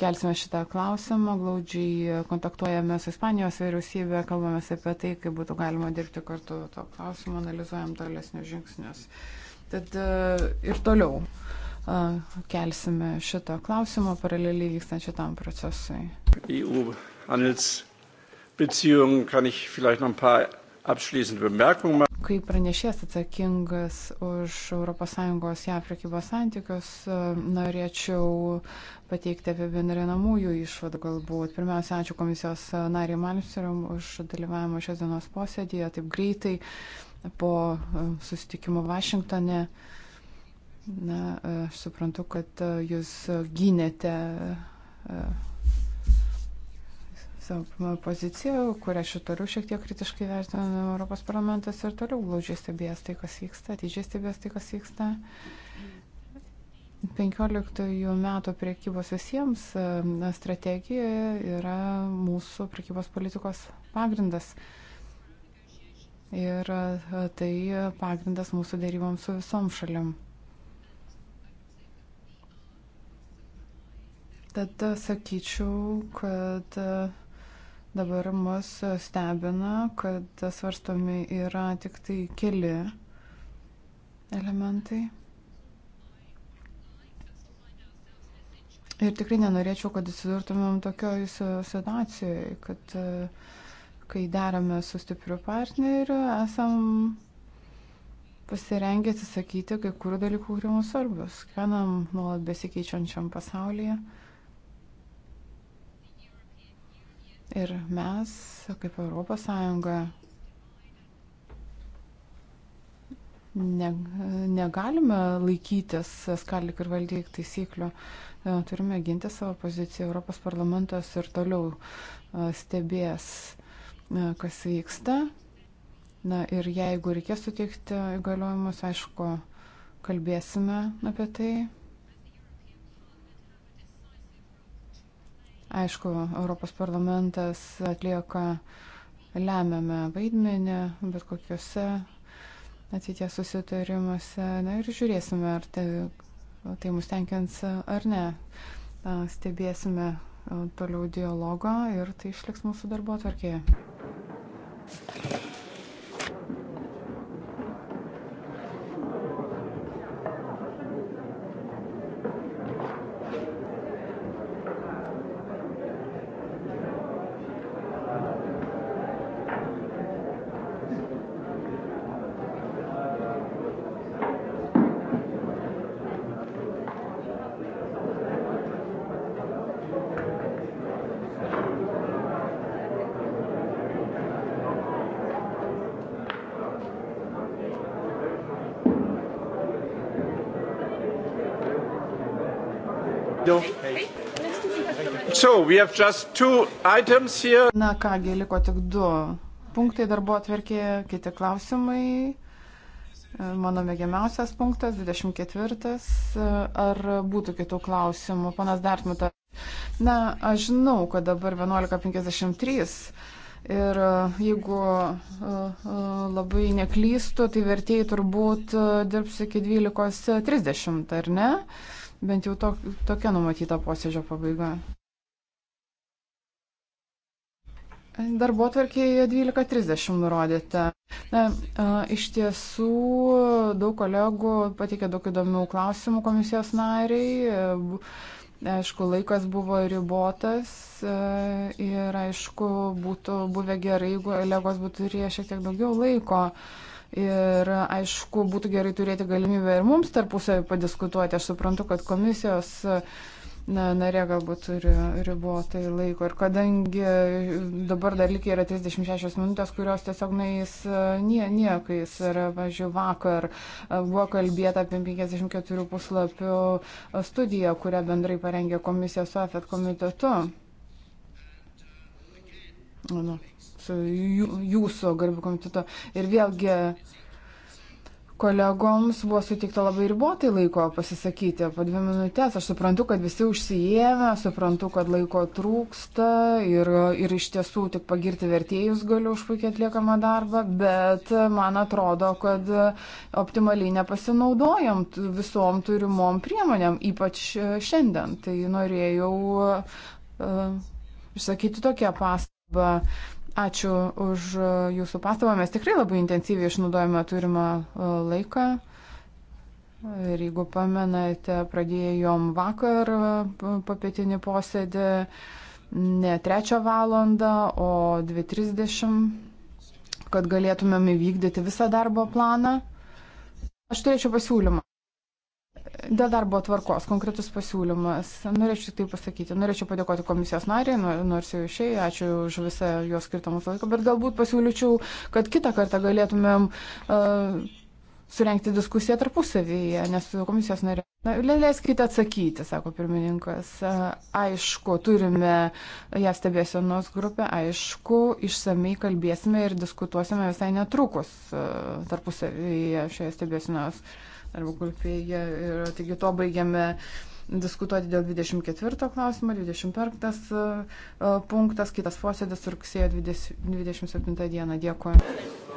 kelsime šitą klausimą, glaudžiai kontaktuojame su Ispanijos vyriausybė, kalbame apie tai, kaip būtų galima dirbti kartu to klausimu, analizuojam tolesnius žingsnius. Tad e, ir toliau. Uh, kelsime šito klausimo paraleliai vykstant šitam procesui. E Kaip pranešės atsakingas už ES JAV prekybos santykius, norėčiau pateikti apie bendrinamųjų išvadų galbūt. Pirmiausia, ačiū komisijos nariai Malmström už dalyvavimą šios dienos posėdėje taip greitai po susitikimo Vašingtone. Uh, Na, e, aš suprantu, kad e, jūs gynėte e, savo poziciją, kurią aš toliau šiek tiek kritiškai vertinu Europos parlamentas ir toliau glaudžiai stebės tai, kas vyksta, atidžiai stebės tai, kas vyksta. 15 metų priekybos visiems strategijoje yra mūsų priekybos politikos pagrindas. Ir tai pagrindas mūsų dėryboms su visom šalim. Tad eh, sakyčiau, kad eh, dabar mus stebina, kad svarstomi yra tik tai keli elementai. Ir tikrai nenorėčiau, kad atsidurtumėm tokioj situacijoje, kad eh, kai derame su stipriu partneriu, esam pasirengę atsisakyti kai kurių dalykų, kurie mums svarbus. Gyvenam nuolat besikeičiančiam pasaulyje. Uh, Ir mes, kaip ES, ne, negalime laikytis skalik ir valdyk taisyklių. E, turime ginti savo poziciją. Europos parlamentas ir toliau e, stebės, e, kas vyksta. Na ir jeigu reikės suteikti įgaliojimus, aišku, kalbėsime apie tai. Aišku, Europos parlamentas atlieka lemiamą vaidmenį bet kokiuose ateities susitarimuose. Na ir žiūrėsime, ar tai, tai mus tenkins ar ne. Stebėsime toliau dialogą ir tai išliks mūsų darbo atvarkėje. So, Na kągi, liko tik du punktai darbo atverkėje, kiti klausimai. Mano mėgiamiausias punktas, 24. Ar būtų kitų klausimų? Panas Dartmutas. Na, aš žinau, kad dabar 11.53. Ir e, jeigu e, e, labai neklystu, tai vertėjai turbūt dirbs iki 12.30, ar ne? Bent jau to, tokia numatyta posėdžio pabaiga. Darbo atvarkėje 12.30 nurodyta. Na, iš tiesų, daug kolegų patikė daug įdomių klausimų komisijos nariai. E, aišku, laikas buvo ribotas e, ir, aišku, būtų buvę gerai, jeigu kolegos būtų turėję šiek tiek daugiau laiko. Ir, aišku, būtų gerai turėti galimybę ir mums tarpusavį padiskutuoti. Aš suprantu, kad komisijos. Uh, na, narė galbūt turi ribotai laiko. Ir kadangi dabar dar likia yra 36 minutės, kurios tiesiog nais e, nie, niekais. Ir, važiuoju, vakar e, buvo kalbėta apie 54 puslapių e, studiją, kurią bendrai parengė komisija su AFET komitetu. Nu, su jūsų garbių komitetu. Ir vėlgi kolegoms buvo suteikta labai ribotai laiko pasisakyti, po dvi minutės. Aš suprantu, kad visi užsijėmė, suprantu, kad laiko trūksta ir, ir iš tiesų tik pagirti vertėjus galiu už puikiai atliekamą darbą, bet man atrodo, kad optimaliai nepasinaudojam visom turimom priemonėm, ypač šiandien. Tai norėjau uh, išsakyti tokią pastabą. Ačiū už e, jūsų pastabą. Mes tikrai labai intensyviai išnaudojame turimą e, laiką. Ir jeigu pamenate, pradėjom vakar e, papietinį posėdį ne 3 valandą, o 2.30, kad galėtumėm įvykdyti visą darbo planą. Aš turėčiau pasiūlymą. Dėl darbo tvarkos, konkretus pasiūlymas. Norėčiau tai pasakyti. Norėčiau padėkoti komisijos nariai, nors jau išėjai, ačiū už visą jos skirtą mūsų laiką, bet galbūt pasiūlyčiau, kad kitą kartą galėtumėm uh, surenkti diskusiją tarpusavyje, nes komisijos nariai. Na, leiskite atsakyti, sako pirmininkas. Aišku, turime ją stebėsienos grupę, aišku, išsamei kalbėsime ir diskutuosime visai netrukus tarpusavyje šioje stebėsienos grupėje darbo grupėje. Ir taigi to baigiame diskutuoti dėl 24 klausimo, 25 e, e, punktas, kitas posėdis rugsėjo 20, 27 dieną. Dėkuoju.